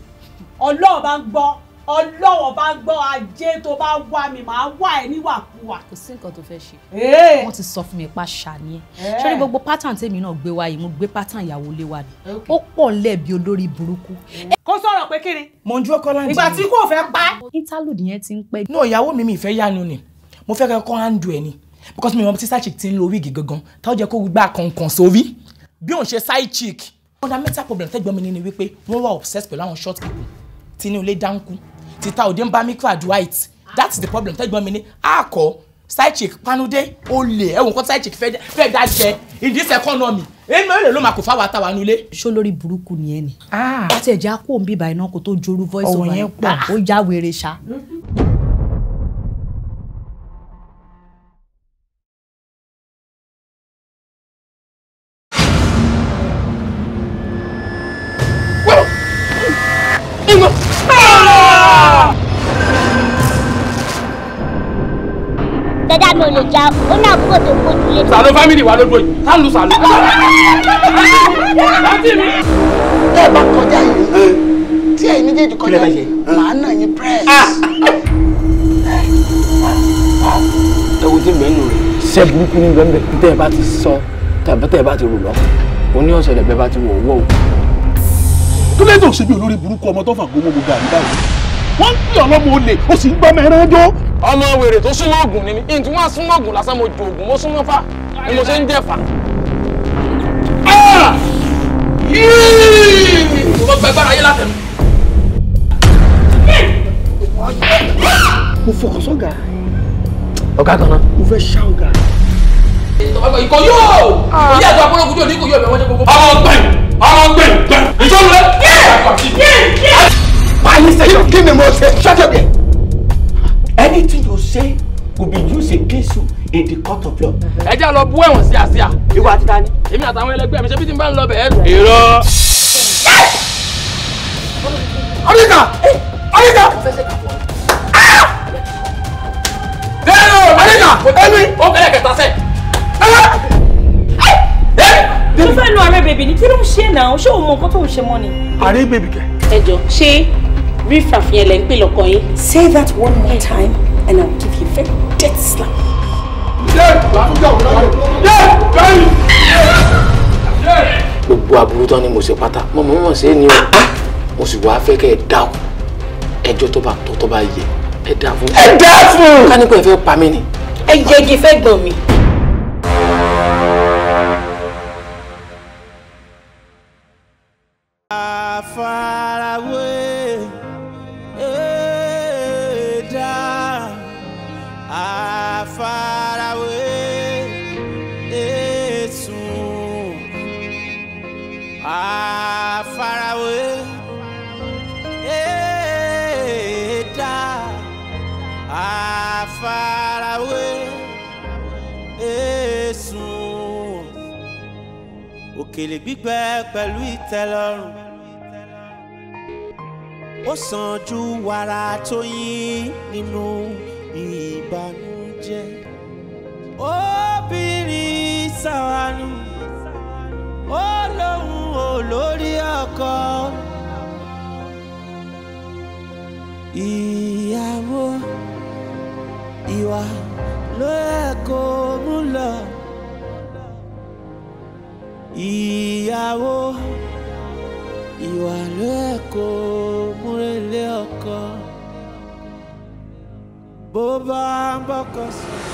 ọlọ́ọ̀ bá ń gbọ́ ọlọ́wọ́ bá gbọ́ ajé tó bá wá mi màá wá ẹ níwàkuwà. kò sí nǹkan tó fẹ́ ṣe eh. wọ́n ti sọ fún mi pa ṣàníyàn eh. ṣé ní gbogbo pattern tèmi náà gbé wáyé mo gbé pattern ìyàwó lé wa ni ó pọ̀ lẹ́ẹ̀bi olórí burúkú. Eh. kó sọ̀rọ̀ pé kí ni. mò ń ju ọkọ láǹdì. ìgbà tí kò fẹ́ pa. interlude yẹn ti ń pẹ́. ní ìyàwó mi mi ìfẹ́ yánu ni mo fẹ́ kọ́ handle ẹ̀ ni because mi mọ̀ tí side chick ti ń lo wig gangan táwọn jẹ́ kó gbà kọ̀ọ̀kan sórí bí òun side chick. fundamental problem tẹ́gbọ́n mi ní ni wípé wọ́n wà obsessed pẹ̀lú àwọn short people tinú ilé dáńkú títa òde ń bá mi kí àdúrà it that's the problem tẹ́gbọ́n mi ní àkọ́ side chick panude olè ẹ̀wọ̀n kọ́ side chick fẹ́ẹ́ dá jẹ in this economy èmi ò lè ló máa kò fáwọn àtàwọn anulé. ṣó lórí burúkú ni ẹ ni. wọ́n ah. ti ẹ̀jẹ̀ á kó òun bíbá iná kó tó jorú voice over ọ̀wọ̀n yẹn pọ̀ ah, ó já wèrè ṣá. Mm-hmm. fámìlì wa lójú yìí tá lù sàlù. tẹ́ ẹ bá kọjá yìí tí ẹ̀yin méjèèjì kọjá yìí màá nà yín press. Ah. ẹ̀wọ̀n ti bẹ́ẹ̀ nù rẹ̀ iṣẹ́ burúkú ní bẹ́ẹ̀ bẹ́ẹ̀ tẹ́ ẹ bá ti sọ tàbí tẹ́ ẹ bá ti rò lọ oní ọ̀sẹ̀ lẹ́bẹ̀ẹ́ bá ti wọ̀ wọ́ o. kílẹ̀ tó ṣe bí olórí burúkú ọmọ tó fà gbogbo gbogbo àrídá yìí wọ́n ń pè ọlọ́mọ olè ó sì ń gbọ́ mẹ́rẹ́ẹ́dọ́. ọmọ wèrè tó súnmọ́ ògùn ni mí ìtúwọ́n súnmọ́ ògùn lásán mo ju ògùn mo súnmọ́ fá ni mo ṣe ń jẹ̀fà. mo bá gba agbára ayé látẹnu. mo fọkàn sọ́gà. ọ̀gá kan náà. mo fẹ́ ṣá ọ̀gá. ìkọ̀ yóò ìyá àti àpọ̀lọ́ kùjọ́ ní kò yọ ẹ̀mí wọ́n jẹ́ gbogbo. àwọn ọgbẹ́ àwọn ọgbẹ́ gbẹ́ ìṣòro rẹ. báyìí sẹ́yìn kí ni mo ṣe ṣọ́jọ́ bẹ̀. anything you say will be used against you in the court of law. ẹ jẹ́ lọ bú ẹ̀wọ̀n sí àsíà. ìwọ àti ta ni. èmi àtàwọn ẹlẹgbẹ́ mi ṣe bí ti bá ń lọ bẹ̀ẹ́. irọ́. ọ̀ríkà ọ̀ríkà. dẹ́rù ọ̀ríkà ẹ̀mí. ó bẹ̀rẹ̀ kẹta sẹ́. mo fẹ́ lu ààrẹ bèbí ni kí ló ń ṣe náà ṣé o mọ nǹkan tó ń ṣe mọ́ ni. ààrẹ bèbí kẹ. ẹ jọ ṣé riff raff yẹn lẹ ń pè lọkọ yín. say that one more time and i will give you a very dead slap gbogbo aburú tán ni mo ṣe pátá mo mọ̀ mọ̀ ṣe ni o mo sì wá fẹ́ kẹ́ ẹ dá o ẹjọ́ tó bá tó tó bá yẹ ẹ dá fún. ẹ dá fún. ká ní kò ẹ fẹ́ pa mí ni. ẹ yẹgi fẹ́ gbọ̀n mi. gèlè gbígbẹ pẹ̀lú ìtẹ́lọ́rùn ó sàn ju wàrà tó yín nínú ìbànújẹ́ obìnrin sàwánú ó lóhun olórí ọkọ ìyàwó ìwà ló yẹ kó mú lọ ìyàwó ìwà lẹ́kọ̀ọ́ múrelé ọkọ bó bá ń bọ́kọ sùn.